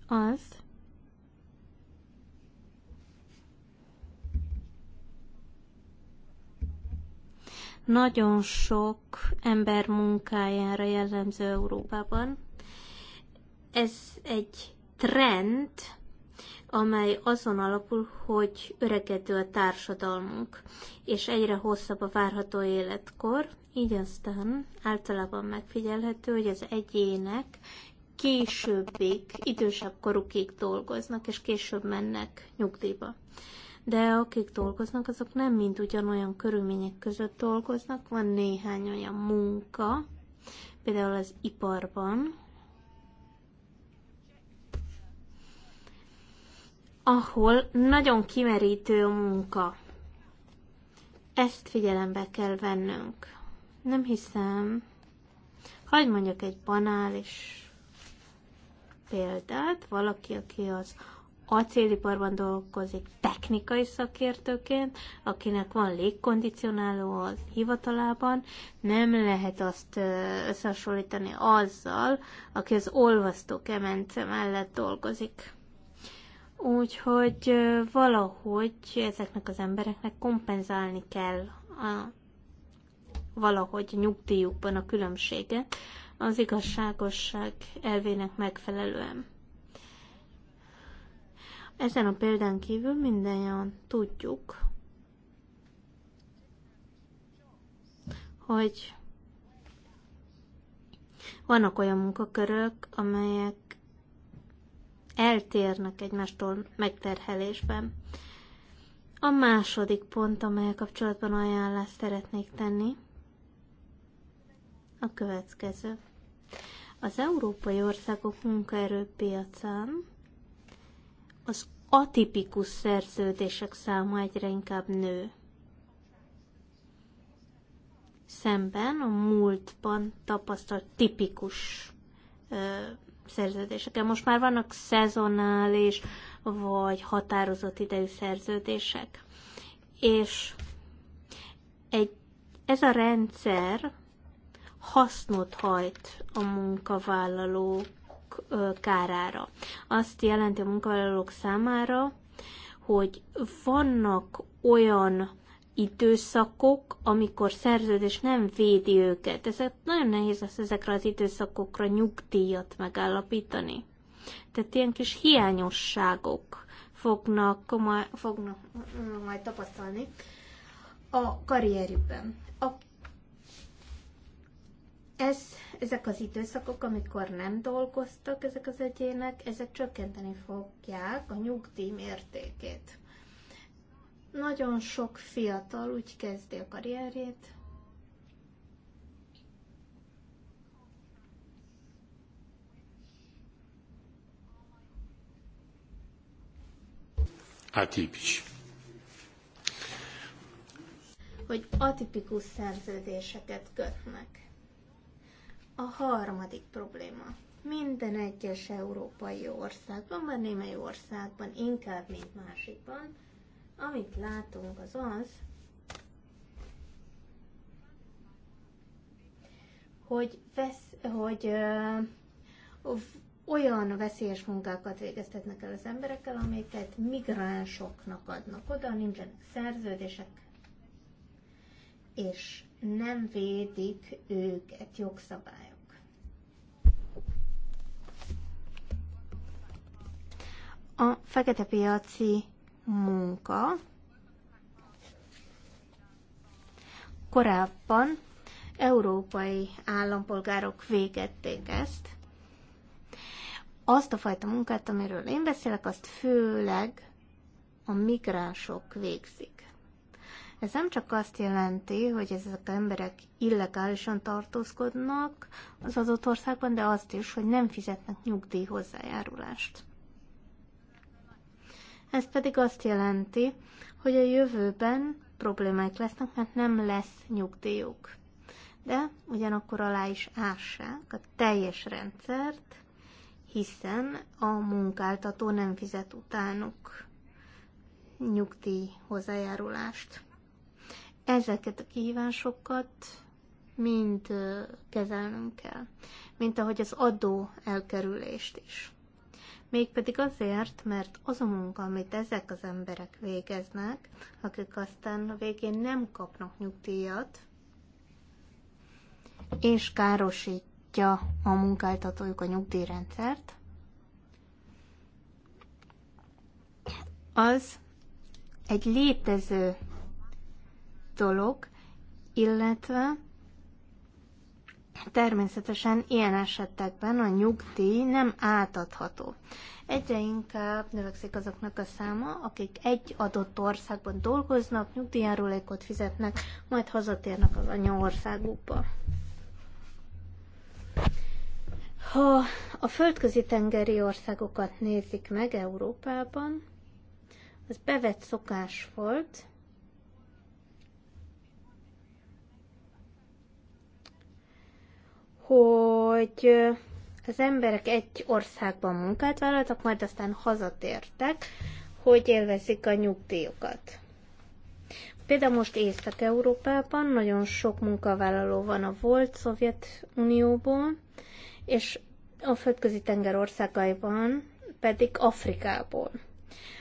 az, nagyon sok ember munkájára jellemző Európában. Ez egy trend, amely azon alapul, hogy öregedő a társadalmunk, és egyre hosszabb a várható életkor, így aztán általában megfigyelhető, hogy az egyének későbbig, idősebb korukig dolgoznak, és később mennek nyugdíjba. De akik dolgoznak, azok nem mind ugyanolyan körülmények között dolgoznak, van néhány olyan munka, például az iparban, ahol nagyon kimerítő a munka. Ezt figyelembe kell vennünk. Nem hiszem. Hagy mondjak egy banális példát. Valaki, aki az acéliparban dolgozik technikai szakértőként, akinek van légkondicionáló a hivatalában, nem lehet azt összehasonlítani azzal, aki az olvasztó kemence mellett dolgozik. Úgyhogy valahogy ezeknek az embereknek kompenzálni kell a, valahogy a nyugdíjukban a különbséget az igazságosság elvének megfelelően. Ezen a példán kívül mindannyian tudjuk, hogy vannak olyan munkakörök, amelyek eltérnek egymástól megterhelésben. A második pont, amelyel kapcsolatban ajánlást szeretnék tenni, a következő. Az európai országok munkaerőpiacán az atipikus szerződések száma egyre inkább nő. Szemben a múltban tapasztalt tipikus szerződéseken. Most már vannak szezonális vagy határozott idejű szerződések. És egy, ez a rendszer hasznot hajt a munkavállalók kárára. Azt jelenti a munkavállalók számára, hogy vannak olyan időszakok, amikor szerződés nem védi őket. Ezért nagyon nehéz lesz ezekre az időszakokra nyugdíjat megállapítani. Tehát ilyen kis hiányosságok fognak, ma, fognak mm, majd tapasztalni a karrierjükben. A, ez, ezek az időszakok, amikor nem dolgoztak ezek az egyének, ezek csökkenteni fogják a nyugdíj mértékét. Nagyon sok fiatal úgy kezdi a karrierjét, Atipics. Hogy atipikus szerződéseket kötnek. A harmadik probléma. Minden egyes európai országban, vagy némely országban, inkább, mint másikban, amit látunk az az, hogy, vesz, hogy ö, olyan veszélyes munkákat végeztetnek el az emberekkel, amiket migránsoknak adnak oda, nincsenek szerződések, és nem védik őket jogszabályok. A fekete piaci munka. Korábban európai állampolgárok végették ezt. Azt a fajta munkát, amiről én beszélek, azt főleg a migránsok végzik. Ez nem csak azt jelenti, hogy ezek az emberek illegálisan tartózkodnak az adott országban, de azt is, hogy nem fizetnek nyugdíj hozzájárulást. Ez pedig azt jelenti, hogy a jövőben problémák lesznek, mert nem lesz nyugdíjuk. De ugyanakkor alá is ássák a teljes rendszert, hiszen a munkáltató nem fizet utánuk nyugdíj hozzájárulást. Ezeket a kihívásokat mind kezelnünk kell, mint ahogy az adó elkerülést is. Mégpedig azért, mert az a munka, amit ezek az emberek végeznek, akik aztán a végén nem kapnak nyugdíjat, és károsítja a munkáltatójuk a nyugdíjrendszert, az egy létező dolog, illetve Természetesen ilyen esetekben a nyugdíj nem átadható. Egyre inkább növekszik azoknak a száma, akik egy adott országban dolgoznak, nyugdíjárulékot fizetnek, majd hazatérnek az anyaországukba. Ha a földközi tengeri országokat nézik meg Európában, az bevett szokás volt, hogy az emberek egy országban munkát vállaltak, majd aztán hazatértek, hogy élvezik a nyugdíjukat. Például most Észak-Európában nagyon sok munkavállaló van a volt Szovjetunióból, és a földközi tenger országaiban pedig Afrikából.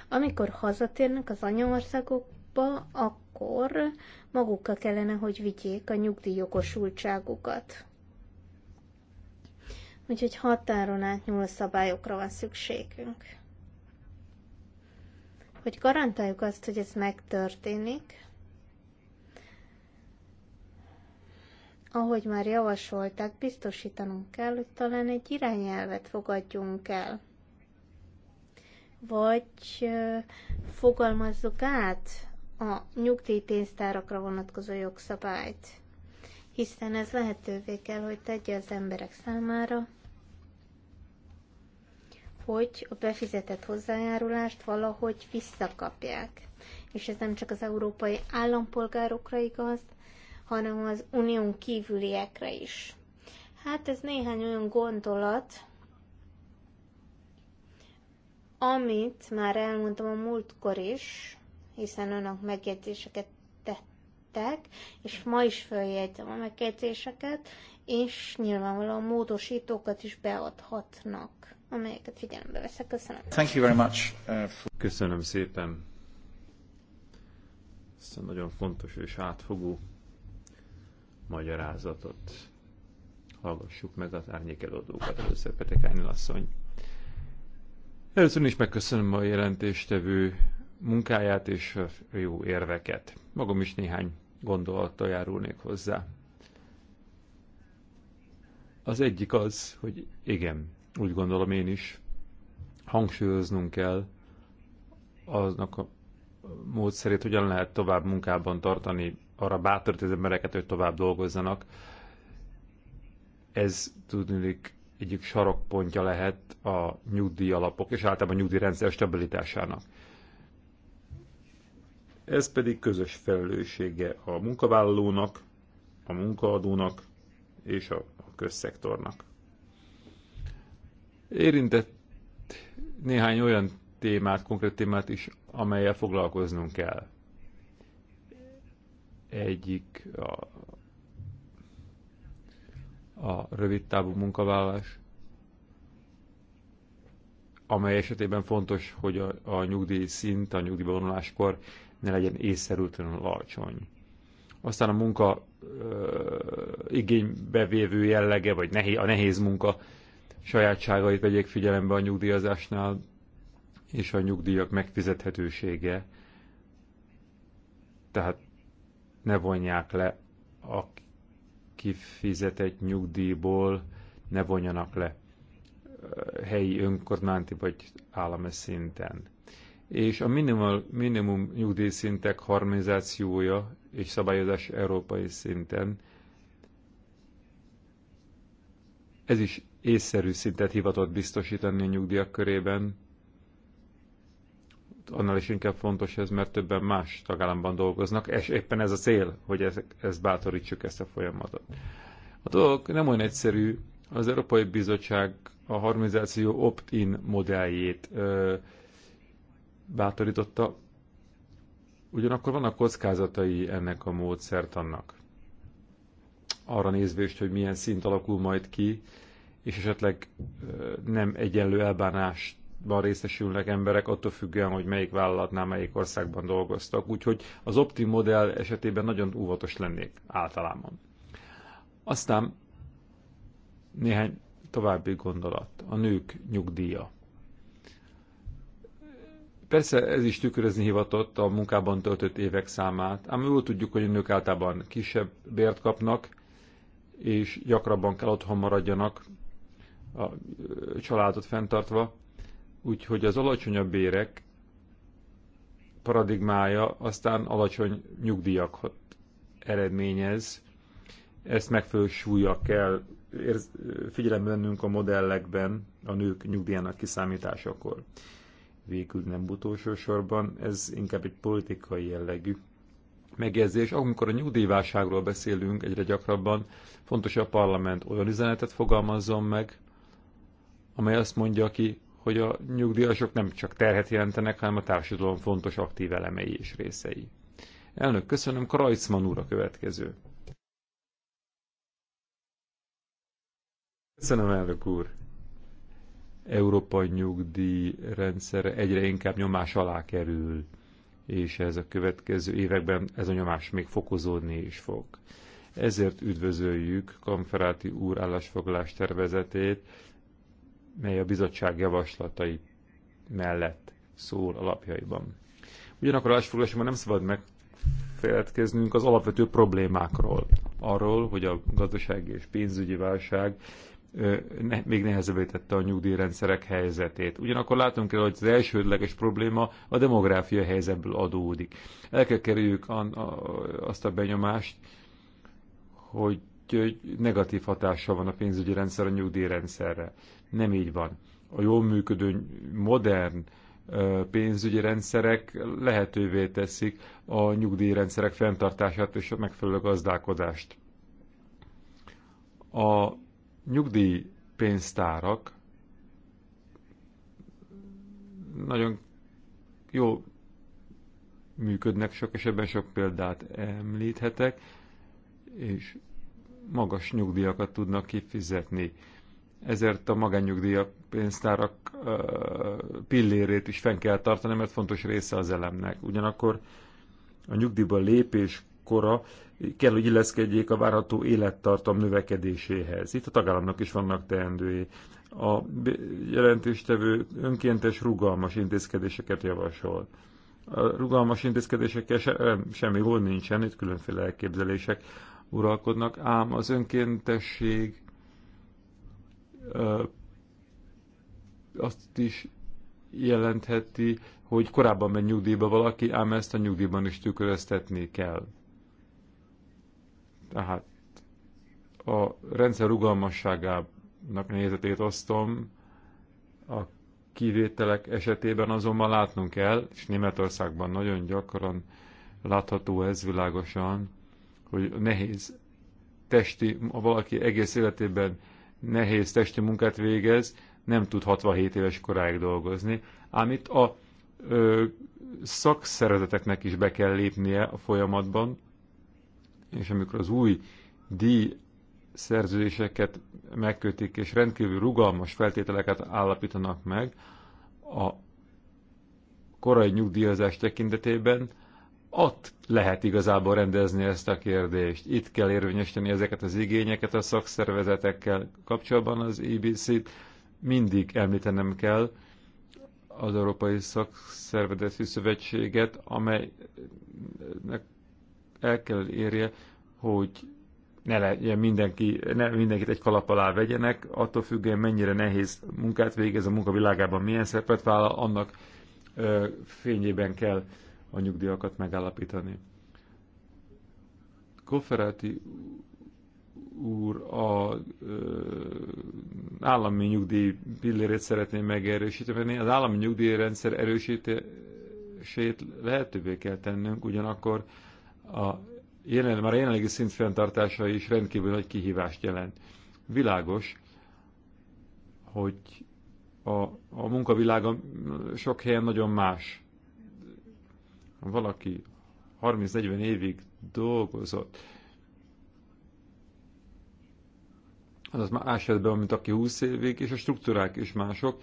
Amikor hazatérnek az anyaországokba, akkor magukkal kellene, hogy vigyék a nyugdíjjogosultságukat úgyhogy határon átnyúló szabályokra van szükségünk. Hogy garantáljuk azt, hogy ez megtörténik, ahogy már javasolták, biztosítanunk kell, hogy talán egy irányelvet fogadjunk el. Vagy fogalmazzuk át a nyugdíjpénztárakra vonatkozó jogszabályt, hiszen ez lehetővé kell, hogy tegye az emberek számára, hogy a befizetett hozzájárulást valahogy visszakapják. És ez nem csak az európai állampolgárokra igaz, hanem az unión kívüliekre is. Hát ez néhány olyan gondolat, amit már elmondtam a múltkor is, hiszen önök megjegyzéseket tettek, és ma is följegyzem a megjegyzéseket, és nyilvánvalóan módosítókat is beadhatnak amelyeket figyelembe veszek. Köszönöm. Thank you very much. Uh, Köszönöm szépen. Ezt a nagyon fontos és átfogó magyarázatot. Hallgassuk meg az árnyékelődókat először Petekányi asszony. Először is megköszönöm a jelentéstevő munkáját és a jó érveket. Magam is néhány gondolattal járulnék hozzá. Az egyik az, hogy igen, úgy gondolom én is, hangsúlyoznunk kell aznak a módszerét, hogyan lehet tovább munkában tartani, arra bátorít az embereket, hogy tovább dolgozzanak. Ez tudnék egyik sarokpontja lehet a nyugdíj alapok és általában a nyugdíjrendszer stabilitásának. Ez pedig közös felelőssége a munkavállalónak, a munkaadónak és a közszektornak. Érintett néhány olyan témát, konkrét témát is, amelyel foglalkoznunk kell. Egyik a, a rövid távú munkavállalás, amely esetében fontos, hogy a, a nyugdíj szint, a nyugdíjba vonuláskor ne legyen észszerűtlenül alacsony. Aztán a munka ö, igénybevévő jellege, vagy nehéz, a nehéz munka sajátságait vegyék figyelembe a nyugdíjazásnál, és a nyugdíjak megfizethetősége. Tehát ne vonják le a kifizetett nyugdíjból, ne vonjanak le helyi önkormányzati vagy állami szinten. És a minimal, minimum nyugdíjszintek harmonizációja és szabályozás európai szinten Ez is észszerű szintet hivatott biztosítani a nyugdíjak körében. Annál is inkább fontos ez, mert többen más tagállamban dolgoznak, és éppen ez a cél, hogy ezt, ez bátorítsuk, ezt a folyamatot. A dolog nem olyan egyszerű, az Európai Bizottság a harmonizáció opt-in modelljét ö, bátorította. Ugyanakkor vannak kockázatai ennek a annak arra nézvést, hogy milyen szint alakul majd ki, és esetleg nem egyenlő elbánásban részesülnek emberek, attól függően, hogy melyik vállalatnál, melyik országban dolgoztak. Úgyhogy az optim modell esetében nagyon óvatos lennék általában. Aztán néhány további gondolat. A nők nyugdíja. Persze ez is tükrözni hivatott a munkában töltött évek számát, ám jól tudjuk, hogy a nők általában kisebb bért kapnak, és gyakrabban kell otthon maradjanak a családot fenntartva, úgyhogy az alacsonyabb bérek paradigmája aztán alacsony nyugdíjakat eredményez. Ezt megfelelő súlya kell figyelem vennünk a modellekben a nők nyugdíjának kiszámításakor. Végül nem utolsó sorban, ez inkább egy politikai jellegű megjegyzés, amikor a nyugdíjválságról beszélünk egyre gyakrabban, fontos, hogy a parlament olyan üzenetet fogalmazzon meg, amely azt mondja ki, hogy a nyugdíjasok nem csak terhet jelentenek, hanem a társadalom fontos aktív elemei és részei. Elnök, köszönöm, Krajcman úr a következő. Köszönöm, elnök úr. Európai nyugdíjrendszer egyre inkább nyomás alá kerül és ez a következő években ez a nyomás még fokozódni is fog. Ezért üdvözöljük Kamferáti úr állásfoglalás tervezetét, mely a bizottság javaslatai mellett szól alapjaiban. Ugyanakkor állásfoglalásban nem szabad megfeledkeznünk az alapvető problémákról, arról, hogy a gazdasági és pénzügyi válság ne, még nehezebbé tette a nyugdíjrendszerek helyzetét. Ugyanakkor látunk kell, hogy az elsődleges probléma a demográfia helyzetből adódik. El kell kerüljük a, azt a benyomást, hogy, hogy negatív hatása van a pénzügyi rendszer a nyugdíjrendszerre. Nem így van. A jól működő, modern pénzügyi rendszerek lehetővé teszik a nyugdíjrendszerek fenntartását és a megfelelő gazdálkodást. A nyugdíjpénztárak nagyon jó működnek, sok esetben sok példát említhetek, és magas nyugdíjakat tudnak kifizetni. Ezért a magánnyugdíjak pénztárak pillérét is fenn kell tartani, mert fontos része az elemnek. Ugyanakkor a nyugdíjba lépés kora kell, hogy illeszkedjék a várható élettartam növekedéséhez. Itt a tagállamnak is vannak teendői. A jelentéstevő önkéntes rugalmas intézkedéseket javasol. A rugalmas intézkedésekkel se, semmi gond nincsen, itt különféle elképzelések uralkodnak, ám az önkéntesség ö, azt is jelentheti, hogy korábban megy nyugdíjba valaki, ám ezt a nyugdíjban is tükröztetni kell. Tehát a rendszer rugalmasságának nézetét osztom, a kivételek esetében azonban látnunk kell, és Németországban nagyon gyakran látható ez világosan, hogy nehéz testi, ha valaki egész életében nehéz testi munkát végez, nem tud 67 éves koráig dolgozni, ám itt a ö, szakszervezeteknek is be kell lépnie a folyamatban, és amikor az új díj szerződéseket megkötik, és rendkívül rugalmas feltételeket állapítanak meg a korai nyugdíjazás tekintetében, ott lehet igazából rendezni ezt a kérdést. Itt kell érvényesíteni ezeket az igényeket a szakszervezetekkel kapcsolatban az ibc e t Mindig említenem kell az Európai Szakszervezeti Szövetséget, amelynek el kell érje, hogy ne legyen mindenki, ne mindenkit egy kalap alá vegyenek, attól függően mennyire nehéz munkát végez a munkavilágában, milyen szerepet vállal, annak ö, fényében kell a nyugdíjakat megállapítani. Kofferáti úr a ö, állami nyugdíj pillérét szeretném megerősíteni. Az állami nyugdíjrendszer erősítését lehetővé kell tennünk, ugyanakkor ö, a jelen, már a jelenlegi szint fenntartása is rendkívül nagy kihívást jelent. Világos, hogy a, a munkavilága sok helyen nagyon más. Valaki 30-40 évig dolgozott, az más esetben, mint aki 20 évig, és a struktúrák is mások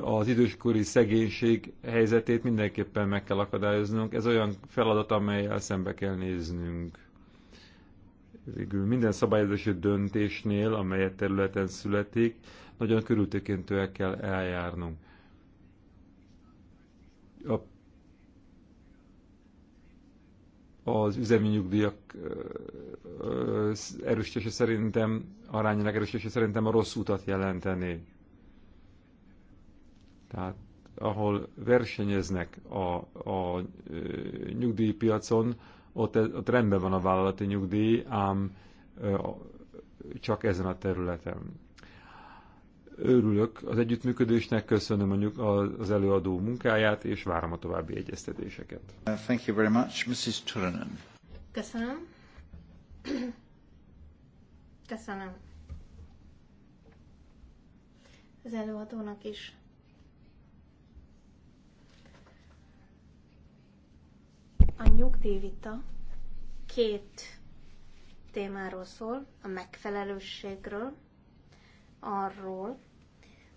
az időskori szegénység helyzetét mindenképpen meg kell akadályoznunk. Ez olyan feladat, amelyel szembe kell néznünk. Végül minden szabályozási döntésnél, amelyet területen születik, nagyon körültekintőek kell eljárnunk. A az üzemi nyugdíjak erősítése szerintem, arányának erősítése szerintem a rossz utat jelenteni tehát ahol versenyeznek a, a nyugdíjpiacon, ott, e, ott rendben van a vállalati nyugdíj, ám csak ezen a területen. Örülök az együttműködésnek, köszönöm mondjuk az előadó munkáját, és várom a további egyeztetéseket. Thank you very much, Mrs. Turunen. Köszönöm. Köszönöm. Az előadónak is. A nyugdíjvita két témáról szól, a megfelelősségről, arról,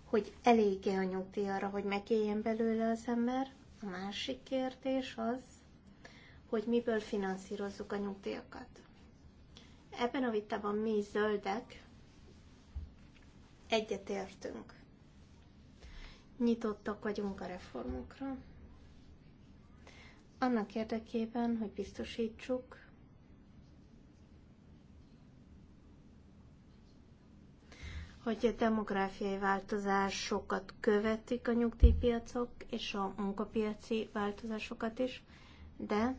hogy elég-e a nyugdíj arra, hogy megéljen belőle az ember. A másik kérdés az, hogy miből finanszírozzuk a nyugdíjakat. Ebben a vitában mi zöldek egyetértünk. Nyitottak vagyunk a reformokra annak érdekében, hogy biztosítsuk, hogy a demográfiai változásokat követik a nyugdíjpiacok és a munkapiaci változásokat is, de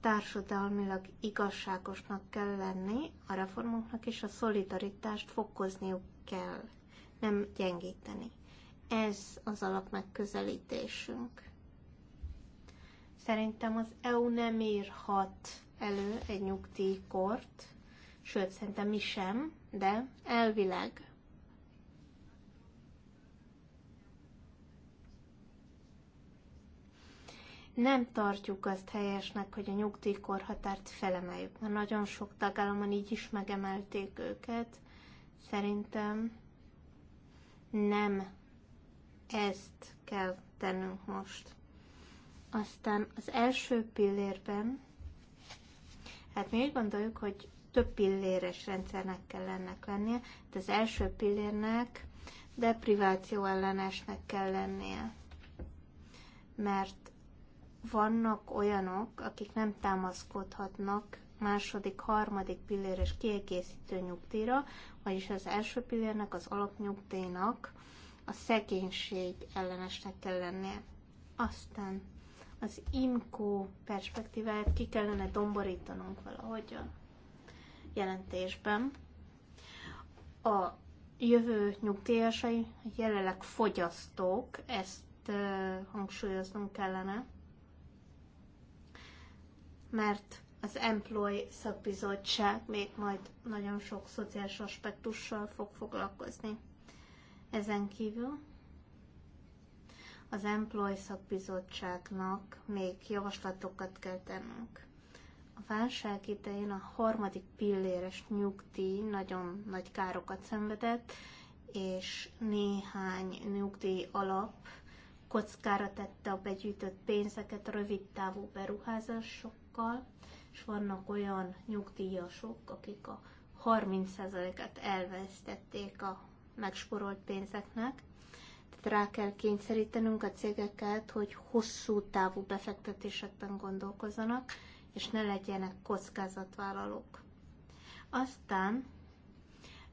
társadalmilag igazságosnak kell lenni, a reformoknak és a szolidaritást fokozniuk kell, nem gyengíteni. Ez az alap megközelítésünk. Szerintem az EU nem írhat elő egy nyugdíjkort, sőt, szerintem mi sem, de elvileg nem tartjuk azt helyesnek, hogy a nyugdíjkorhatárt felemeljük, mert nagyon sok tagállamon így is megemelték őket. Szerintem nem ezt kell tennünk most. Aztán az első pillérben, hát mi úgy gondoljuk, hogy több pilléres rendszernek kell ennek lennie, de az első pillérnek depriváció ellenesnek kell lennie. Mert vannak olyanok, akik nem támaszkodhatnak második, harmadik pilléres kiegészítő nyugdíjra, vagyis az első pillérnek, az alapnyugdíjnak a szegénység ellenesnek kell lennie. Aztán az imkó perspektívát ki kellene domborítanunk valahogy a jelentésben. A jövő nyugdíjasai jelenleg fogyasztók, ezt hangsúlyoznunk kellene, mert az Employ szakbizottság még majd nagyon sok szociális aspektussal fog foglalkozni. Ezen kívül az Employ Szakbizottságnak még javaslatokat kell tennünk. A válság idején a harmadik pilléres nyugdíj nagyon nagy károkat szenvedett, és néhány nyugdíj alap kockára tette a begyűjtött pénzeket rövid távú beruházásokkal, és vannak olyan nyugdíjasok, akik a 30 et elvesztették a megsporolt pénzeknek, rá kell kényszerítenünk a cégeket, hogy hosszú távú befektetésekben gondolkozzanak, és ne legyenek kockázatvállalók. Aztán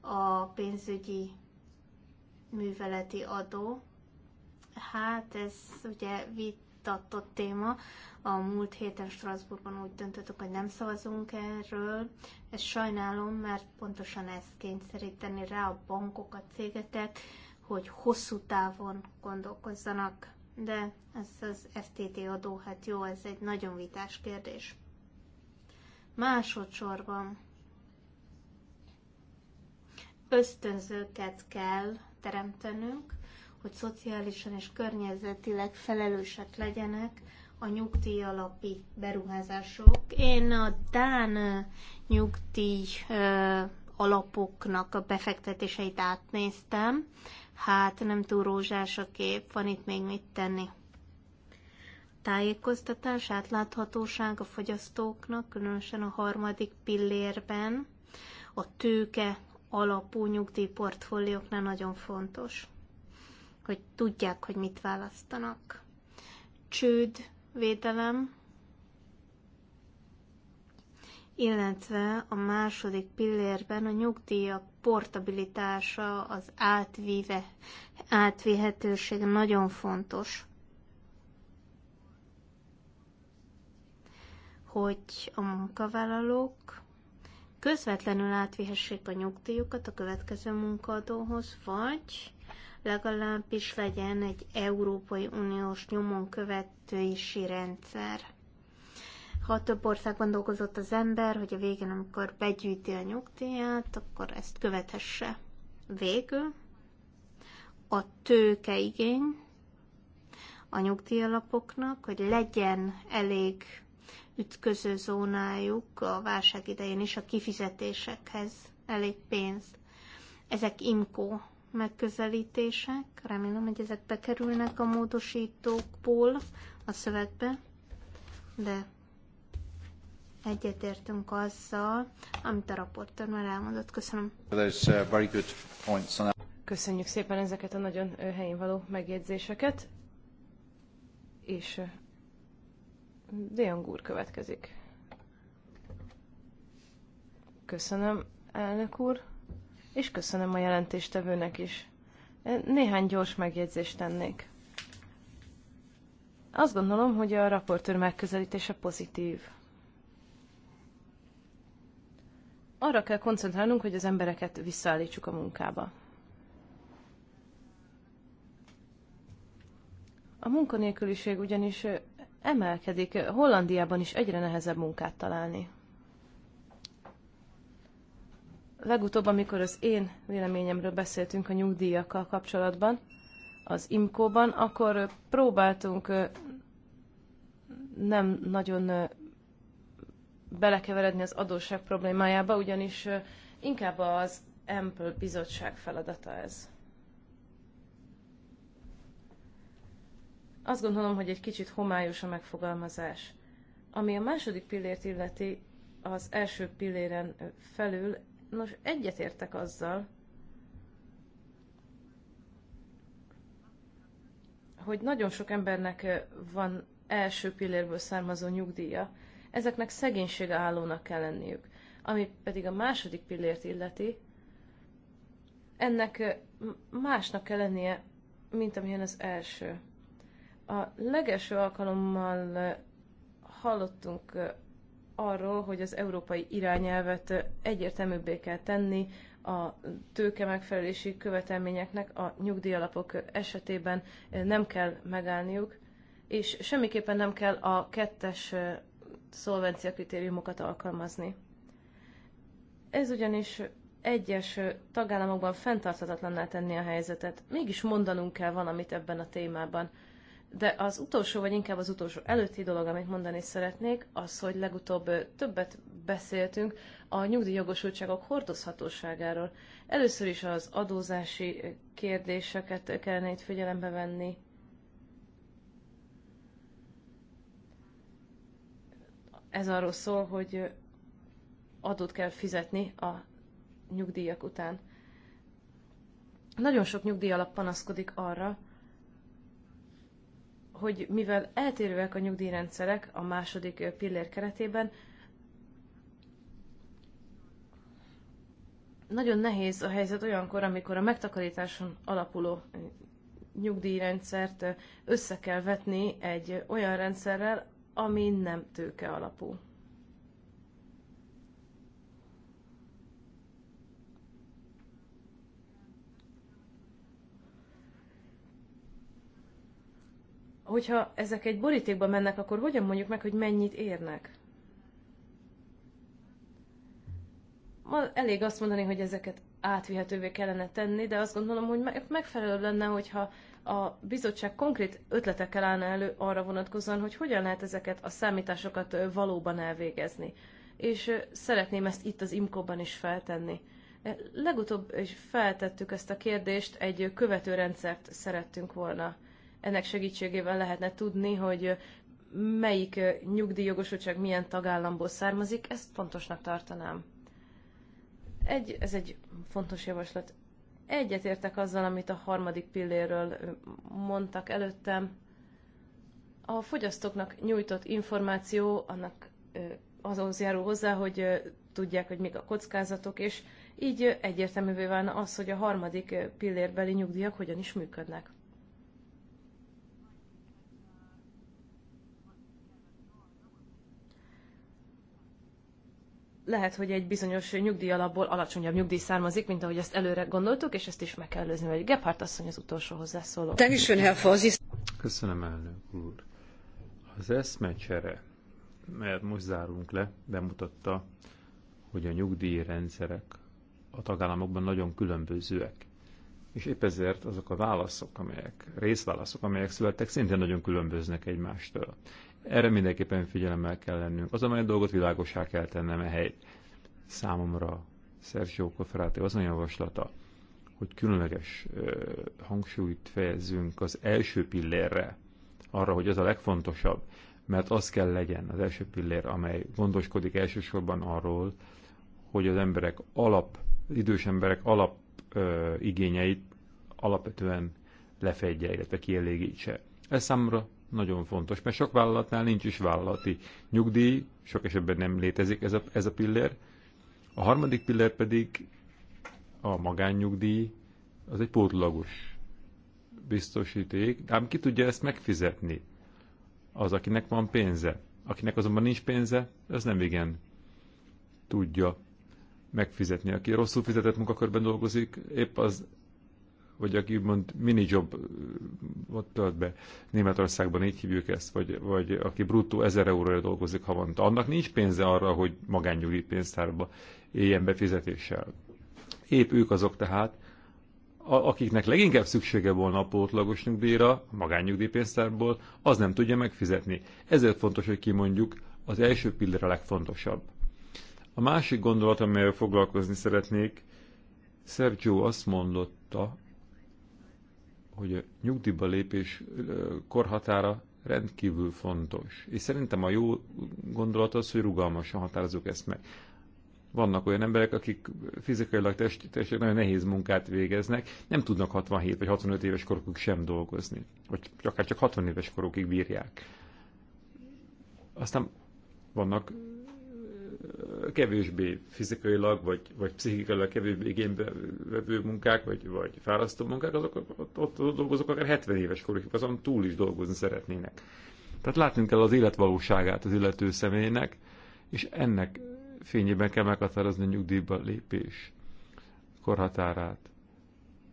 a pénzügyi műveleti adó, hát ez ugye vitatott téma. A múlt héten Strasbourgban úgy döntöttük, hogy nem szavazunk erről. Ezt sajnálom, mert pontosan ezt kényszeríteni rá a bankok a cégeket, hogy hosszú távon gondolkozzanak. De ez az FTT adó, hát jó, ez egy nagyon vitás kérdés. Másodszorban ösztönzőket kell teremtenünk, hogy szociálisan és környezetileg felelősek legyenek a nyugdíj alapi beruházások. Én a Dán nyugdíj alapoknak a befektetéseit átnéztem, Hát nem túl rózsás a kép, van itt még mit tenni. Tájékoztatás, átláthatóság a fogyasztóknak, különösen a harmadik pillérben, a tőke alapú nyugdíjportfólióknál nagyon fontos, hogy tudják, hogy mit választanak. Csőd, védelem, illetve a második pillérben a nyugdíjak portabilitása, az átvíve, átvihetőség nagyon fontos. hogy a munkavállalók közvetlenül átvihessék a nyugdíjukat a következő munkadóhoz, vagy legalábbis legyen egy Európai Uniós nyomon követési rendszer ha több országban dolgozott az ember, hogy a végén, amikor begyűjti a nyugdíját, akkor ezt követhesse. Végül a igény a nyugdíjalapoknak, hogy legyen elég ütköző zónájuk a válság idején is a kifizetésekhez elég pénz. Ezek imkó megközelítések, remélem, hogy ezek bekerülnek a módosítókból a szövegbe, de egyetértünk azzal, amit a raportőr már elmondott. Köszönöm. Uh, Köszönjük szépen ezeket a nagyon helyén való megjegyzéseket. És Dejan Gúr következik. Köszönöm, elnök úr, és köszönöm a jelentéstevőnek is. Néhány gyors megjegyzést tennék. Azt gondolom, hogy a raportőr megközelítése pozitív. arra kell koncentrálnunk, hogy az embereket visszaállítsuk a munkába. A munkanélküliség ugyanis emelkedik, Hollandiában is egyre nehezebb munkát találni. Legutóbb, amikor az én véleményemről beszéltünk a nyugdíjakkal kapcsolatban, az IMKO-ban, akkor próbáltunk nem nagyon belekeveredni az adósság problémájába, ugyanis inkább az Ample bizottság feladata ez. Azt gondolom, hogy egy kicsit homályos a megfogalmazás. Ami a második pillért illeti, az első pilléren felül, nos, egyetértek azzal, hogy nagyon sok embernek van első pillérből származó nyugdíja, ezeknek szegénysége állónak kell lenniük. Ami pedig a második pillért illeti, ennek másnak kell lennie, mint amilyen az első. A legelső alkalommal hallottunk arról, hogy az európai irányelvet egyértelműbbé kell tenni a tőke megfelelési követelményeknek a nyugdíjalapok esetében nem kell megállniuk, és semmiképpen nem kell a kettes szolvencia kritériumokat alkalmazni. Ez ugyanis egyes tagállamokban fenntarthatatlanná tenni a helyzetet. Mégis mondanunk kell valamit ebben a témában. De az utolsó, vagy inkább az utolsó előtti dolog, amit mondani szeretnék, az, hogy legutóbb többet beszéltünk a nyugdíjjogosultságok hordozhatóságáról. Először is az adózási kérdéseket kellene itt figyelembe venni, Ez arról szól, hogy adót kell fizetni a nyugdíjak után. Nagyon sok nyugdíjalap panaszkodik arra, hogy mivel eltérőek a nyugdíjrendszerek a második pillér keretében, nagyon nehéz a helyzet olyankor, amikor a megtakarításon alapuló nyugdíjrendszert össze kell vetni egy olyan rendszerrel, ami nem tőke alapú. Hogyha ezek egy borítékba mennek, akkor hogyan mondjuk meg, hogy mennyit érnek? Ma elég azt mondani, hogy ezeket átvihetővé kellene tenni, de azt gondolom, hogy megfelelő lenne, hogyha a bizottság konkrét ötletekkel állna elő arra vonatkozóan, hogy hogyan lehet ezeket a számításokat valóban elvégezni. És szeretném ezt itt az IMCO-ban is feltenni. Legutóbb is feltettük ezt a kérdést, egy követőrendszert szerettünk volna. Ennek segítségével lehetne tudni, hogy melyik nyugdíjjogosultság milyen tagállamból származik, ezt fontosnak tartanám. Egy, ez egy fontos javaslat. Egyetértek azzal, amit a harmadik pillérről mondtak előttem. A fogyasztóknak nyújtott információ annak azhoz járul hozzá, hogy tudják, hogy mik a kockázatok, és így egyértelművé válna az, hogy a harmadik pillérbeli nyugdíjak hogyan is működnek. lehet, hogy egy bizonyos nyugdíjalapból alacsonyabb nyugdíj származik, mint ahogy ezt előre gondoltuk, és ezt is meg kell előzni, hogy Gebhardt asszony az utolsó hozzászóló. Köszönöm, elnök úr. Az eszmecsere, mert most zárunk le, bemutatta, hogy a nyugdíjrendszerek a tagállamokban nagyon különbözőek. És épp ezért azok a válaszok, amelyek, részválaszok, amelyek születtek, szintén nagyon különböznek egymástól erre mindenképpen figyelemmel kell lennünk. Azonban egy dolgot világosá kell tennem ehelyt. Számomra Sergio Cofferati az a javaslata, hogy különleges ö, hangsúlyt fejezzünk az első pillérre, arra, hogy ez a legfontosabb, mert az kell legyen az első pillér, amely gondoskodik elsősorban arról, hogy az emberek alap, az idős emberek alap ö, igényeit alapvetően lefedje, illetve kielégítse. Ez számomra nagyon fontos, mert sok vállalatnál nincs is vállalati nyugdíj, sok esetben nem létezik ez a, ez a pillér. A harmadik pillér pedig a magánnyugdíj, az egy pótlagos biztosíték, ám ki tudja ezt megfizetni? Az, akinek van pénze. Akinek azonban nincs pénze, ez nem igen tudja megfizetni. Aki rosszul fizetett munkakörben dolgozik, épp az vagy aki mond mini jobb ott tölt be, Németországban így hívjuk ezt, vagy, vagy aki bruttó 1000 euróra dolgozik havonta, annak nincs pénze arra, hogy magányúli pénztárba éljen befizetéssel. Épp ők azok tehát, akiknek leginkább szüksége volna a pótlagos nyugdíjra, magánnyugdíjpénztárból, az nem tudja megfizetni. Ezért fontos, hogy kimondjuk, az első pillér a legfontosabb. A másik gondolat, amivel foglalkozni szeretnék, Sergio azt mondotta, hogy a nyugdíjba lépés korhatára rendkívül fontos. És szerintem a jó gondolat az, hogy rugalmasan határozzuk ezt meg. Vannak olyan emberek, akik fizikailag test, nagyon nehéz munkát végeznek, nem tudnak 67 vagy 65 éves korukig sem dolgozni, vagy akár csak 60 éves korukig bírják. Aztán vannak kevésbé fizikailag, vagy, vagy pszichikailag kevésbé igénybe vevő munkák, vagy, vagy fárasztó munkák, azok ott, ott dolgozók akár 70 éves korukig azon túl is dolgozni szeretnének. Tehát látnunk kell az életvalóságát az illető személynek, és ennek fényében kell meghatározni a nyugdíjba lépés korhatárát.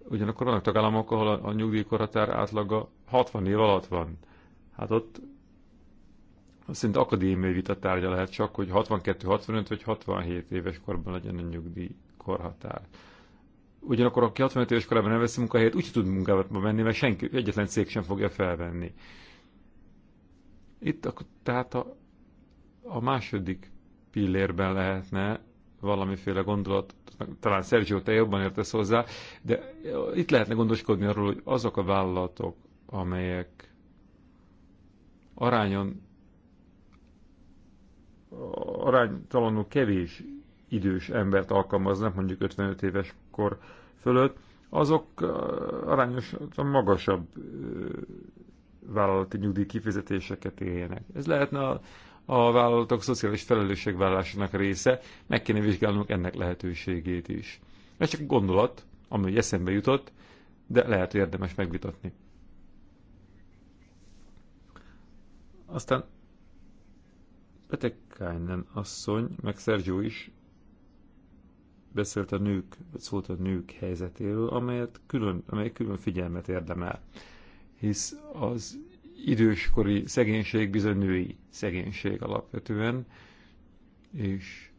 Ugyanakkor vannak tagállamok, ahol a, a nyugdíjkorhatár átlaga 60 év alatt van. Hát ott szinte akadémiai vitatárgya lehet csak, hogy 62-65 vagy 67 éves korban legyen a nyugdíj korhatár. Ugyanakkor, aki 65 éves korában veszi munkahelyet, úgy tud munkába menni, mert senki, egyetlen cég sem fogja felvenni. Itt akkor, tehát a, a második pillérben lehetne valamiféle gondolat, talán Sergio, te jobban értesz hozzá, de itt lehetne gondoskodni arról, hogy azok a vállalatok, amelyek arányon aránytalanul kevés idős embert alkalmaznak, mondjuk 55 éves kor fölött, azok arányosan magasabb vállalati nyugdíj kifizetéseket éljenek. Ez lehetne a, a vállalatok szociális felelősségvállásának része, meg kéne vizsgálnunk ennek lehetőségét is. Ez csak gondolat, ami eszembe jutott, de lehet, hogy érdemes megvitatni. Aztán Petek Kájnen asszony, meg Sergio is beszélt a nők, szólt a nők helyzetéről, amelyet külön, amely külön figyelmet érdemel, hisz az időskori szegénység bizony női szegénység alapvetően, és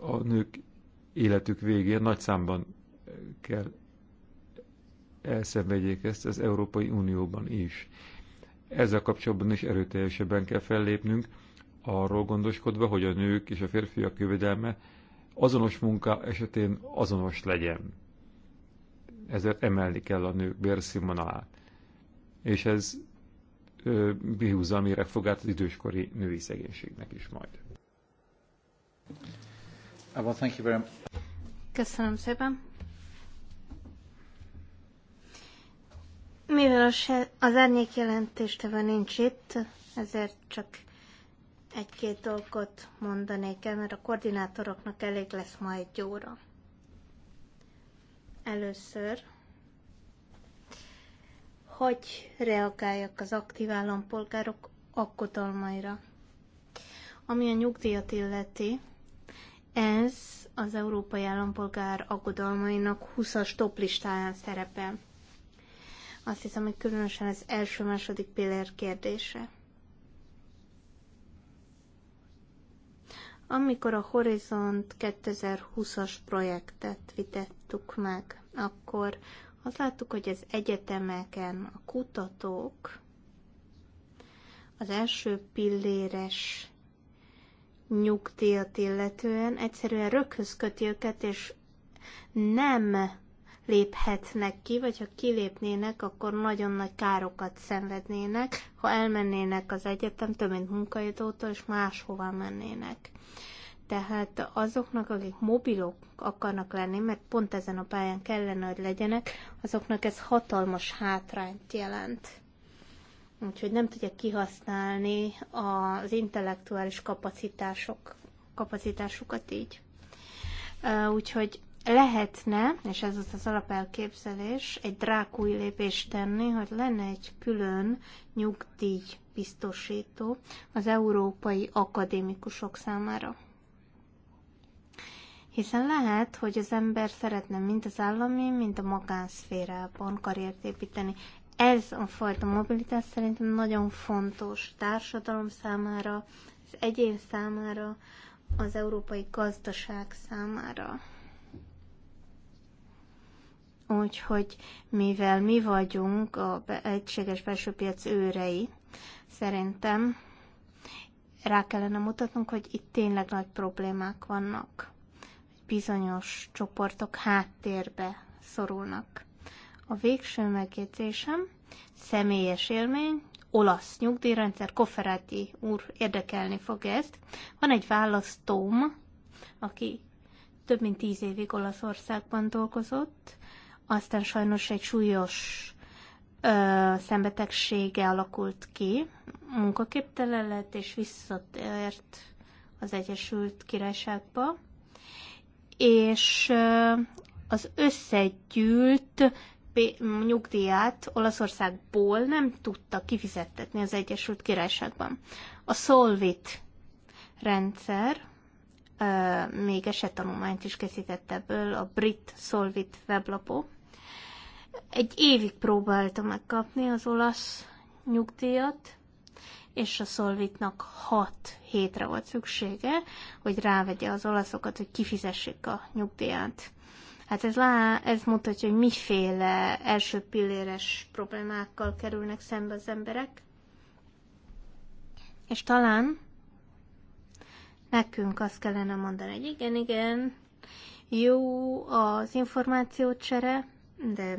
a nők életük végén nagy számban kell elszenvedjék ezt az Európai Unióban is. Ezzel kapcsolatban is erőteljesebben kell fellépnünk, arról gondoskodva, hogy a nők és a férfiak jövedelme azonos munka esetén azonos legyen. Ezért emelni kell a nők bérszínvonalát. És ez bihúzza a méregfogát az időskori női szegénységnek is majd. Uh, Köszönöm szépen. Mivel az árnyék jelentéstevő nincs itt, ezért csak egy-két dolgot mondanék el, mert a koordinátoroknak elég lesz ma egy óra. Először, hogy reagáljak az aktív állampolgárok akkodalmaira. Ami a nyugdíjat illeti, ez az európai állampolgár aggodalmainak 20-as toplistáján szerepel. Azt hiszem, hogy különösen ez első-második pillér kérdése. Amikor a Horizont 2020-as projektet vitettük meg, akkor azt láttuk, hogy az egyetemeken a kutatók az első pilléres nyugdíjat illetően egyszerűen röghöz köti őket, és nem léphetnek ki, vagy ha kilépnének, akkor nagyon nagy károkat szenvednének, ha elmennének az egyetem, több mint munkaidótól, és máshova mennének. Tehát azoknak, akik mobilok akarnak lenni, mert pont ezen a pályán kellene, hogy legyenek, azoknak ez hatalmas hátrányt jelent. Úgyhogy nem tudják kihasználni az intellektuális kapacitások, kapacitásukat így. Úgyhogy lehetne, és ez az az alapelképzelés, egy drákúj lépést tenni, hogy lenne egy külön nyugdíj biztosító az európai akadémikusok számára. Hiszen lehet, hogy az ember szeretne mind az állami, mind a magánszférában karriert építeni. Ez a fajta mobilitás szerintem nagyon fontos társadalom számára, az egyén számára, az európai gazdaság számára. Úgyhogy mivel mi vagyunk a egységes belső piac őrei, szerintem rá kellene mutatnunk, hogy itt tényleg nagy problémák vannak. Bizonyos csoportok háttérbe szorulnak. A végső megjegyzésem, személyes élmény, olasz nyugdíjrendszer, Kofferati úr érdekelni fog ezt. Van egy választóm, aki több mint tíz évig Olaszországban dolgozott, aztán sajnos egy súlyos ö, szembetegsége alakult ki, munkaképtelen lett, és visszatért az Egyesült Királyságba, és ö, az összegyűlt nyugdíját Olaszországból nem tudta kifizettetni az Egyesült Királyságban. A Solvit rendszer még esettanulmányt is készített ebből a brit Solvit weblapó. Egy évig próbálta megkapni az olasz nyugdíjat, és a Solvitnak 6 hétre volt szüksége, hogy rávegye az olaszokat, hogy kifizessék a nyugdíját. Hát ez, lá, ez mutatja, hogy miféle első pilléres problémákkal kerülnek szembe az emberek. És talán Nekünk azt kellene mondani, hogy igen, igen, jó az információcsere, de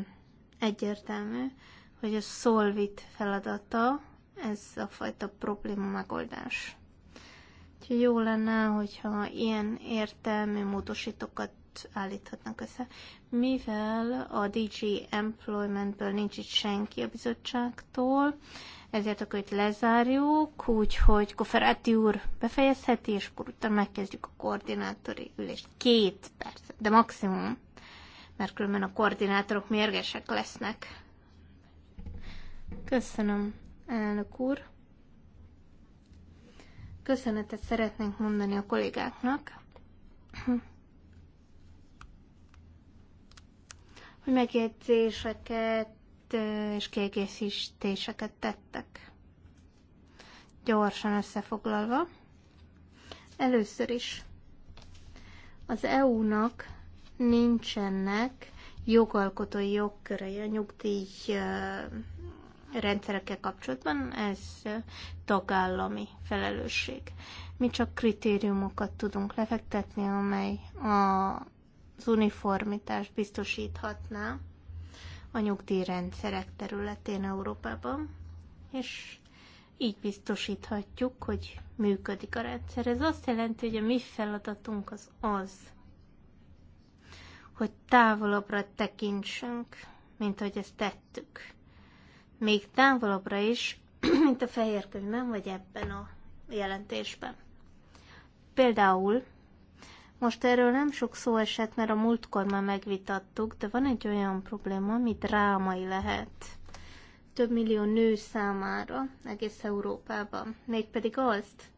egyértelmű, hogy a szolvit feladata ez a fajta probléma megoldás. Úgyhogy jó lenne, hogyha ilyen értelmű módosítókat állíthatnak össze, mivel a DG Employmentből nincs itt senki a bizottságtól, ezért akkor itt lezárjuk, úgyhogy Koferati úr befejezheti, és akkor utána megkezdjük a koordinátori ülést. Két perc, de maximum, mert különben a koordinátorok mérgesek lesznek. Köszönöm, elnök úr. Köszönetet szeretnénk mondani a kollégáknak, hogy megjegyzéseket és kiegészítéseket tettek. Gyorsan összefoglalva, először is az EU-nak nincsenek jogalkotói jogkörei a nyugdíj rendszerekkel kapcsolatban, ez tagállami felelősség. Mi csak kritériumokat tudunk lefektetni, amely a, az uniformitást biztosíthatná a nyugdíjrendszerek területén Európában, és így biztosíthatjuk, hogy működik a rendszer. Ez azt jelenti, hogy a mi feladatunk az az, hogy távolabbra tekintsünk, mint ahogy ezt tettük. Még távolabbra is, (clears throat) mint a fehér könyvben, vagy ebben a jelentésben. Például most erről nem sok szó esett, mert a múltkor már megvitattuk, de van egy olyan probléma, ami drámai lehet. Több millió nő számára egész Európában. Mégpedig azt,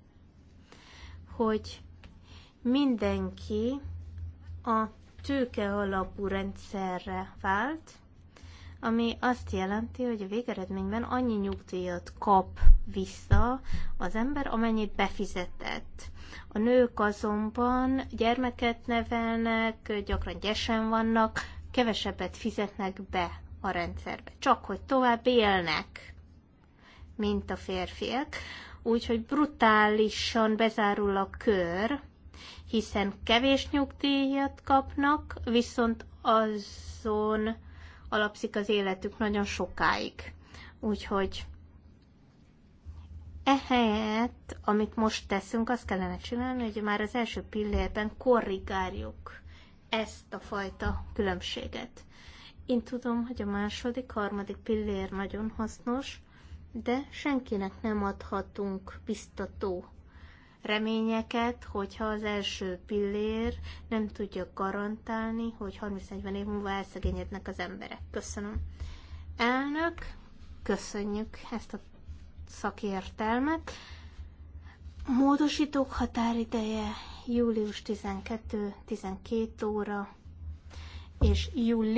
hogy mindenki a tőke alapú rendszerre vált, ami azt jelenti, hogy a végeredményben annyi nyugdíjat kap vissza az ember, amennyit befizetett. A nők azonban gyermeket nevelnek, gyakran gyesen vannak, kevesebbet fizetnek be a rendszerbe, csak hogy tovább élnek, mint a férfiak. Úgyhogy brutálisan bezárul a kör, hiszen kevés nyugdíjat kapnak, viszont azon alapszik az életük nagyon sokáig. Úgyhogy ehelyett, amit most teszünk, azt kellene csinálni, hogy már az első pillérben korrigáljuk ezt a fajta különbséget. Én tudom, hogy a második, harmadik pillér nagyon hasznos, de senkinek nem adhatunk biztató reményeket, hogyha az első pillér nem tudja garantálni, hogy 30-40 év múlva elszegényednek az emberek. Köszönöm. Elnök, köszönjük ezt a szakértelmet. Módosítók határideje július 12-12 óra, és július